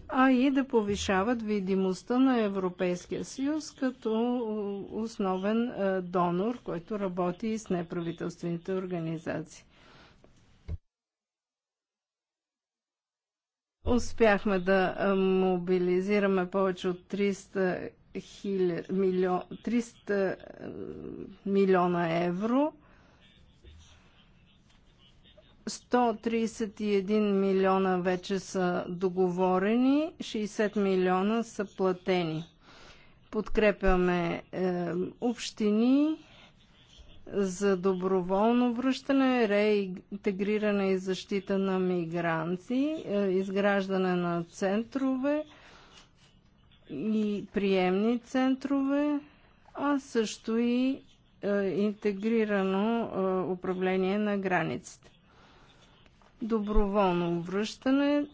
а и да повишават видимостта на Европейския съюз като основен донор, който работи и с неправителствените организации. Успяхме да мобилизираме повече от 300 милиона, 300 милиона евро 131 милиона вече са договорени, 60 милиона са платени. Подкрепяме е, общини за доброволно връщане, реинтегриране и защита на мигранти, е, изграждане на центрове и приемни центрове, а също и е, интегрирано е, управление на границите доброволно връщане.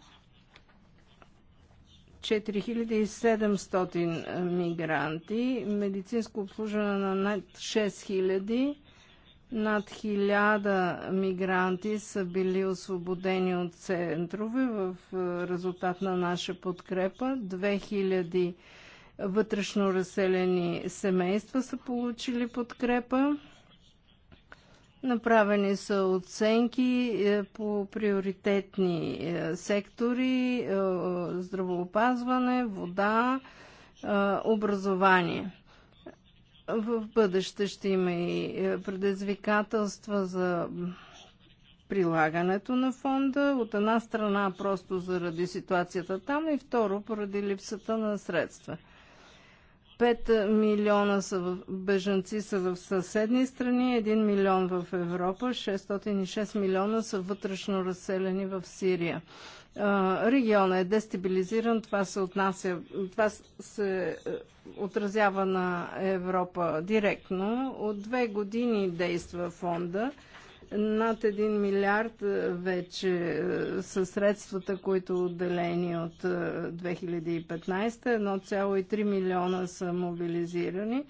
4700 е, мигранти, медицинско обслужване на над 6000, над 1000 мигранти са били освободени от центрове в е, резултат на наша подкрепа, 2000 вътрешно разселени семейства са получили подкрепа. Направени са оценки е, по приоритетни е, сектори е, здравоопазване, вода, образование. В бъдеще ще има и предизвикателства за прилагането на фонда. От една страна просто заради ситуацията там и второ поради липсата на средства. 5 милиона са в, бежанци са в съседни страни, 1 милион в Европа, 606 милиона са вътрешно разселени в Сирия. региона е дестабилизиран, това се отнася, това се е, отразява на Европа директно. От две години действа фонда над 1 милиард е, вече е, са средствата, които отделени от 2015. Е, 1,3 милиона са мобилизирани.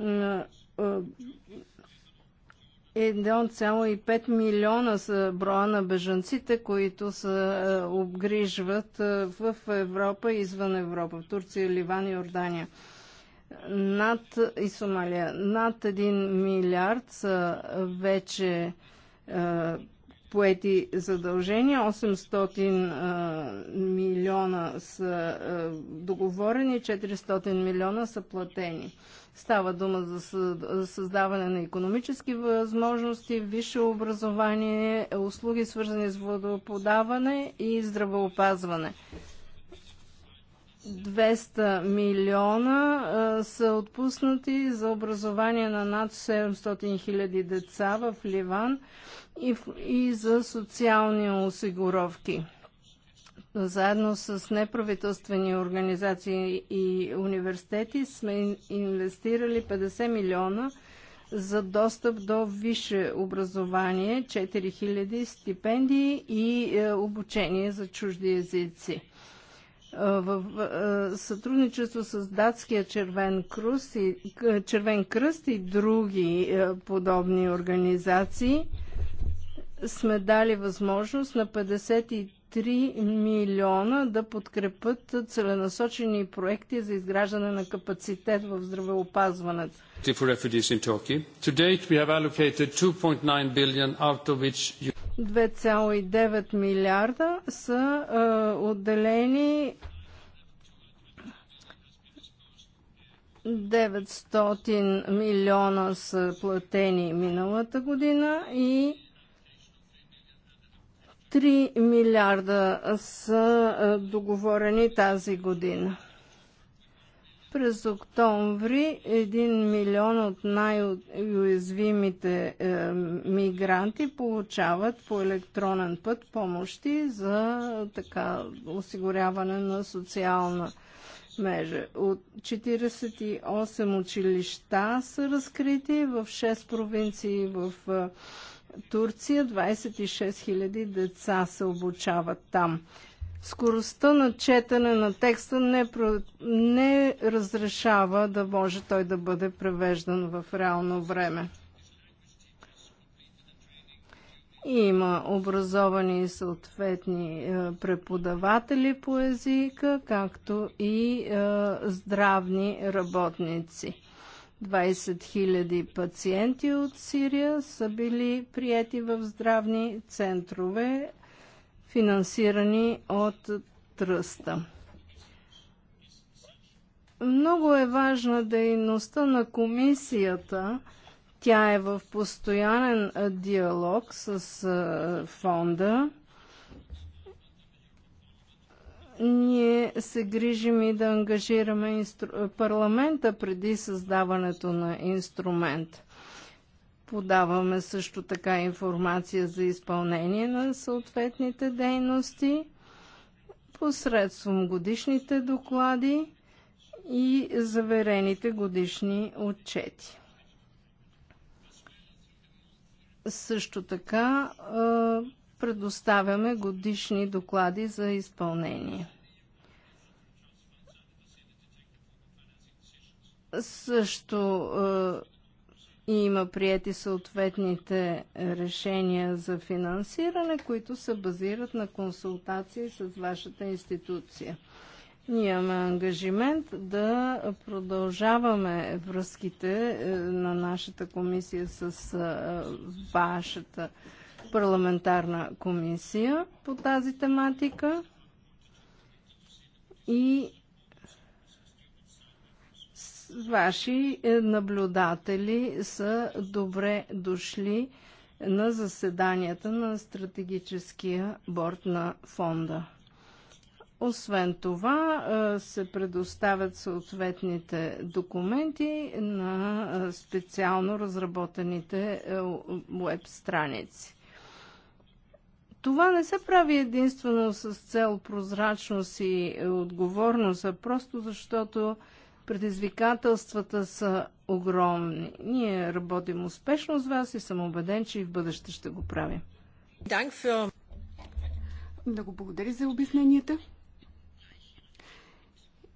1,5 милиона са броя на бежанците, които се обгрижват в Европа и извън Европа, в Турция, Ливан и Ордания над, и Сомалия, над 1 милиард са вече а, е, поети задължения, 800 а, е, милиона са а, е, договорени, 400 милиона са платени. Става дума за създаване на економически възможности, висше образование, услуги свързани с водоподаване и здравеопазване. 200 милиона а, са отпуснати за образование на над 700 хиляди деца в Ливан и, и за социални осигуровки. Заедно с неправителствени организации и университети сме инвестирали 50 милиона за достъп до висше образование, 4000 стипендии и е, обучение за чужди езици в сътрудничество с датския червен, кръст и, червен кръст и други подобни организации сме дали възможност на 53 милиона да подкрепат целенасочени проекти за изграждане на капацитет в здравеопазването. For refugees in Turkey. To date, we have allocated 2.9 billion, out of which you... 2,9 милиарда са е, отделени 900 милиона са платени миналата година и 3 милиарда са е, договорени тази година. През октомври 1 милион от най-уязвимите е, мигранти получават по електронен път помощи за така осигуряване на социална мрежа. От 48 училища са разкрити в 6 провинции в е, Турция. 26 000 деца се обучават там скоростта на четене на текста не, не разрешава да може той да бъде превеждан в реално време. Има образовани съответни е, преподаватели по езика, както и е, здравни работници. 20 000 пациенти от Сирия са били прияти в здравни центрове, финансирани от тръста. Много е важна дейността на комисията. Тя е в постоянен диалог с фонда. Ние се грижим и да ангажираме парламента преди създаването на инструмент. Подаваме също така информация за изпълнение на съответните дейности посредством годишните доклади и заверените годишни отчети. Също така предоставяме годишни доклади за изпълнение. Също и има прияти съответните решения за финансиране, които се базират на консултации с вашата институция. Ние имаме ангажимент да продължаваме връзките е, на нашата комисия с е, вашата парламентарна комисия по тази тематика и ваши е, наблюдатели са добре дошли на заседанията на стратегическия борт на фонда. Освен това е, се предоставят съответните документи на е, специално разработените веб страници. Това не се прави единствено с цел прозрачност и отговорност, а просто защото Предизвикателствата са огромни. Ние работим успешно с вас и съм убеден, че и в бъдеще ще го правим. Много благодаря за обясненията.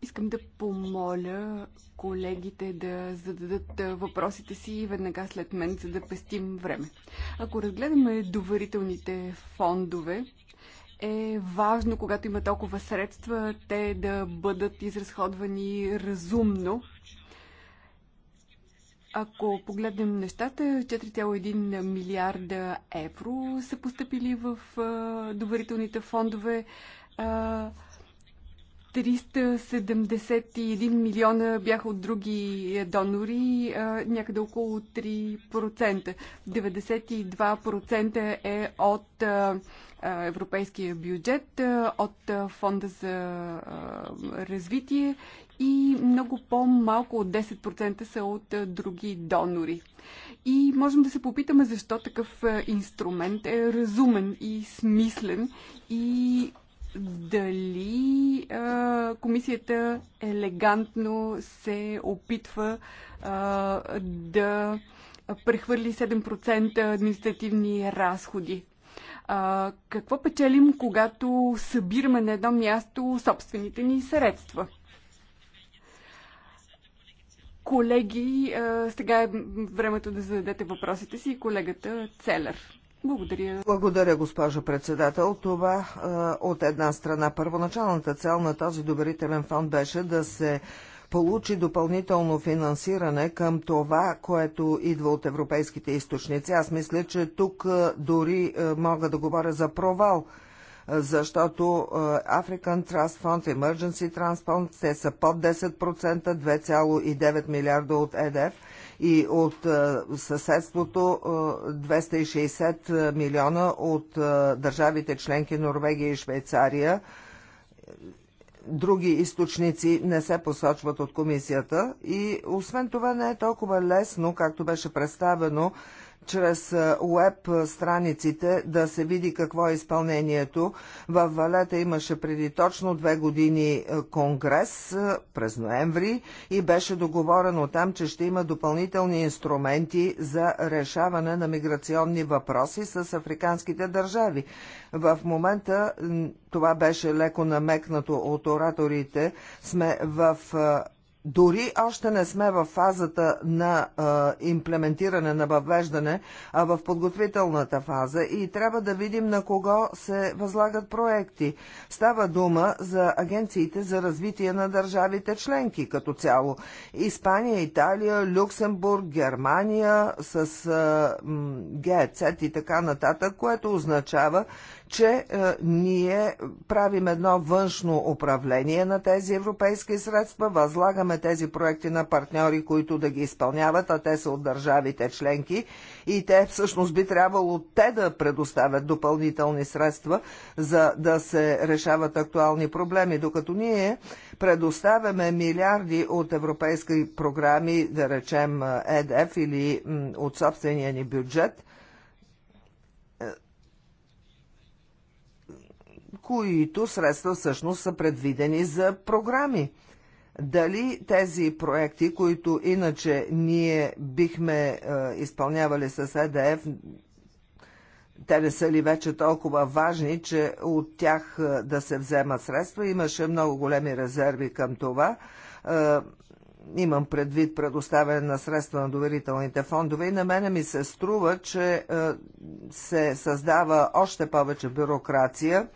Искам да помоля колегите да зададат въпросите си веднага след мен, за да пестим време. Ако разгледаме доверителните фондове, е важно, когато има толкова средства, те да бъдат изразходвани разумно. Ако погледнем нещата, 4,1 милиарда евро са поступили в доверителните фондове. 371 милиона бяха от други е, донори, някъде около 3%. 92% е от европейския бюджет, от фонда за развитие и много по-малко от 10% са от други донори. И можем да се попитаме защо такъв инструмент е разумен и смислен и дали а, комисията елегантно се опитва а, да прехвърли 7% административни разходи. А, какво печелим, когато събираме на едно място собствените ни средства? Колеги, а, сега е времето да зададете въпросите си. Колегата Целер. Благодаря. Благодаря, госпожо председател. Това а, от една страна. Първоначалната цел на този доверителен фонд беше да се получи допълнително финансиране към това, което идва от европейските източници. Аз мисля, че тук дори мога да говоря за провал защото African Trust Fund, Emergency Trust Fund, те са под 10%, 2,9 милиарда от ЕДФ и от съседството 260 милиона от държавите членки Норвегия и Швейцария – други източници не се посочват от комисията и освен това не е толкова лесно, както беше представено, чрез веб страниците да се види какво е изпълнението. В Валета имаше преди точно две години конгрес през ноември и беше договорено там, че ще има допълнителни инструменти за решаване на миграционни въпроси с африканските държави. В момента, това беше леко намекнато от ораторите, сме в дори още не сме в фазата на а, имплементиране, на въвеждане, а в подготвителната фаза и трябва да видим на кого се възлагат проекти. Става дума за агенциите за развитие на държавите членки като цяло. Испания, Италия, Люксембург, Германия с а, м, ГЕЦ и така нататък, което означава, че е, ние правим едно външно управление на тези европейски средства, възлагаме тези проекти на партньори, които да ги изпълняват, а те са от държавите членки и те всъщност би трябвало те да предоставят допълнителни средства, за да се решават актуални проблеми, докато ние предоставяме милиарди от европейски програми, да речем ЕДФ или от собствения ни бюджет – които средства всъщност са предвидени за програми. Дали тези проекти, които иначе ние бихме е, изпълнявали с ЕДФ, те не са ли вече толкова важни, че от тях е, да се вземат средства? Имаше много големи резерви към това. Е, имам предвид предоставяне на средства на доверителните фондове и на мене ми се струва, че е, се създава още повече бюрокрация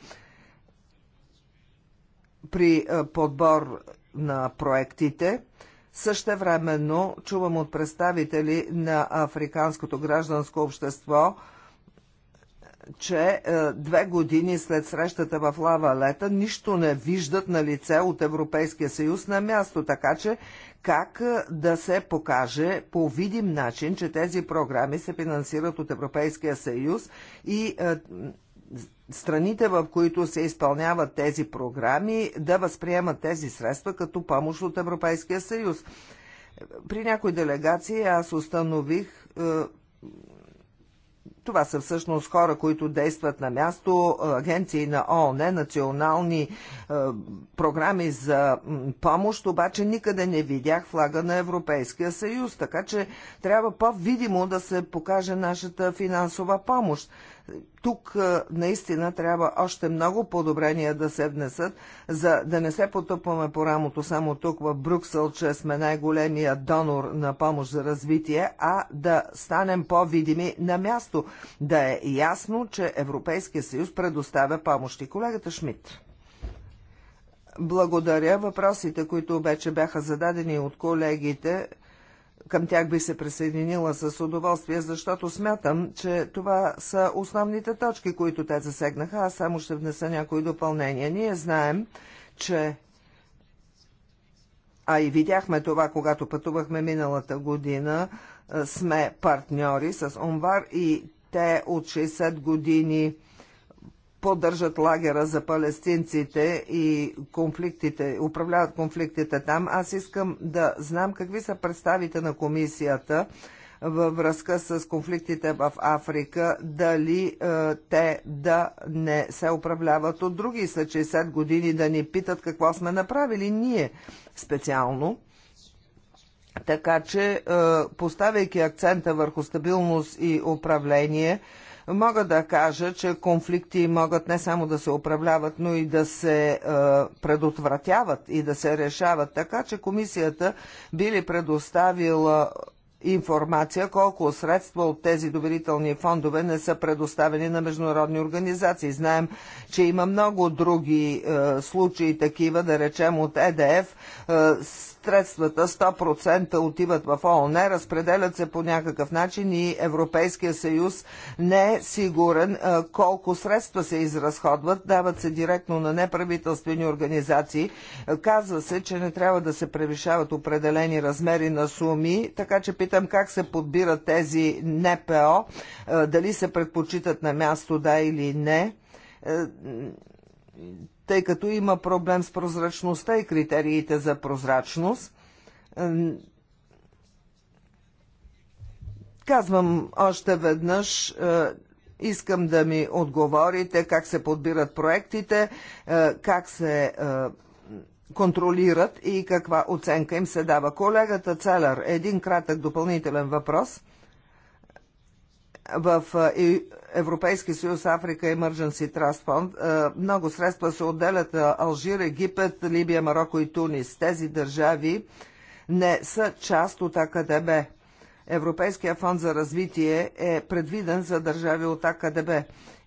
при подбор на проектите. Същевременно чувам от представители на Африканското гражданско общество, че две години след срещата в Лава Лета нищо не виждат на лице от Европейския съюз на място, така че как да се покаже по видим начин, че тези програми се финансират от Европейския съюз и страните, в които се изпълняват тези програми, да възприемат тези средства като помощ от Европейския съюз. При някои делегации аз установих, е, това са всъщност хора, които действат на място, агенции на ООН, национални е, програми за помощ, обаче никъде не видях флага на Европейския съюз, така че трябва по-видимо да се покаже нашата финансова помощ тук наистина трябва още много подобрения да се внесат, за да не се потъпваме по рамото само тук в Брюксел, че сме най-големия донор на помощ за развитие, а да станем по-видими на място. Да е ясно, че Европейския съюз предоставя помощи. Колегата Шмидт. Благодаря. Въпросите, които вече бяха зададени от колегите, към тях би се присъединила с удоволствие, защото смятам, че това са основните точки, които те засегнаха. Аз само ще внеса някои допълнения. Ние знаем, че а и видяхме това, когато пътувахме миналата година, сме партньори с Омвар и те от 60 години поддържат лагера за палестинците и конфликтите, управляват конфликтите там. Аз искам да знам какви са представите на комисията във връзка с конфликтите в Африка, дали е, те да не се управляват от други след 60 години, да ни питат какво сме направили ние специално. Така че, е, поставяйки акцента върху стабилност и управление, Мога да кажа, че конфликти могат не само да се управляват, но и да се е, предотвратяват и да се решават, така че комисията би ли предоставила информация колко средства от тези доверителни фондове не са предоставени на международни организации. Знаем, че има много други е, случаи такива, да речем от ЕДФ, е, средствата 100% отиват в ООН, разпределят се по някакъв начин и Европейския съюз не е сигурен колко средства се изразходват, дават се директно на неправителствени организации. Казва се, че не трябва да се превишават определени размери на суми, така че питам как се подбират тези НПО, дали се предпочитат на място да или не е, тъй като има проблем с прозрачността и критериите за прозрачност. Е, казвам още веднъж, е, искам да ми отговорите как се подбират проектите, е, как се контролират и каква оценка им се дава. Колегата Целер, един кратък допълнителен въпрос – в Европейски съюз Африка Emergency Trust Fund. Много средства се отделят Алжир, Египет, Либия, Марокко и Тунис. Тези държави не са част от АКДБ. Европейския фонд за развитие е предвиден за държави от АКДБ.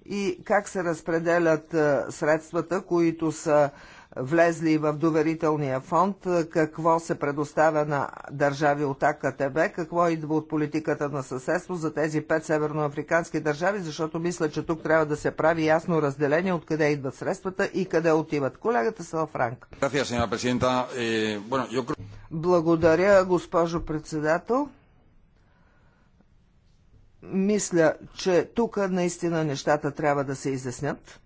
И как се разпределят средствата, които са влезли в доверителния фонд, какво се предоставя на държави от АКТБ, какво идва от политиката на съседство за тези пет северноафрикански държави, защото мисля, че тук трябва да се прави ясно разделение откъде идват средствата и къде отиват. Колегата Франк. Eh, Благодаря, госпожо председател. Мисля, че тук наистина нещата трябва да се изяснят.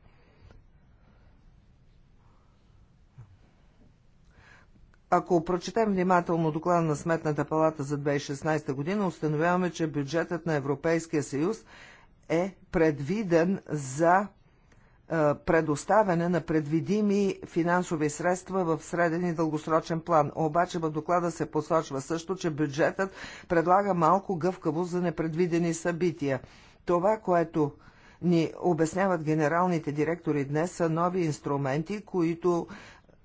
Ако прочетем внимателно доклада на Сметната палата за 2016 година, установяваме, че бюджетът на Европейския съюз е предвиден за е, предоставяне на предвидими финансови средства в среден и дългосрочен план. Обаче в доклада се посочва също, че бюджетът предлага малко гъвкаво за непредвидени събития. Това, което ни обясняват генералните директори днес, са нови инструменти, които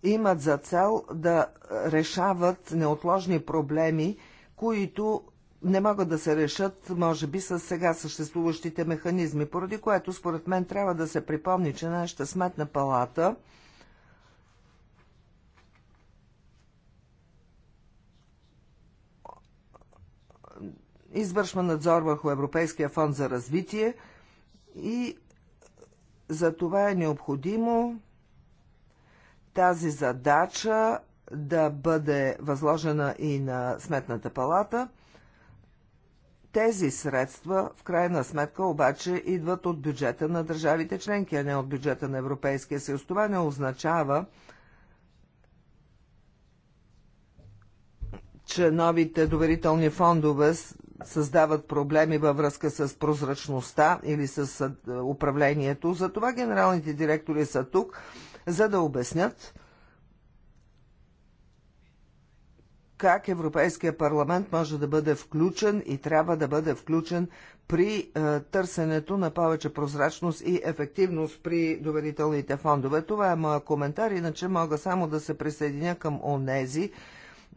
имат за цел да решават неотложни проблеми, които не могат да се решат, може би, с сега съществуващите механизми, поради което, според мен, трябва да се припомни, че нашата сметна палата извършва надзор върху Европейския фонд за развитие и за това е необходимо тази задача да бъде възложена и на Сметната палата. Тези средства, в крайна сметка, обаче идват от бюджета на държавите членки, а не от бюджета на Европейския съюз. Това не означава, че новите доверителни фондове създават проблеми във връзка с прозрачността или с управлението. Затова генералните директори са тук, за да обяснят как Европейския парламент може да бъде включен и трябва да бъде включен при е, търсенето на повече прозрачност и ефективност при доверителните фондове. Това е моя коментар, иначе мога само да се присъединя към онези, е,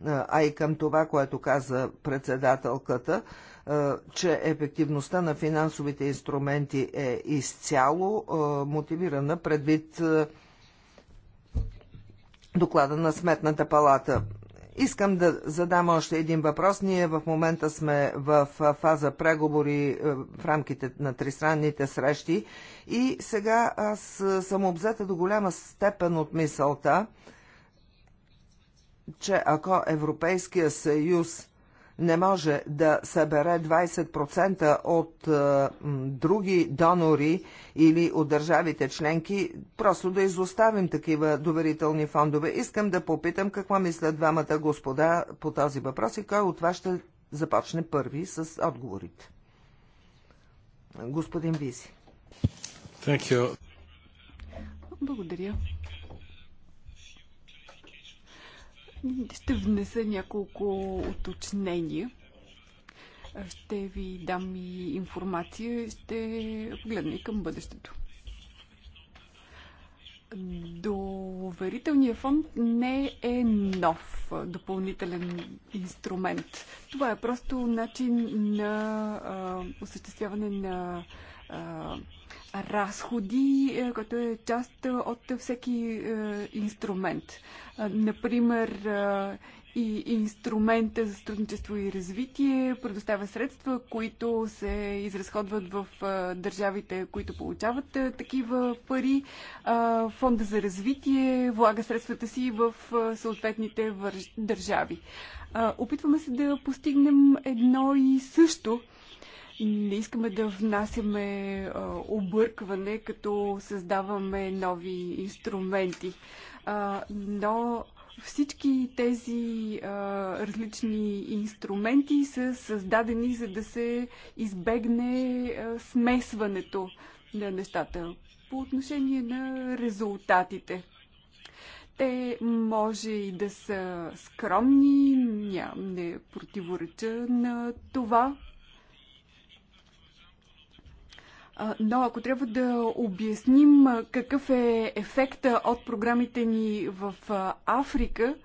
а и към това, което каза председателката, е, че ефективността на финансовите инструменти е изцяло е, мотивирана предвид. Е, доклада на Сметната палата. Искам да задам още един въпрос. Ние в момента сме в фаза преговори е, в рамките на тристранните срещи и сега аз съм обзета до голяма степен от мисълта, че ако Европейския съюз не може да събере 20% от е, други донори или от държавите членки, просто да изоставим такива доверителни фондове. Искам да попитам какво мислят двамата господа по този въпрос и кой от вас ще започне първи с отговорите. Господин Визи. Благодаря. Ще внеса няколко уточнения. Ще ви дам и информация, ще погледна и към бъдещето. Доверителният фонд не е нов допълнителен инструмент. Това е просто начин на а, осъществяване на а, разходи, е, като е част е, от всеки е, инструмент. Например, и инструмента за сътрудничество и развитие предоставя средства, които се изразходват в държавите, които получават такива пари. Фонда за развитие влага средствата си в съответните държави. Опитваме се да постигнем едно и също – не искаме да внасяме объркване, като създаваме нови инструменти. Но всички тези а, различни инструменти са създадени, за да се избегне а, смесването на нещата по отношение на резултатите. Те може и да са скромни, ням, не противореча на това, но ако трябва да обясним какъв е ефекта от програмите ни в Африка,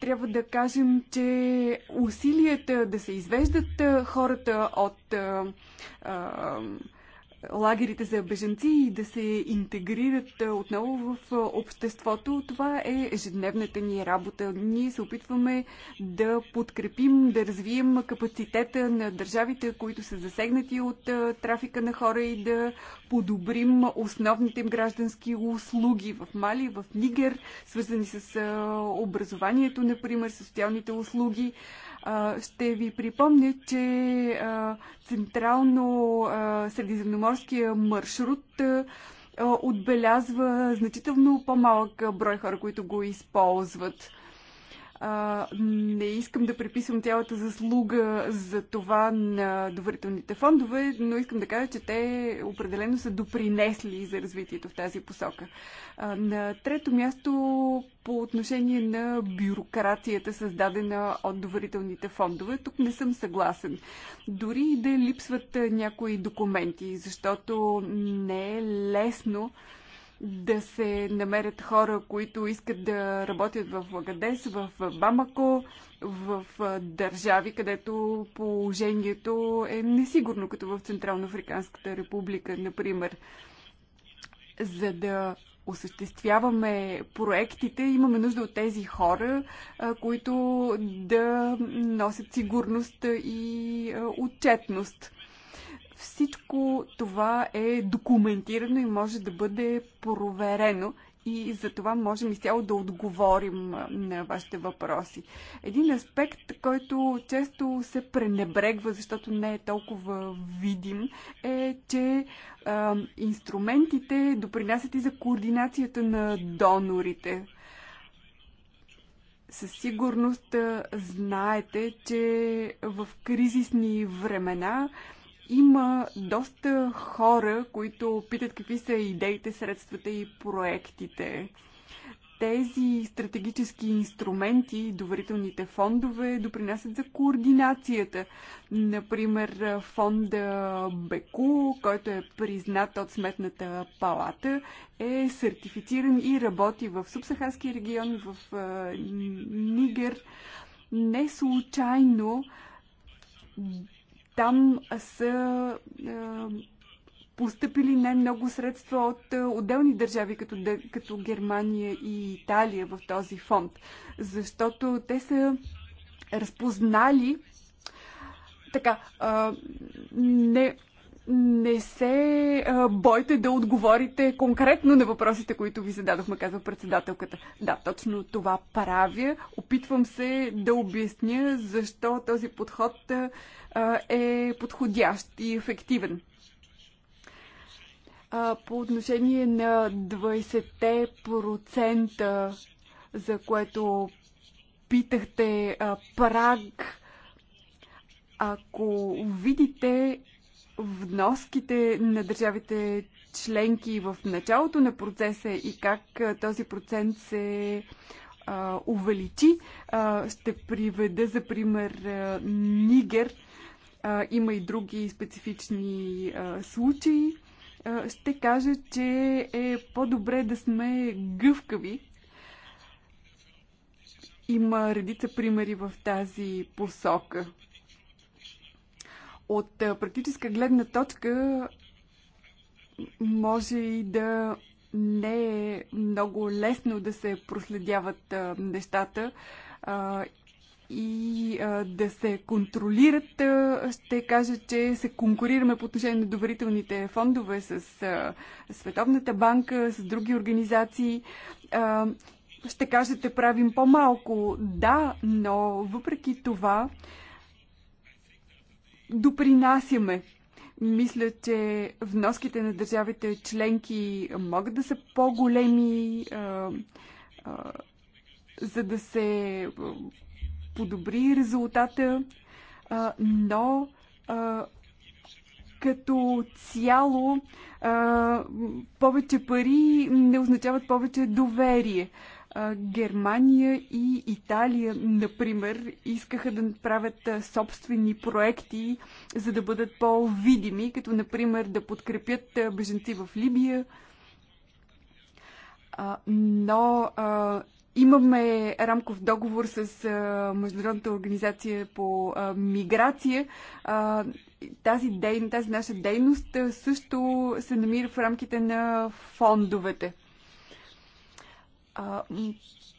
трябва да кажем, че усилията да се извеждат хората от а, лагерите за беженци и да се интегрират отново в обществото. Това е ежедневната ни работа. Ние се опитваме да подкрепим, да развием капацитета на държавите, които са засегнати от трафика на хора и да подобрим основните им граждански услуги в Мали, в Нигер, свързани с образованието, например, социалните услуги. Ще ви припомня, че централно средиземноморския маршрут отбелязва значително по-малък брой хора, които го използват. А, не искам да приписвам цялата заслуга за това на доверителните фондове, но искам да кажа, че те определено са допринесли за развитието в тази посока. А, на трето място по отношение на бюрокрацията, създадена от доверителните фондове, тук не съм съгласен. Дори и да липсват някои документи, защото не е лесно да се намерят хора, които искат да работят в Лагадес, в Бамако, в държави, където положението е несигурно, като в Централно-Африканската република, например. За да осъществяваме проектите, имаме нужда от тези хора, които да носят сигурност и отчетност. Всичко това е документирано и може да бъде проверено и за това можем изцяло да отговорим на вашите въпроси. Един аспект, който често се пренебрегва, защото не е толкова видим, е, че а, инструментите допринасят и за координацията на донорите. Със сигурност знаете, че в кризисни времена има доста хора, които питат какви са идеите, средствата и проектите. Тези стратегически инструменти, доверителните фондове, допринасят за координацията. Например, фонда БЕКУ, който е признат от Сметната палата, е сертифициран и работи в Субсахарски регион, в Нигер. Не случайно там са постъпили най-много средства от отделни държави, като, като Германия и Италия в този фонд, защото те са разпознали така, не не се а, бойте да отговорите конкретно на въпросите, които ви зададохме, казва председателката. Да, точно това правя. Опитвам се да обясня защо този подход а, е подходящ и ефективен. А, по отношение на 20%, за което питахте, а, праг, ако видите вноските на държавите членки в началото на процеса и как този процент се а, увеличи. А, ще приведа за пример а, Нигер. А, има и други специфични а, случаи. А, ще кажа, че е по-добре да сме гъвкави. Има редица примери в тази посока. От практическа гледна точка може и да не е много лесно да се проследяват нещата и да се контролират, ще кажа, че се конкурираме по отношение на доверителните фондове с Световната банка, с други организации. ще кажете, правим по-малко. Да, но въпреки това, допринасяме. Мисля, че вноските на държавите членки могат да са по-големи, за да се подобри резултата, но като цяло повече пари не означават повече доверие. Германия и Италия, например, искаха да направят собствени проекти, за да бъдат по-видими, като, например, да подкрепят беженци в Либия. Но имаме рамков договор с Международната организация по миграция. Тази, дейност, тази наша дейност също се намира в рамките на фондовете. А,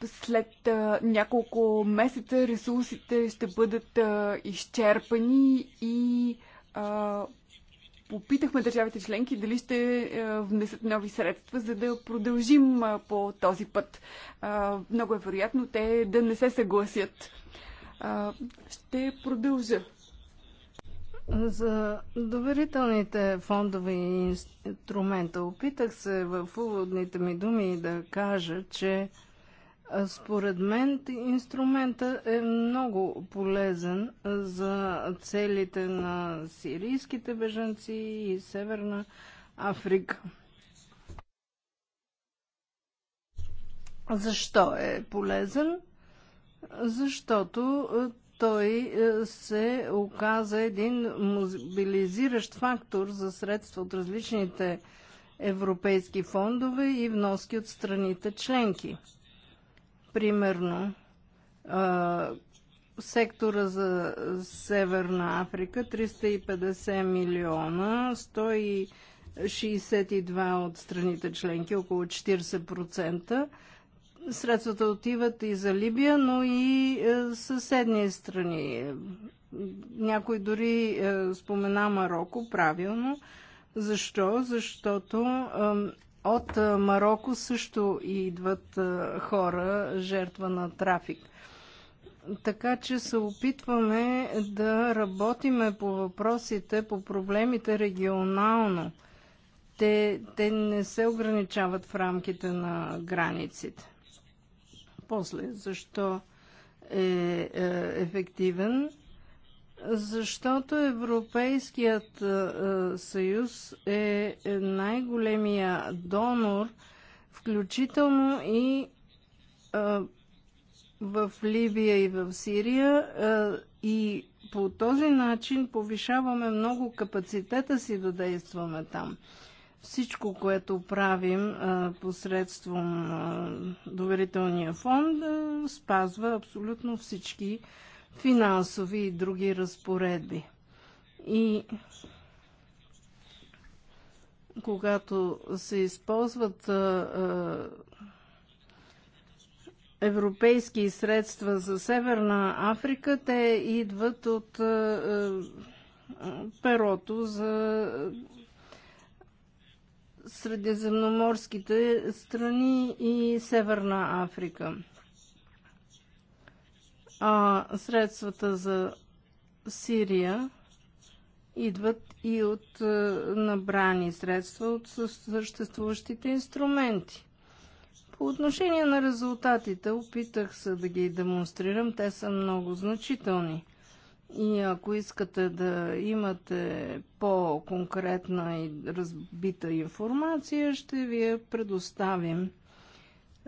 след а, няколко месеца ресурсите ще бъдат а, изчерпани и а, попитахме държавите членки дали ще внесат нови средства, за да продължим по този път. Много е вероятно те да не се съгласят. Ще продължа за доверителните фондови инструмента опитах се в уводните ми думи да кажа, че според мен инструмента е много полезен за целите на сирийските бежанци и Северна Африка. Защо е полезен? Защото той е, се оказа един мобилизиращ фактор за средства от различните европейски фондове и вноски от страните членки. Примерно, сектора за Северна Африка 350 милиона, 162 от страните членки, около 40%, Средствата отиват и за Либия, но и е, съседни страни. Някой дори е, спомена Марокко, правилно. Защо? Защото от е, Марокко също идват хора, жертва на трафик. Така че се опитваме да работиме по въпросите, по проблемите регионално. Те, те не се ограничават в рамките на границите после. Защо е, е ефективен? Защото Европейският е, съюз е, е най-големия донор, включително и в Либия и в Сирия и по този начин повишаваме много капацитета си да действаме там всичко, което правим а, посредством а, доверителния фонд, а, спазва абсолютно всички финансови и други разпоредби. И когато се използват европейски средства за Северна Африка, те идват от перото за средиземноморските страни и Северна Африка. А средствата за Сирия идват и от е, набрани средства от съществуващите инструменти. По отношение на резултатите, опитах се да ги демонстрирам, те са много значителни – и ако искате да имате по-конкретна и разбита информация, ще ви я предоставим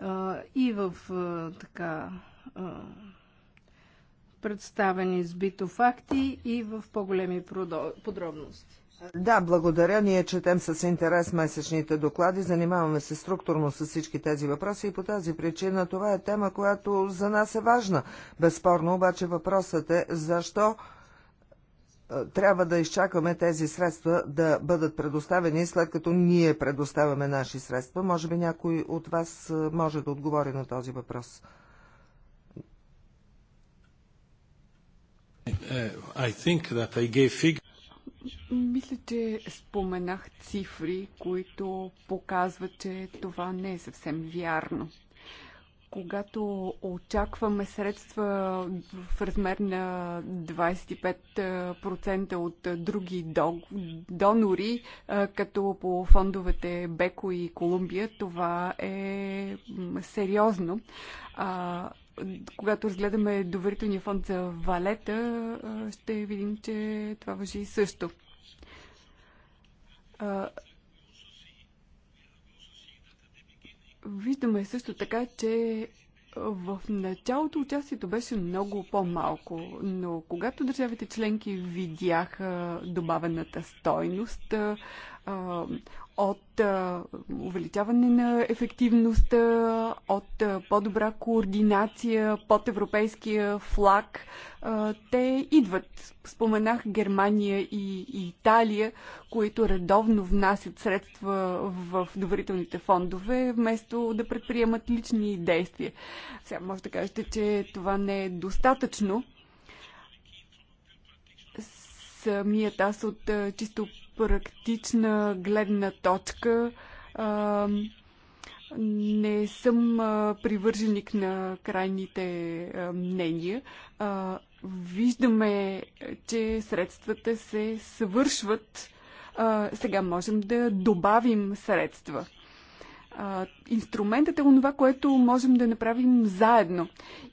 а, и в а, така а, представени сбито факти и в по-големи подробности. Да, благодаря. Ние четем с интерес месечните доклади, занимаваме се структурно с всички тези въпроси и по тази причина това е тема, която за нас е важна. Безспорно обаче въпросът е защо е, трябва да изчакаме тези средства да бъдат предоставени, след като ние предоставяме наши средства. Може би някой от вас е, може да отговори на този въпрос. Е, I think that I gave figure. Мисля, че споменах цифри, които показват, че това не е съвсем вярно. Когато очакваме средства в размер на 25% от други донори, като по фондовете Беко и Колумбия, това е сериозно когато разгледаме доверителния фонд за валета, ще видим, че това въжи също. Виждаме също така, че в началото участието беше много по-малко, но когато държавите членки видяха добавената стойност, от увеличаване на ефективността, от по-добра координация под европейския флаг. Те идват. Споменах Германия и Италия, които редовно внасят средства в доверителните фондове, вместо да предприемат лични действия. Сега може да кажете, че това не е достатъчно. Самият аз от чисто практична гледна точка а, не съм а, привърженик на крайните а, мнения. А, виждаме, че средствата се свършват. А, сега можем да добавим средства. А, инструментът е онова, което можем да направим заедно.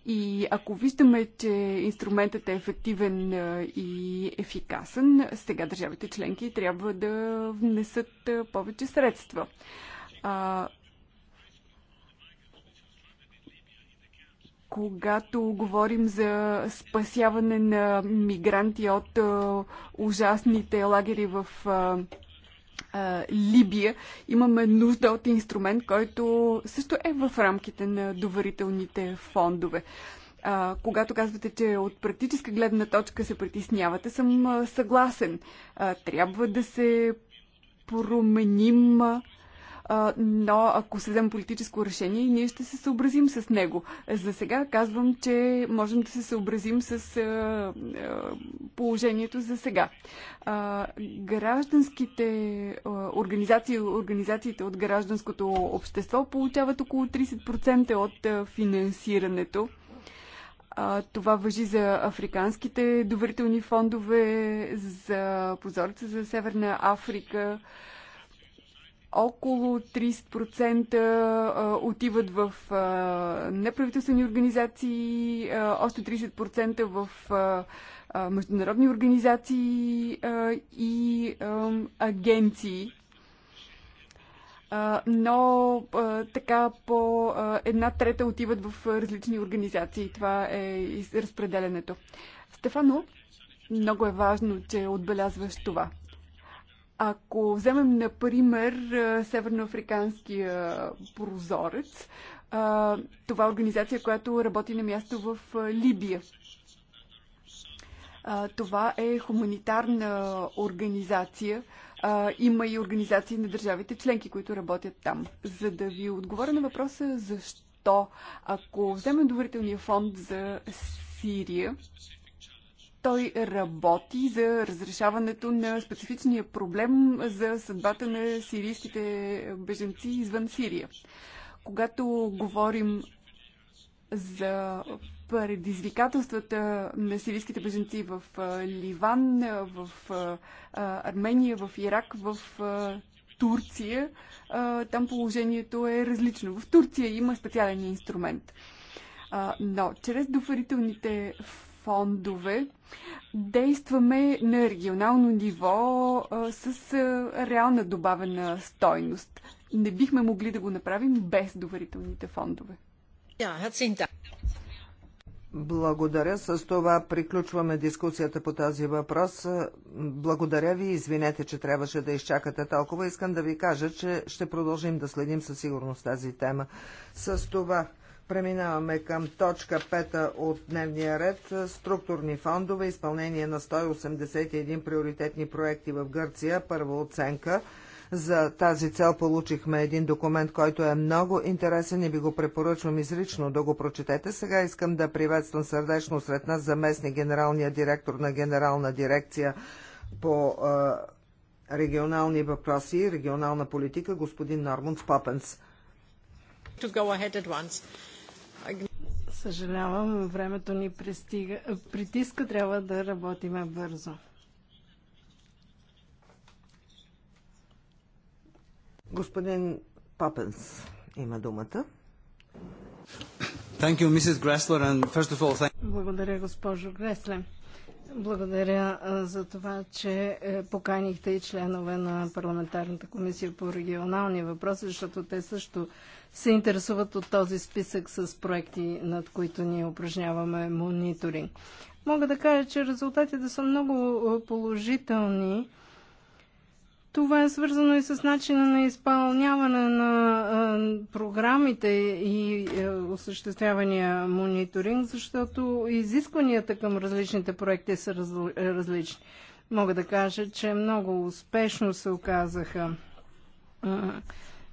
И ако виждаме, че инструментът е ефективен и ефикасен, сега държавите членки трябва да внесат повече средства. А, когато говорим за спасяване на мигранти от ужасните лагери в а, Либия, имаме нужда от инструмент, който също е в рамките на доверителните фондове. А, когато казвате, че от практическа гледна точка се притеснявате, съм съгласен. А, трябва да се променим. А, но ако се вземе политическо решение, ние ще се съобразим с него. За сега казвам, че можем да се съобразим с положението за сега. Гражданските организации, организациите от гражданското общество получават около 30% от финансирането. А, това въжи за африканските доверителни фондове, за позорица за Северна Африка около 30% отиват в неправителствени организации, още 30% в международни организации и агенции. Но така по една трета отиват в различни организации. Това е разпределенето. Стефано, много е важно, че отбелязваш това. Ако вземем, например, северноафриканския прозорец, това е организация, която работи на място в Либия. Това е хуманитарна организация. Има и организации на държавите членки, които работят там. За да ви отговоря на въпроса защо, ако вземем доверителния фонд за Сирия, той работи за разрешаването на специфичния проблем за съдбата на сирийските беженци извън Сирия. Когато говорим за предизвикателствата на сирийските беженци в Ливан, в Армения, в Ирак, в Турция, там положението е различно. В Турция има специален инструмент. Но чрез доверителните фондове. Действаме на регионално ниво а, с а, реална добавена стойност. Не бихме могли да го направим без доверителните фондове. Благодаря. С това приключваме дискусията по този въпрос. Благодаря ви. Извинете, че трябваше да изчакате толкова. Искам да ви кажа, че ще продължим да следим със сигурност тази тема. С това Преминаваме към точка 5 от дневния ред. Структурни фондове, изпълнение на 181 приоритетни проекти в Гърция, първа оценка. За тази цел получихме един документ, който е много интересен и ви го препоръчвам изрично да го прочетете. Сега искам да приветствам сърдечно сред нас заместник генералния директор на Генерална дирекция по е, регионални въпроси и регионална политика, господин Нормунд Попенс. To go ahead at once. Съжалявам, времето ни пристига, притиска, трябва да работиме бързо. Господин Папенс има думата. You, all, thank... Благодаря, госпожо Гресле. Благодаря за това, че е, поканихте и членове на парламентарната комисия по регионални въпроси, защото те също се интересуват от този списък с проекти, над които ние упражняваме мониторинг. Мога да кажа, че резултатите са много е, положителни. Това е свързано и с начина на изпълняване на а, програмите и а, осъществявания мониторинг, защото изискванията към различните проекти са раз, различни. Мога да кажа, че много успешно се оказаха а,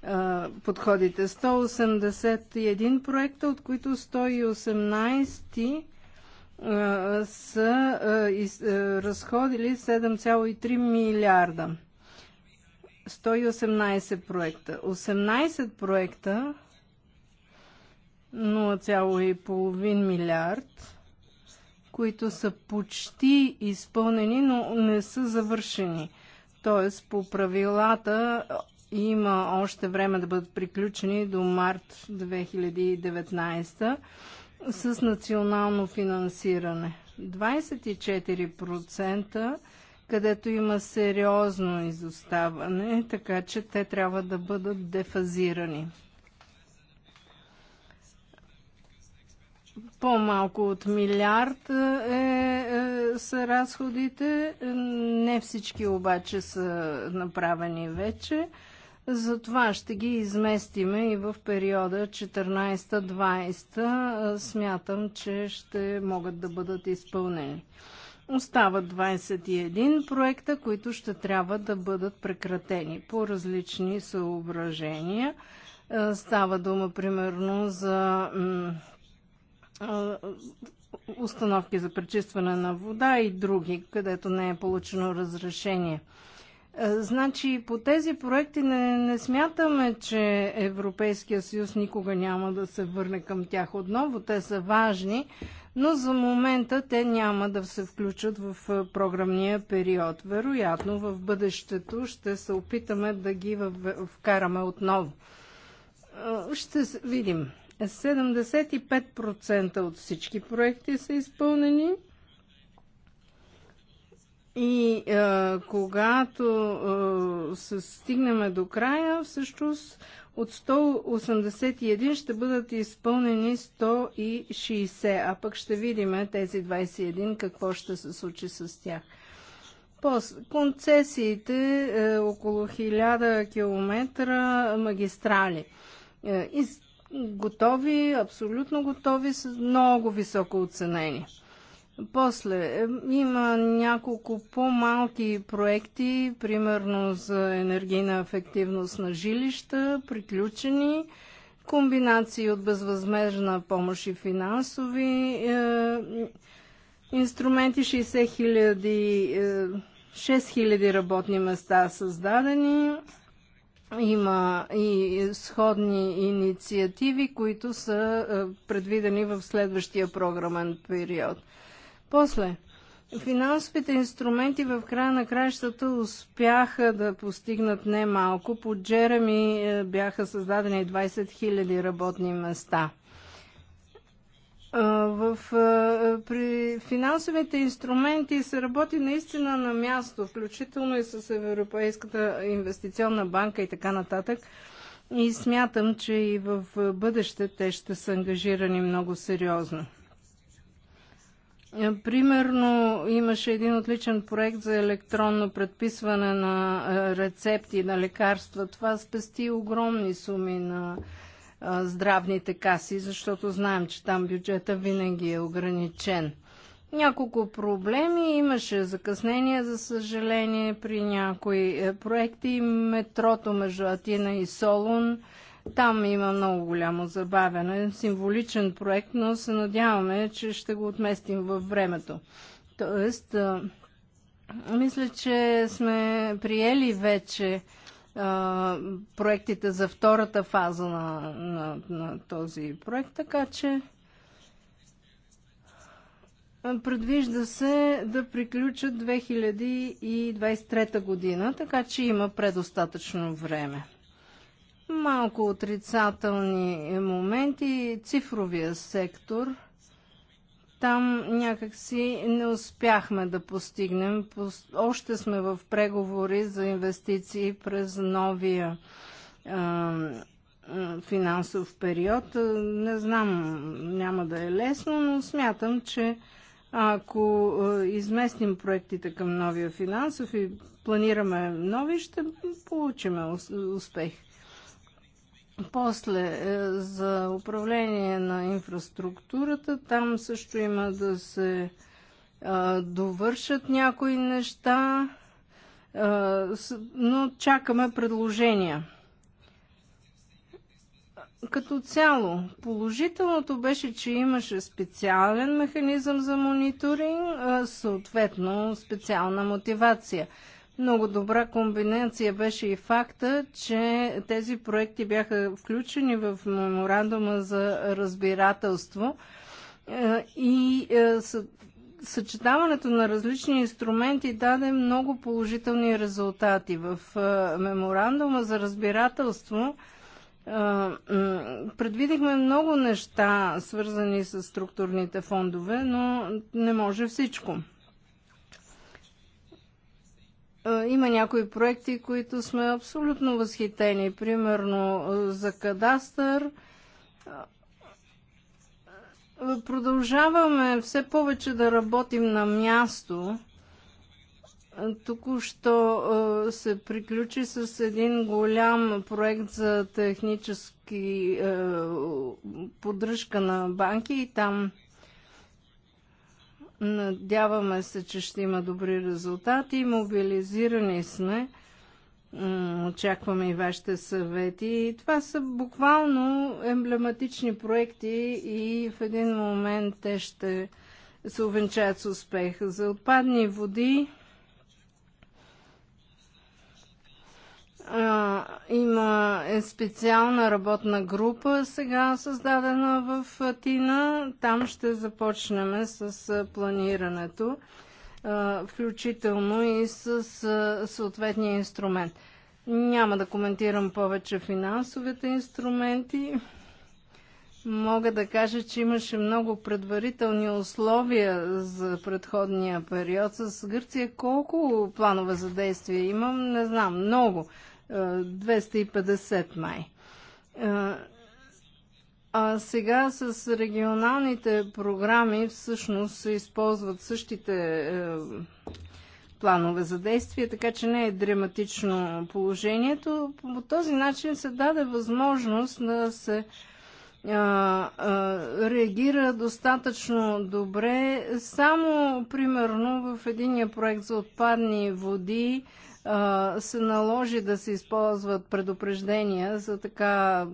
а, подходите. 181 проекта, от които 118 са а, из, разходили 7,3 милиарда. 118 проекта. 18 проекта 0,5 милиард, които са почти изпълнени, но не са завършени. Тоест, по правилата има още време да бъдат приключени до март 2019 с национално финансиране. 24% където има сериозно изоставане, така че те трябва да бъдат дефазирани. По-малко от милиард е, е, са разходите, не всички обаче са направени вече. Затова ще ги изместиме и в периода 14-20. Смятам, че ще могат да бъдат изпълнени. Остават 21 проекта, които ще трябва да бъдат прекратени по различни съображения. Е, става дума примерно за е, установки за пречистване на вода и други, където не е получено разрешение. Е, значи по тези проекти не, не смятаме, че Европейския съюз никога няма да се върне към тях отново. Те са важни, но за момента те няма да се включат в програмния период. Вероятно в бъдещето ще се опитаме да ги вкараме отново. Ще видим. 75% от всички проекти са изпълнени. И е, когато е, се стигнем до края, всъщност от 181 ще бъдат изпълнени 160, а пък ще видим тези 21 какво ще се случи с тях. концесиите е, около 1000 км магистрали. Е, готови, абсолютно готови, с много високо оценени. После има няколко по-малки проекти, примерно за енергийна ефективност на жилища, приключени, комбинации от безвъзмежна помощ и финансови е, инструменти, 60 хиляди, е, 6 работни места създадени. Има и сходни инициативи, които са е, предвидени в следващия програмен период – после, финансовите инструменти в края на краищата успяха да постигнат немалко. По Джереми е, бяха създадени 20 000 работни места. В, е, при финансовите инструменти се работи наистина на място, включително и с Европейската инвестиционна банка и така нататък. И смятам, че и в бъдеще те ще са ангажирани много сериозно. Е, примерно имаше един отличен проект за електронно предписване на е, рецепти на лекарства. Това спести огромни суми на е, здравните каси, защото знаем, че там бюджета винаги е ограничен. Няколко проблеми имаше закъснение, за съжаление, при някои проекти. Метрото между Атина и Солун там има много голямо забавяне, символичен проект, но се надяваме, че ще го отместим във времето. Тоест, мисля, че сме приели вече проектите за втората фаза на, на, на този проект, така че предвижда се да приключат 2023 година, така че има предостатъчно време. Малко отрицателни моменти. Цифровия сектор. Там някакси не успяхме да постигнем. Още сме в преговори за инвестиции през новия финансов период. Не знам, няма да е лесно, но смятам, че ако е, изместим проектите към новия финансов и планираме нови, ще получим успех. После е, за управление на инфраструктурата, там също има да се е, довършат някои неща, е, но чакаме предложения. Като цяло, положителното беше, че имаше специален механизъм за мониторинг, съответно специална мотивация – много добра комбинация беше и факта, че тези проекти бяха включени в меморандума за разбирателство е, и е, съчетаването на различни инструменти даде много положителни резултати. В е, меморандума за разбирателство предвидихме много неща, свързани с структурните фондове, но не може всичко. Е, има някои проекти, които сме абсолютно възхитени. Примерно е, за кадастър. Е, продължаваме все повече да работим на място. Току-що се приключи с един голям проект за технически поддръжка на банки и там Надяваме се, че ще има добри резултати. Мобилизирани сме. Очакваме и вашите съвети. И това са буквално емблематични проекти и в един момент те ще се увенчат с успех. За отпадни води има е специална работна група, сега създадена в Атина. Там ще започнем с планирането, включително и с съответния инструмент. Няма да коментирам повече финансовите инструменти. Мога да кажа, че имаше много предварителни условия за предходния период с Гърция. Колко планове за действие имам, не знам. Много. 250 е, май. Е, а сега с регионалните програми всъщност се използват същите е, планове за действие, така че не е драматично положението. По този начин се даде възможност да се а, а, реагира достатъчно добре. Само, примерно, в единия проект за отпадни води се наложи да се използват предупреждения за така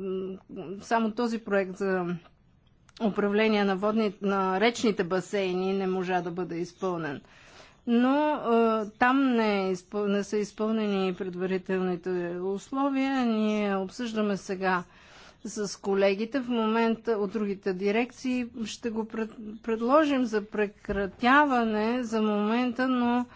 само този проект за управление на, водни, на речните басейни не можа да бъде изпълнен. Но там не, е, не са изпълнени предварителните условия. Ние обсъждаме сега с колегите в момента от другите дирекции. Ще го пред... предложим за прекратяване за момента, но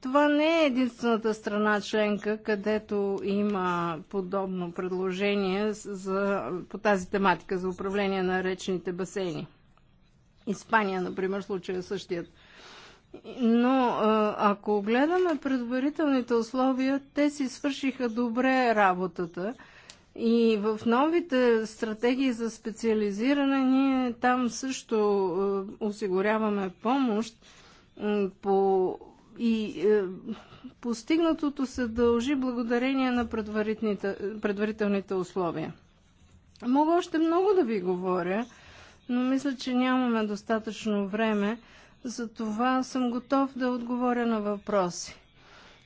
това не е единствената страна членка, където има подобно предложение за, по тази тематика за управление на речните басейни. Испания, например, случая е същият. Но ако гледаме предварителните условия, те си свършиха добре работата. И в новите стратегии за специализиране ние там също осигуряваме помощ по, и е, постигнатото се дължи благодарение на предварителните условия. Мога още много да ви говоря, но мисля, че нямаме достатъчно време, затова съм готов да отговоря на въпроси.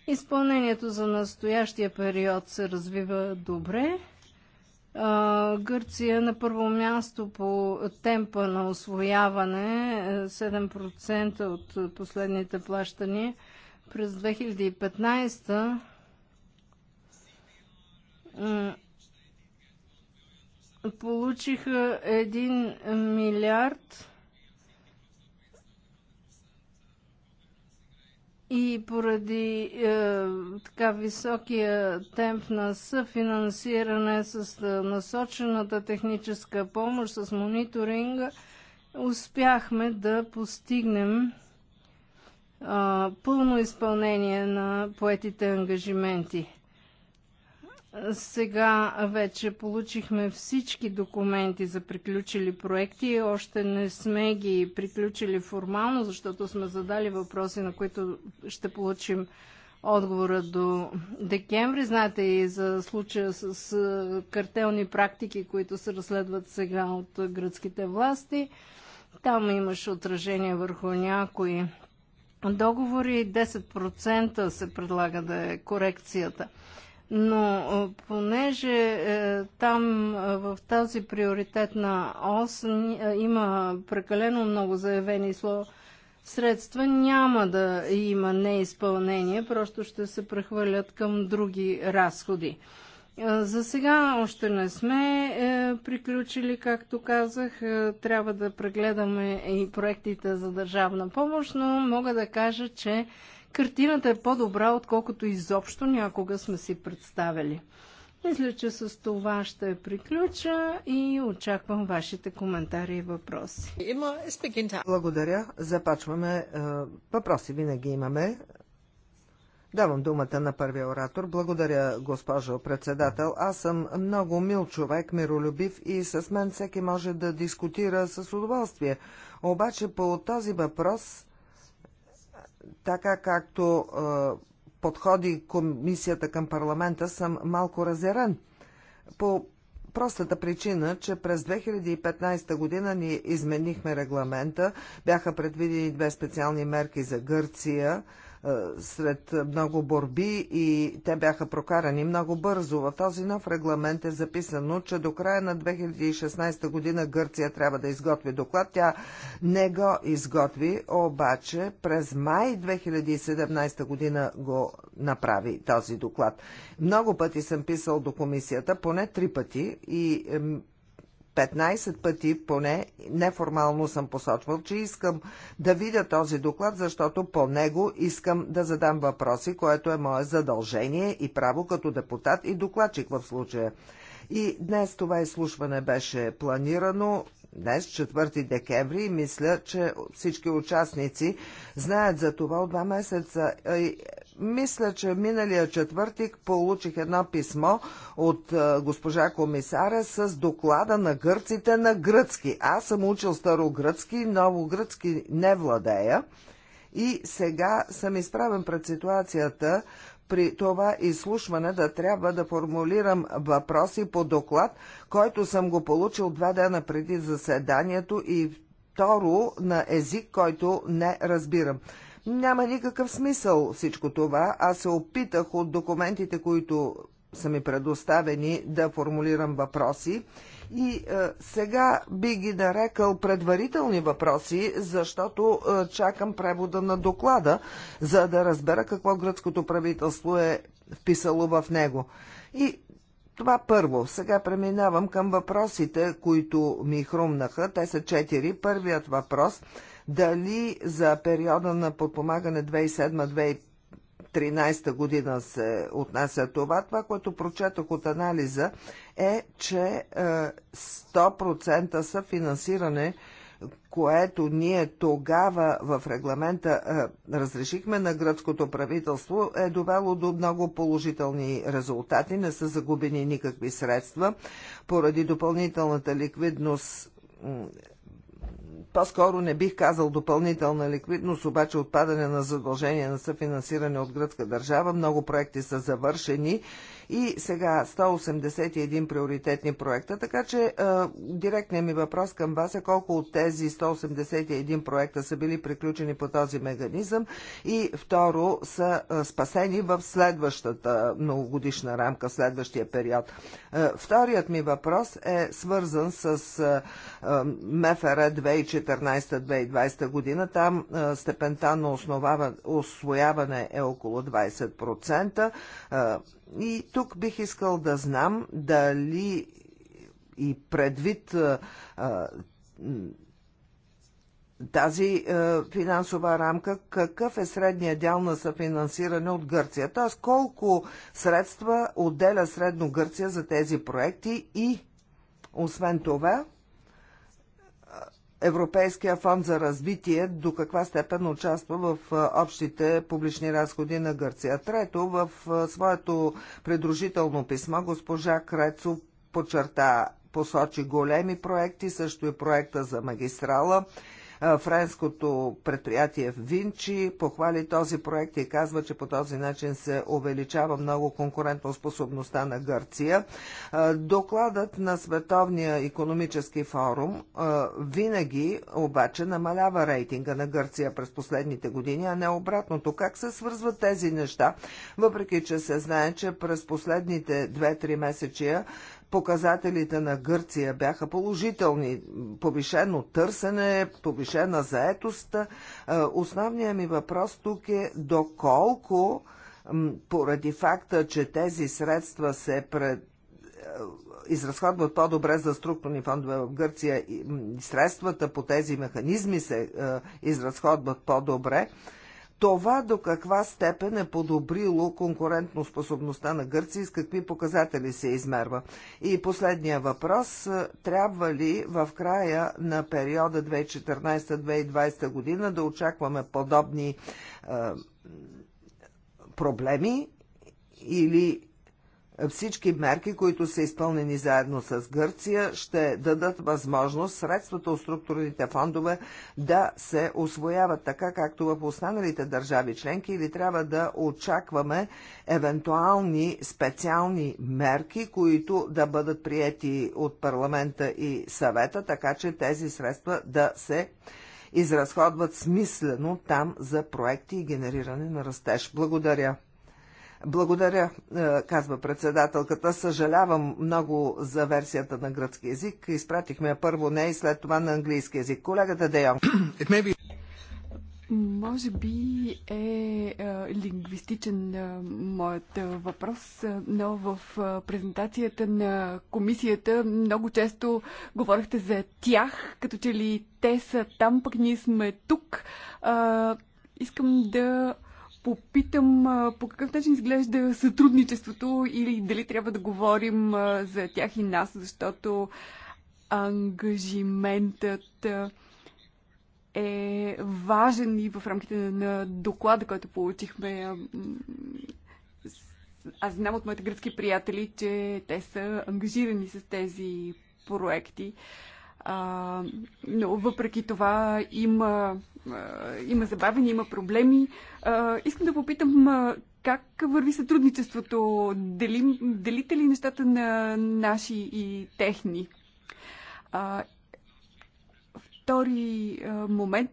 Изпълнението за настоящия период се развива добре. Гърция на първо място по темпа на освояване 7% е, от последните плащания през 2015 получиха 1 милиард И поради е, така високия темп на съфинансиране с е, насочената техническа помощ, с мониторинга, успяхме да постигнем е, пълно изпълнение на поетите ангажименти. Сега вече получихме всички документи за приключили проекти. Още не сме ги приключили формално, защото сме задали въпроси, на които ще получим отговора до декември. Знаете и за случая с картелни практики, които се разследват сега от гръцките власти. Там имаше отражение върху някои договори. 10% се предлага да е корекцията – но понеже е, там в тази приоритетна ос има прекалено много заявени слова, средства няма да има неизпълнение, просто ще се прехвърлят към други разходи. За сега още не сме е, приключили, както казах. Е, трябва да прегледаме и проектите за държавна помощ, но мога да кажа, че картината е по-добра, отколкото изобщо някога сме си представили. Мисля, че с това ще приключа и очаквам вашите коментари и въпроси. Благодаря. Започваме. Е, въпроси винаги имаме. Давам думата на първия оратор. Благодаря, госпожо председател. Аз съм много мил човек, миролюбив и с мен всеки може да дискутира с удоволствие. Обаче по този въпрос така както подходи комисията към парламента, съм малко разярен. По простата причина, че през 2015 година ни изменихме регламента, бяха предвидени две специални мерки за Гърция – е, сред много борби и те бяха прокарани много бързо. В този нов регламент е записано, че до края на 2016 година Гърция трябва да изготви доклад. Тя не го изготви, обаче през май 2017 година го направи този доклад. Много пъти съм писал до комисията, поне три пъти и 15 пъти поне неформално съм посочвал, че искам да видя този доклад, защото по него искам да задам въпроси, което е мое задължение и право като депутат и докладчик в случая. И днес това изслушване беше планирано. Днес, 4 декември, мисля, че всички участници знаят за това от два месеца мисля, че миналия четвъртик получих едно писмо от е, госпожа комисара с доклада на гърците на гръцки. Аз съм учил старогръцки, новогръцки не владея. И сега съм изправен пред ситуацията при това изслушване да трябва да формулирам въпроси по доклад, който съм го получил два дена преди заседанието и второ на език, който не разбирам. Няма никакъв смисъл всичко това. Аз се опитах от документите, които са ми предоставени, да формулирам въпроси. И е, сега би ги нарекал предварителни въпроси, защото е, чакам превода на доклада, за да разбера какво гръцкото правителство е вписало в него. И това първо. Сега преминавам към въпросите, които ми хрумнаха. Те са четири. Първият въпрос – дали за периода на подпомагане 2007-2013 година се отнася това. Това, което прочетох от анализа е, че 100% е, са финансиране което ние тогава в регламента е, разрешихме на гръцкото правителство, е довело до много положителни резултати. Не са загубени никакви средства. Поради допълнителната ликвидност по-скоро не бих казал допълнителна ликвидност, обаче отпадане на задължение на съфинансиране от гръцка държава. Много проекти са завършени и сега 181 приоритетни проекта. Така че е, директният ми въпрос към вас е колко от тези 181 проекта са били приключени по този механизъм и второ са е, спасени в следващата многогодишна рамка, в следващия период. Е, вторият ми въпрос е свързан с е, МФР 2014 2014-2020 година. Там степента на освояване е около 20%. И тук бих искал да знам дали и предвид тази е, финансова рамка, какъв е средният дял на съфинансиране от Гърция? Т.е. колко средства отделя средно Гърция за тези проекти и освен това, Европейския фонд за развитие до каква степен участва в общите публични разходи на Гърция. Трето, в своето предружително писмо госпожа Крецо подчерта посочи големи проекти, също и проекта за магистрала Френското предприятие Винчи похвали този проект и казва, че по този начин се увеличава много способността на Гърция. Докладът на Световния економически форум винаги обаче намалява рейтинга на Гърция през последните години, а не обратното. Как се свързват тези неща, въпреки че се знае, че през последните 2-3 месечия Показателите на Гърция бяха положителни. Повишено търсене, повишена заетост. Е, основният ми въпрос тук е доколко поради факта, че тези средства се пред е, изразходват по-добре за структурни фондове в Гърция и средствата по тези механизми се е, изразходват по-добре това до каква степен е подобрило конкурентно способността на Гърция и с какви показатели се измерва. И последния въпрос. Трябва ли в края на периода 2014-2020 година да очакваме подобни е, проблеми или всички мерки, които са изпълнени заедно с Гърция, ще дадат възможност средствата от структурните фондове да се освояват така, както в останалите държави членки или трябва да очакваме евентуални специални мерки, които да бъдат приети от парламента и съвета, така че тези средства да се изразходват смислено там за проекти и генериране на растеж. Благодаря. Благодаря, е, казва председателката. Съжалявам много за версията на гръцки язик. Изпратихме първо не и след това на английски язик. Колегата Дейон. Може би е, е лингвистичен е, моят въпрос, но в презентацията на комисията много често говорихте за тях, като че ли те са там, пък ние сме тук. искам да попитам по какъв начин изглежда сътрудничеството или дали трябва да говорим за тях и нас, защото ангажиментът е важен и в рамките на доклада, който получихме. Аз знам от моите гръцки приятели, че те са ангажирани с тези проекти. А, но въпреки това има има забавени, има проблеми. Искам да попитам как върви сътрудничеството? Дели, делите ли нещата на наши и техни? Втори момент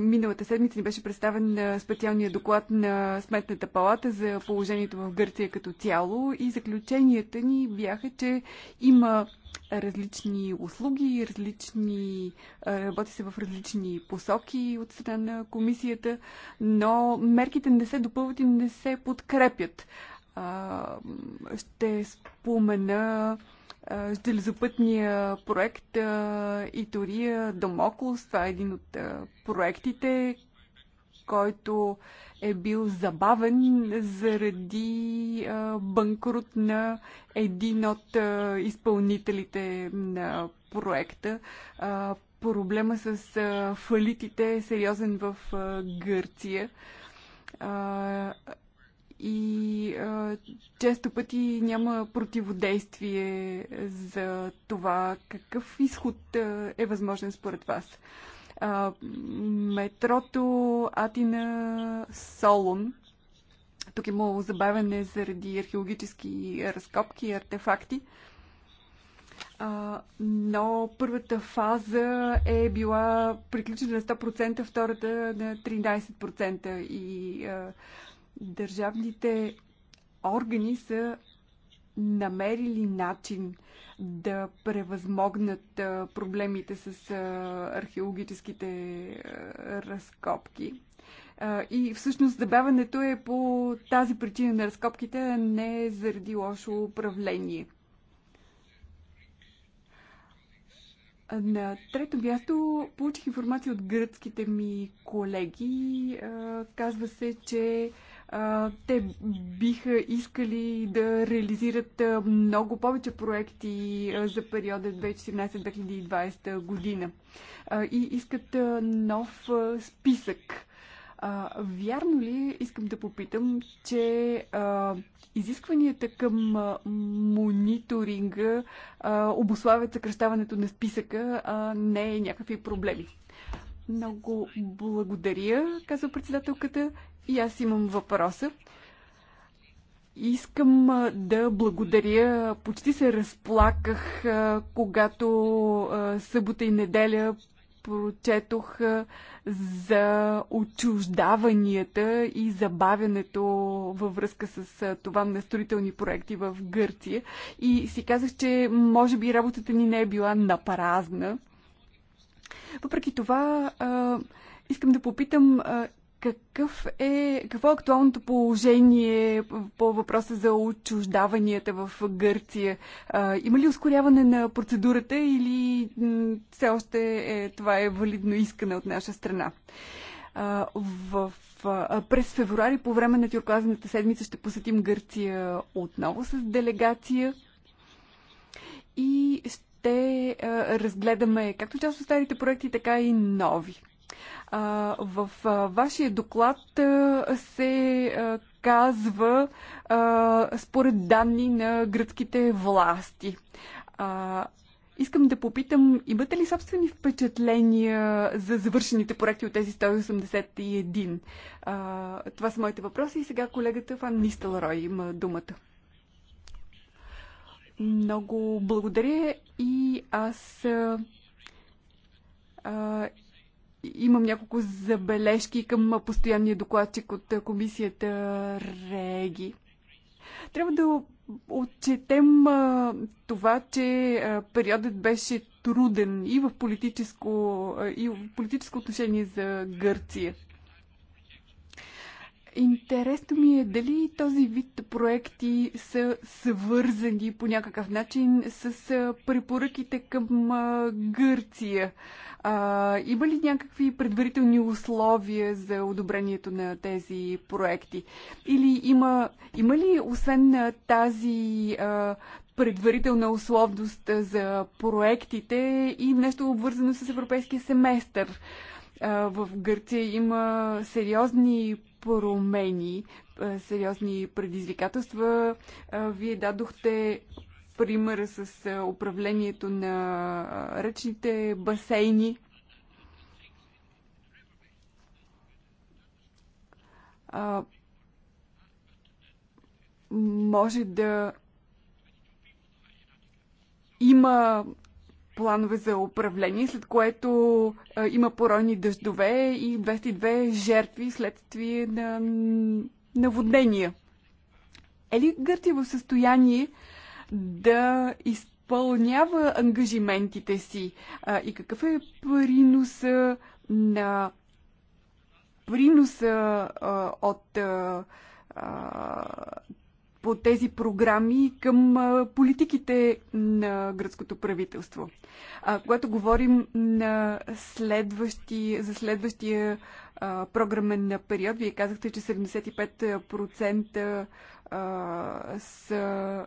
Миналата седмица ни беше представен специалния доклад на Сметната палата за положението в Гърция като цяло и заключенията ни бяха, че има различни услуги, различни, работи се в различни посоки от страна на комисията, но мерките не се допълват и не се подкрепят. Ще спомена железопътния проект Итория Дамоклос. Това е един от проектите, който е бил забавен заради банкрут на един от изпълнителите на проекта. Проблема с фалитите е сериозен в Гърция и а, често пъти няма противодействие за това какъв изход а, е възможен според вас. А, метрото Атина Солун. Тук имало забавяне заради археологически разкопки и артефакти. А, но първата фаза е била приключена на 100%, втората на 13%. И а, държавните органи са намерили начин да превъзмогнат проблемите с археологическите разкопки. И всъщност забяването е по тази причина на разкопките, а не заради лошо управление. На трето място получих информация от гръцките ми колеги. Казва се, че те биха искали да реализират много повече проекти за периода 2014-2020 година и искат нов списък. Вярно ли, искам да попитам, че изискванията към мониторинга обославят съкръщаването на списъка, а не е някакви проблеми? Много благодаря, казва председателката. И аз имам въпроса. Искам да благодаря. Почти се разплаках, когато събота и неделя прочетох за отчуждаванията и забавянето във връзка с това на строителни проекти в Гърция. И си казах, че може би работата ни не е била напразна. Въпреки това, искам да попитам, какъв е, какво е актуалното положение по въпроса за отчуждаванията в Гърция? А, има ли ускоряване на процедурата или все още е, това е валидно искане от наша страна? А, в, а, през февруари по време на тюркоазната седмица ще посетим Гърция отново с делегация и ще а, разгледаме както част от старите проекти, така и нови. В вашия доклад се казва според данни на гръцките власти. Искам да попитам, имате ли собствени впечатления за завършените проекти от тези 181? А, това са моите въпроси и сега колегата Фан Рой има думата. Много благодаря и аз а, Имам няколко забележки към постоянния докладчик от комисията Реги. Трябва да отчетем а, това, че а, периодът беше труден и в политическо, а, и в политическо отношение за Гърция. Интересно ми е дали този вид проекти са свързани по някакъв начин с препоръките към Гърция. А, има ли някакви предварителни условия за одобрението на тези проекти? Или има, има ли освен тази а, предварителна условност за проектите и нещо обвързано с европейския семестър? в Гърция има сериозни промени, сериозни предизвикателства. Вие дадохте примера с управлението на ръчните басейни. А, може да има планове за управление, след което а, има поройни дъждове и 202 жертви следствие на наводнения. Е ли Гърция е в състояние да изпълнява ангажиментите си? А, и какъв е приноса на приноса а, от а, по тези програми към политиките на гръцкото правителство. А, когато говорим на следващи, за следващия а, програмен период, вие казахте, че 75% а, са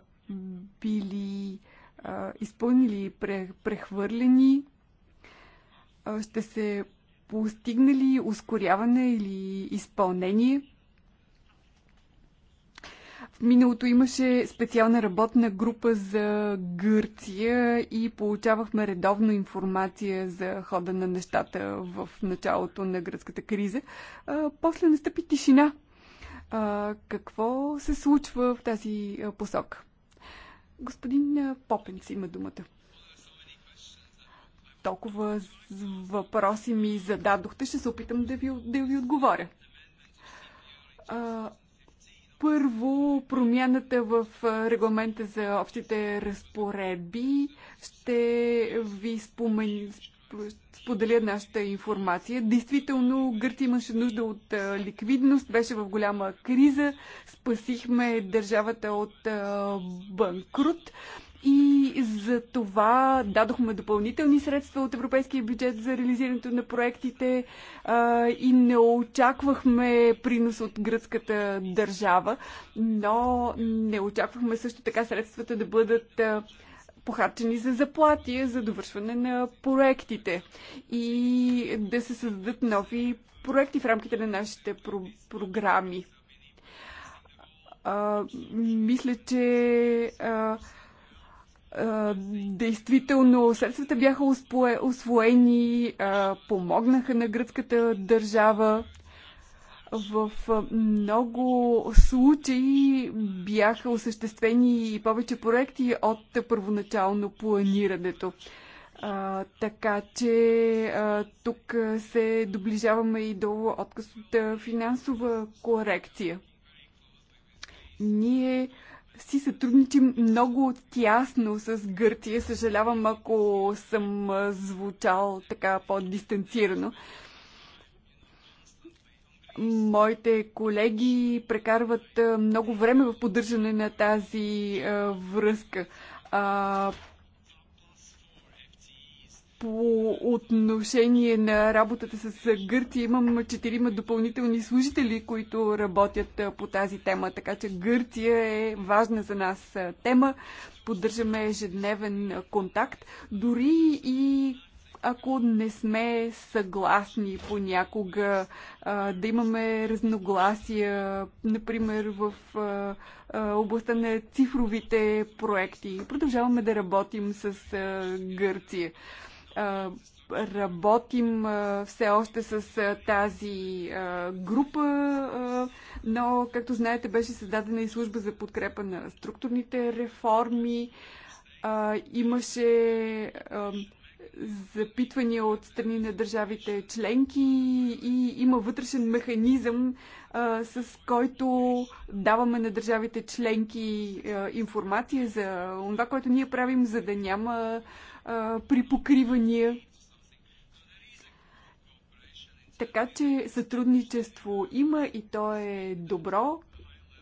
били а, изпълнили прехвърлени. А, ще се постигнали ускоряване или изпълнение – в миналото имаше специална работна група за Гърция и получавахме редовно информация за хода на нещата в началото на гръцката криза. А, после настъпи тишина. А, какво се случва в тази посока? Господин Попенц има думата. Толкова въпроси ми зададохте, ще се опитам да ви, да ви отговоря. А, първо, промяната в регламента за общите разпоредби. Ще ви спомен... споделя нашата информация. Действително, Гърция имаше нужда от ликвидност, беше в голяма криза. Спасихме държавата от банкрут и за това дадохме допълнителни средства от европейския бюджет за реализирането на проектите а, и не очаквахме принос от гръцката държава, но не очаквахме също така средствата да бъдат а, похарчени за заплати, за довършване на проектите и да се създадат нови проекти в рамките на нашите про програми. А, мисля, че а, действително средствата бяха освоени, помогнаха на гръцката държава. В много случаи бяха осъществени и повече проекти от първоначално планирането. А, така че а, тук се доближаваме и до отказ от финансова корекция. Ние си сътрудничим много тясно с Гърция. Съжалявам, ако съм звучал така по-дистанцирано. Моите колеги прекарват много време в поддържане на тази връзка по отношение на работата с Гърция имам четирима допълнителни служители, които работят по тази тема, така че Гърция е важна за нас тема. Поддържаме ежедневен контакт, дори и ако не сме съгласни понякога, да имаме разногласия, например в областта на цифровите проекти. Продължаваме да работим с Гърция. Работим все още с тази група, но, както знаете, беше създадена и служба за подкрепа на структурните реформи. Имаше запитвания от страни на държавите членки и има вътрешен механизъм, с който даваме на държавите членки информация за това, което ние правим, за да няма при покривания. Така че сътрудничество има и то е добро.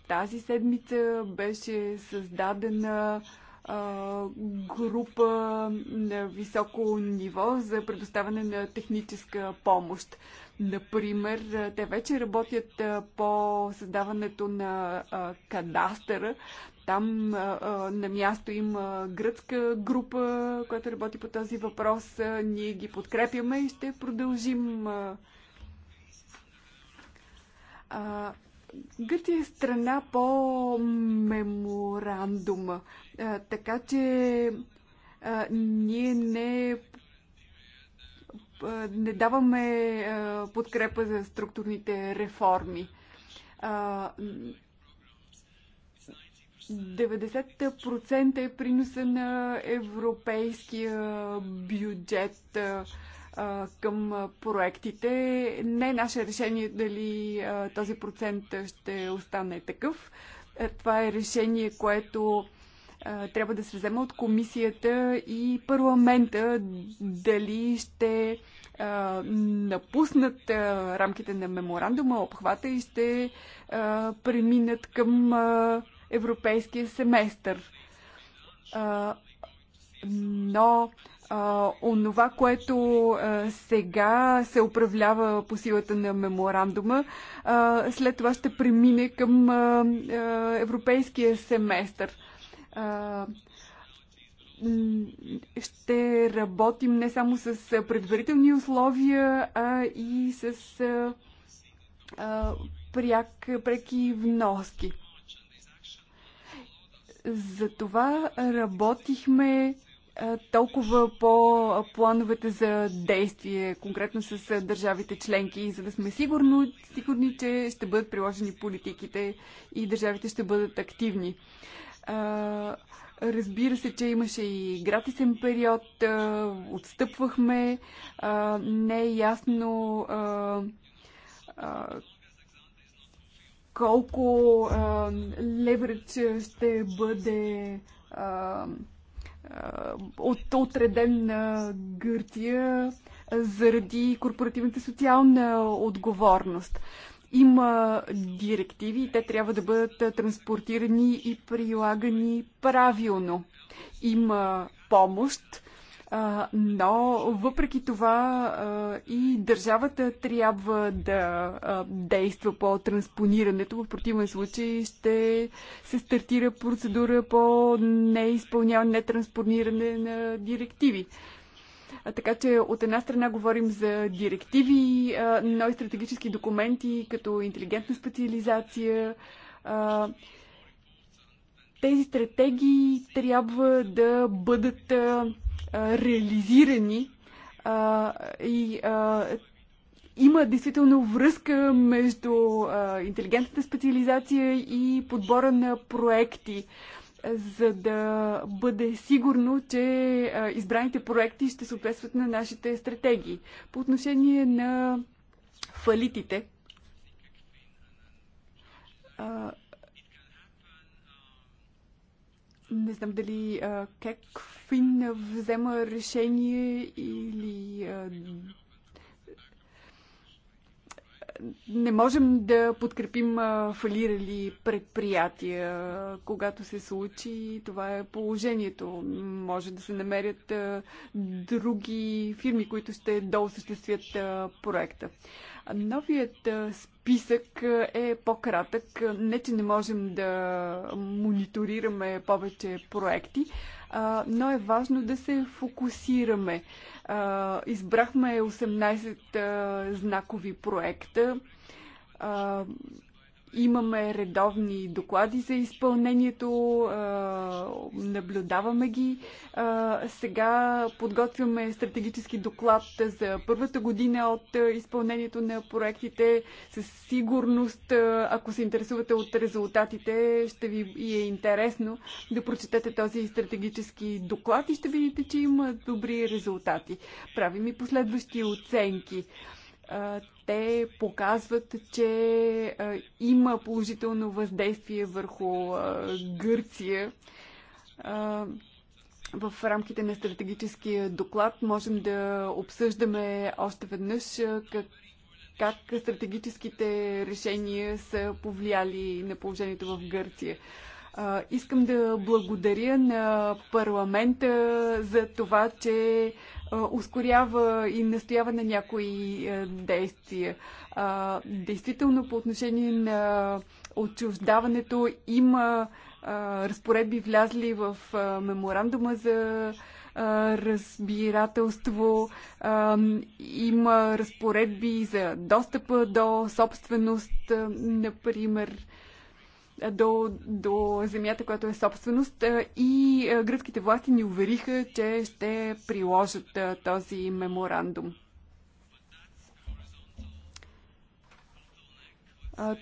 Тази седмица беше създадена група на високо ниво за предоставяне на техническа помощ. Например, те вече работят по създаването на кадастъра, там на място има гръцка група, която работи по този въпрос. Ние ги подкрепяме и ще продължим. Гърция е страна по меморандума. Така че ние не не даваме подкрепа за структурните реформи. 90% е приноса на европейския бюджет към проектите. Не е наше решение дали този процент ще остане такъв. Е, това е решение, което трябва да се взема от комисията и парламента дали ще напуснат рамките на меморандума, обхвата и ще преминат към европейския семестър. но онова, което сега се управлява по силата на меморандума, след това ще премине към европейския семестър. ще работим не само с предварителни условия, а и с пряк, преки вноски. За това работихме толкова по плановете за действие, конкретно с държавите членки, за да сме сигурни, сигурни, че ще бъдат приложени политиките и държавите ще бъдат активни. Разбира се, че имаше и гратисен период, отстъпвахме, не е ясно колко леверидж ще бъде а, а, от, отреден на Гъртия заради корпоративната социална отговорност. Има директиви и те трябва да бъдат транспортирани и прилагани правилно. Има помощ, но въпреки това и държавата трябва да действа по транспонирането. В противен случай ще се стартира процедура по неизпълняване, нетранспониране на директиви. Така че от една страна говорим за директиви, но и стратегически документи, като интелигентна специализация. Тези стратегии трябва да бъдат реализирани и има действително връзка между интелигентната специализация и подбора на проекти за да бъде сигурно, че избраните проекти ще съответстват на нашите стратегии. По отношение на фалитите, Не знам дали как Фин взема решение или не можем да подкрепим фалирали предприятия. Когато се случи, това е положението. Може да се намерят други фирми, които ще доосъществят проекта. Новият списък е по-кратък. Не, че не можем да мониторираме повече проекти, но е важно да се фокусираме. Избрахме 18 знакови проекта Имаме редовни доклади за изпълнението, наблюдаваме ги. Сега подготвяме стратегически доклад за първата година от изпълнението на проектите. Със сигурност, ако се интересувате от резултатите, ще ви е интересно да прочетете този стратегически доклад и ще видите, че има добри резултати. Правим и последващи оценки те показват, че има положително въздействие върху Гърция. В рамките на стратегическия доклад можем да обсъждаме още веднъж как, как стратегическите решения са повлияли на положението в Гърция. Искам да благодаря на парламента за това, че ускорява и настоява на някои действия. Действително по отношение на отчуждаването има разпоредби влязли в меморандума за разбирателство, има разпоредби за достъпа до собственост, например до, до земята, която е собственост. И гръцките власти ни увериха, че ще приложат този меморандум.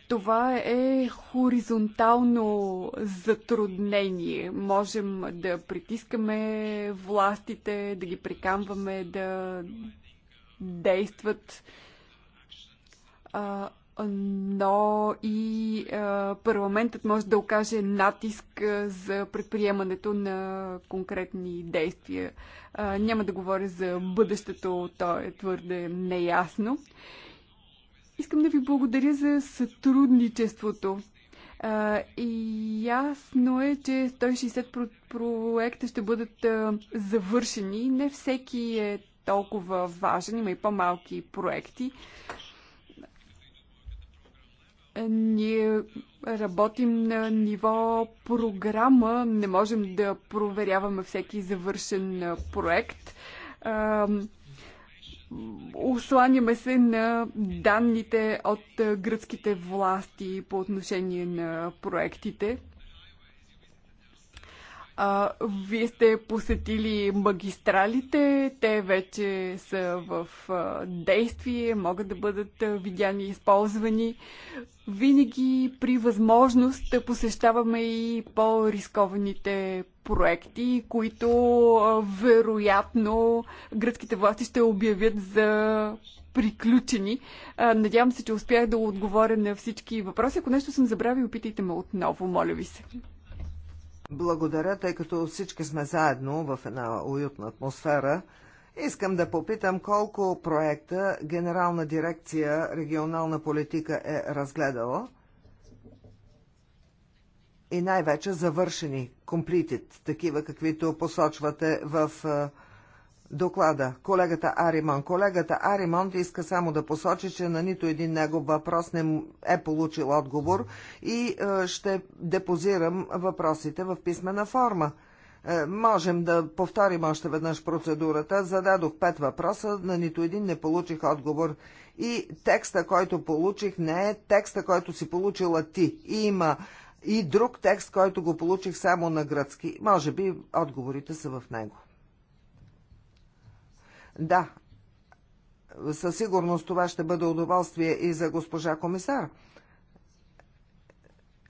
Това е хоризонтално затруднение. Можем да притискаме властите, да ги прикамваме да действат но и парламентът може да окаже натиск за предприемането на конкретни действия. Няма да говоря за бъдещето, то е твърде неясно. Искам да ви благодаря за сътрудничеството. А, и ясно е, че 160 про- проекта ще бъдат а, завършени. Не всеки е толкова важен, има и по-малки проекти. Ние работим на ниво програма, не можем да проверяваме всеки завършен проект. Осланяме се на данните от гръцките власти по отношение на проектите. А, вие сте посетили магистралите, те вече са в а, действие, могат да бъдат а, видяни и използвани. Винаги при възможност посещаваме и по-рискованите проекти, които а, вероятно гръцките власти ще обявят за приключени. А, надявам се, че успях да отговоря на всички въпроси. Ако нещо съм забравил, опитайте ме отново, моля ви се. Благодаря, тъй като всички сме заедно в една уютна атмосфера. Искам да попитам колко проекта Генерална дирекция регионална политика е разгледала и най-вече завършени, completed, такива каквито посочвате в доклада. Колегата Ариман. Колегата Ариман иска само да посочи, че на нито един негов въпрос не е получил отговор и е, ще депозирам въпросите в писмена форма. Е, можем да повторим още веднъж процедурата. Зададох пет въпроса, на нито един не получих отговор. И текста, който получих, не е текста, който си получила ти. И има и друг текст, който го получих само на гръцки. Може би отговорите са в него. Да, със сигурност това ще бъде удоволствие и за госпожа комисар.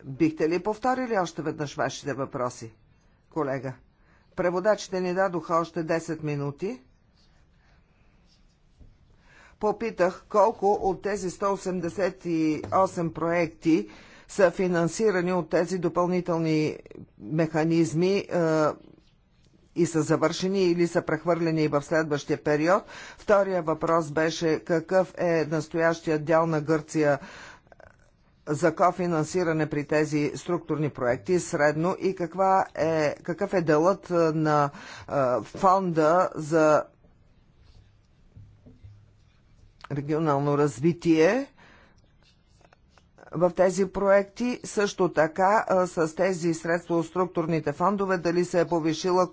Бихте ли повторили още веднъж вашите въпроси, колега? Преводачите ни дадоха още 10 минути. Попитах колко от тези 188 проекти са финансирани от тези допълнителни механизми, е, и са завършени или са прехвърлени в следващия период. Втория въпрос беше какъв е настоящия дял на Гърция е, за кофинансиране при тези структурни проекти средно и каква е, какъв е делът е, на е, фонда за регионално развитие в тези проекти, също така с тези средства от структурните фондове, дали се е повишила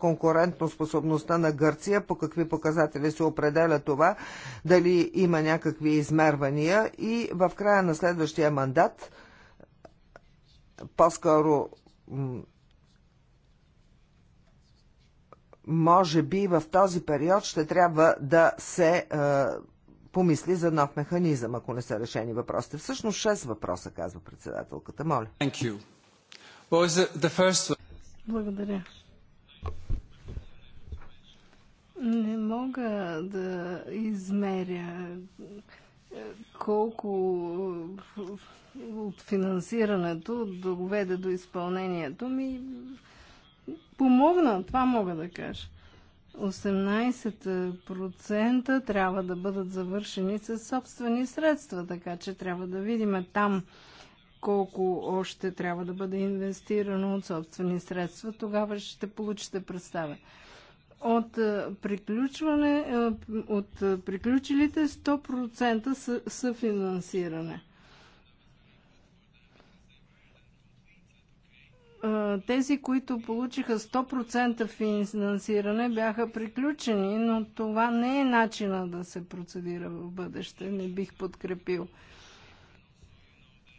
способността на Гърция, по какви показатели се определя това, дали има някакви измервания и в края на следващия мандат, по-скоро може би в този период ще трябва да се помисли за нов механизъм, ако не са решени въпросите. Всъщност шест въпроса, казва председателката. Моля. Благодаря. Не мога да измеря е, колко е, от финансирането доведе до изпълнението ми. Помогна, това мога да кажа. 18% трябва да бъдат завършени с собствени средства, така че трябва да видим там колко още трябва да бъде инвестирано от собствени средства. Тогава ще получите представа. От, е, приключване, е, от е, приключилите 100% съфинансиране. тези, които получиха 100% финансиране, бяха приключени, но това не е начина да се процедира в бъдеще. Не бих подкрепил.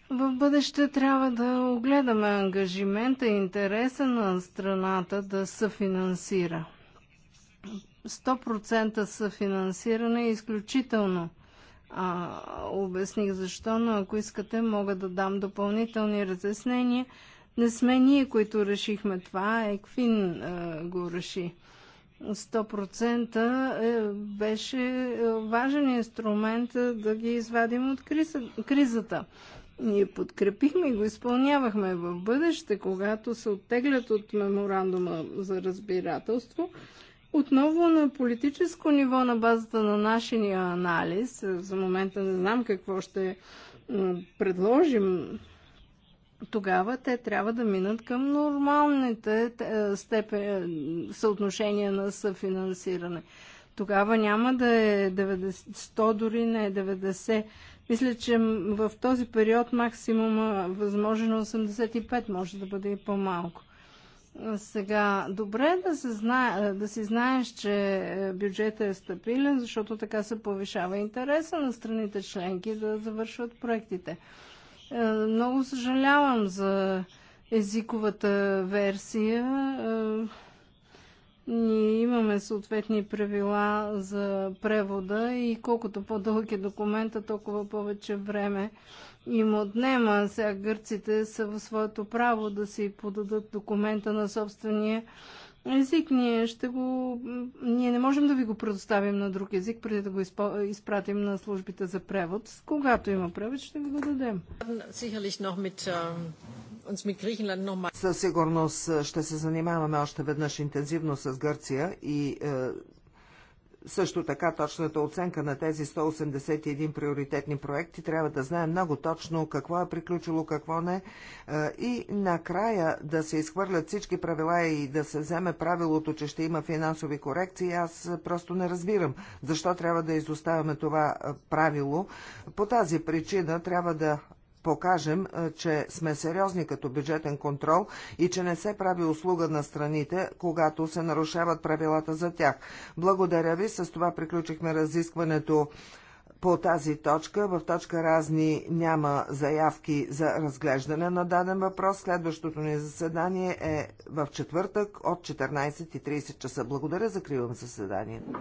В бъдеще трябва да огледаме ангажимента и интереса на страната да съфинансира. 100% съфинансиране е изключително. А, обясних защо, но ако искате, мога да дам допълнителни разяснения – не сме ние, които решихме това, Еквин а, го реши. 100% е, беше е, важен инструмент е, да ги извадим от кризата. Ние подкрепихме и го изпълнявахме в бъдеще, когато се оттеглят от меморандума за разбирателство. Отново на политическо ниво, на базата на нашия анализ, за момента не знам какво ще предложим тогава те трябва да минат към нормалните е, степен, е, съотношения на съфинансиране. Тогава няма да е 90, 100, дори не е 90. Мисля, че в този период максимума възможно е 85 може да бъде и по-малко. Сега, добре е да, се знае, да си знаеш, че бюджетът е стабилен, защото така се повишава интереса на страните членки да завършват проектите. Е, много съжалявам за езиковата версия. Е, ние имаме съответни правила за превода и колкото по-дълъг е документа, толкова повече време им отнема. Сега гърците са в своето право да си подадат документа на собствения език. Ние, ще го, ние не можем да ви го предоставим на друг език, преди да го изпратим на службите за превод. Когато има превод, ще ви го дадем. Ähm, Със сигурност ще се занимаваме още веднъж интензивно с Гърция и е, също така точната оценка на тези 181 приоритетни проекти. Трябва да знае много точно какво е приключило, какво не. Е, и накрая да се изхвърлят всички правила и да се вземе правилото, че ще има финансови корекции. Аз просто не разбирам защо трябва да изоставяме това е, правило. По тази причина трябва да покажем, че сме сериозни като бюджетен контрол и че не се прави услуга на страните, когато се нарушават правилата за тях. Благодаря ви. С това приключихме разискването по тази точка. В точка разни няма заявки за разглеждане на даден въпрос. Следващото ни заседание е в четвъртък от 14.30 часа. Благодаря. Закривам заседанието.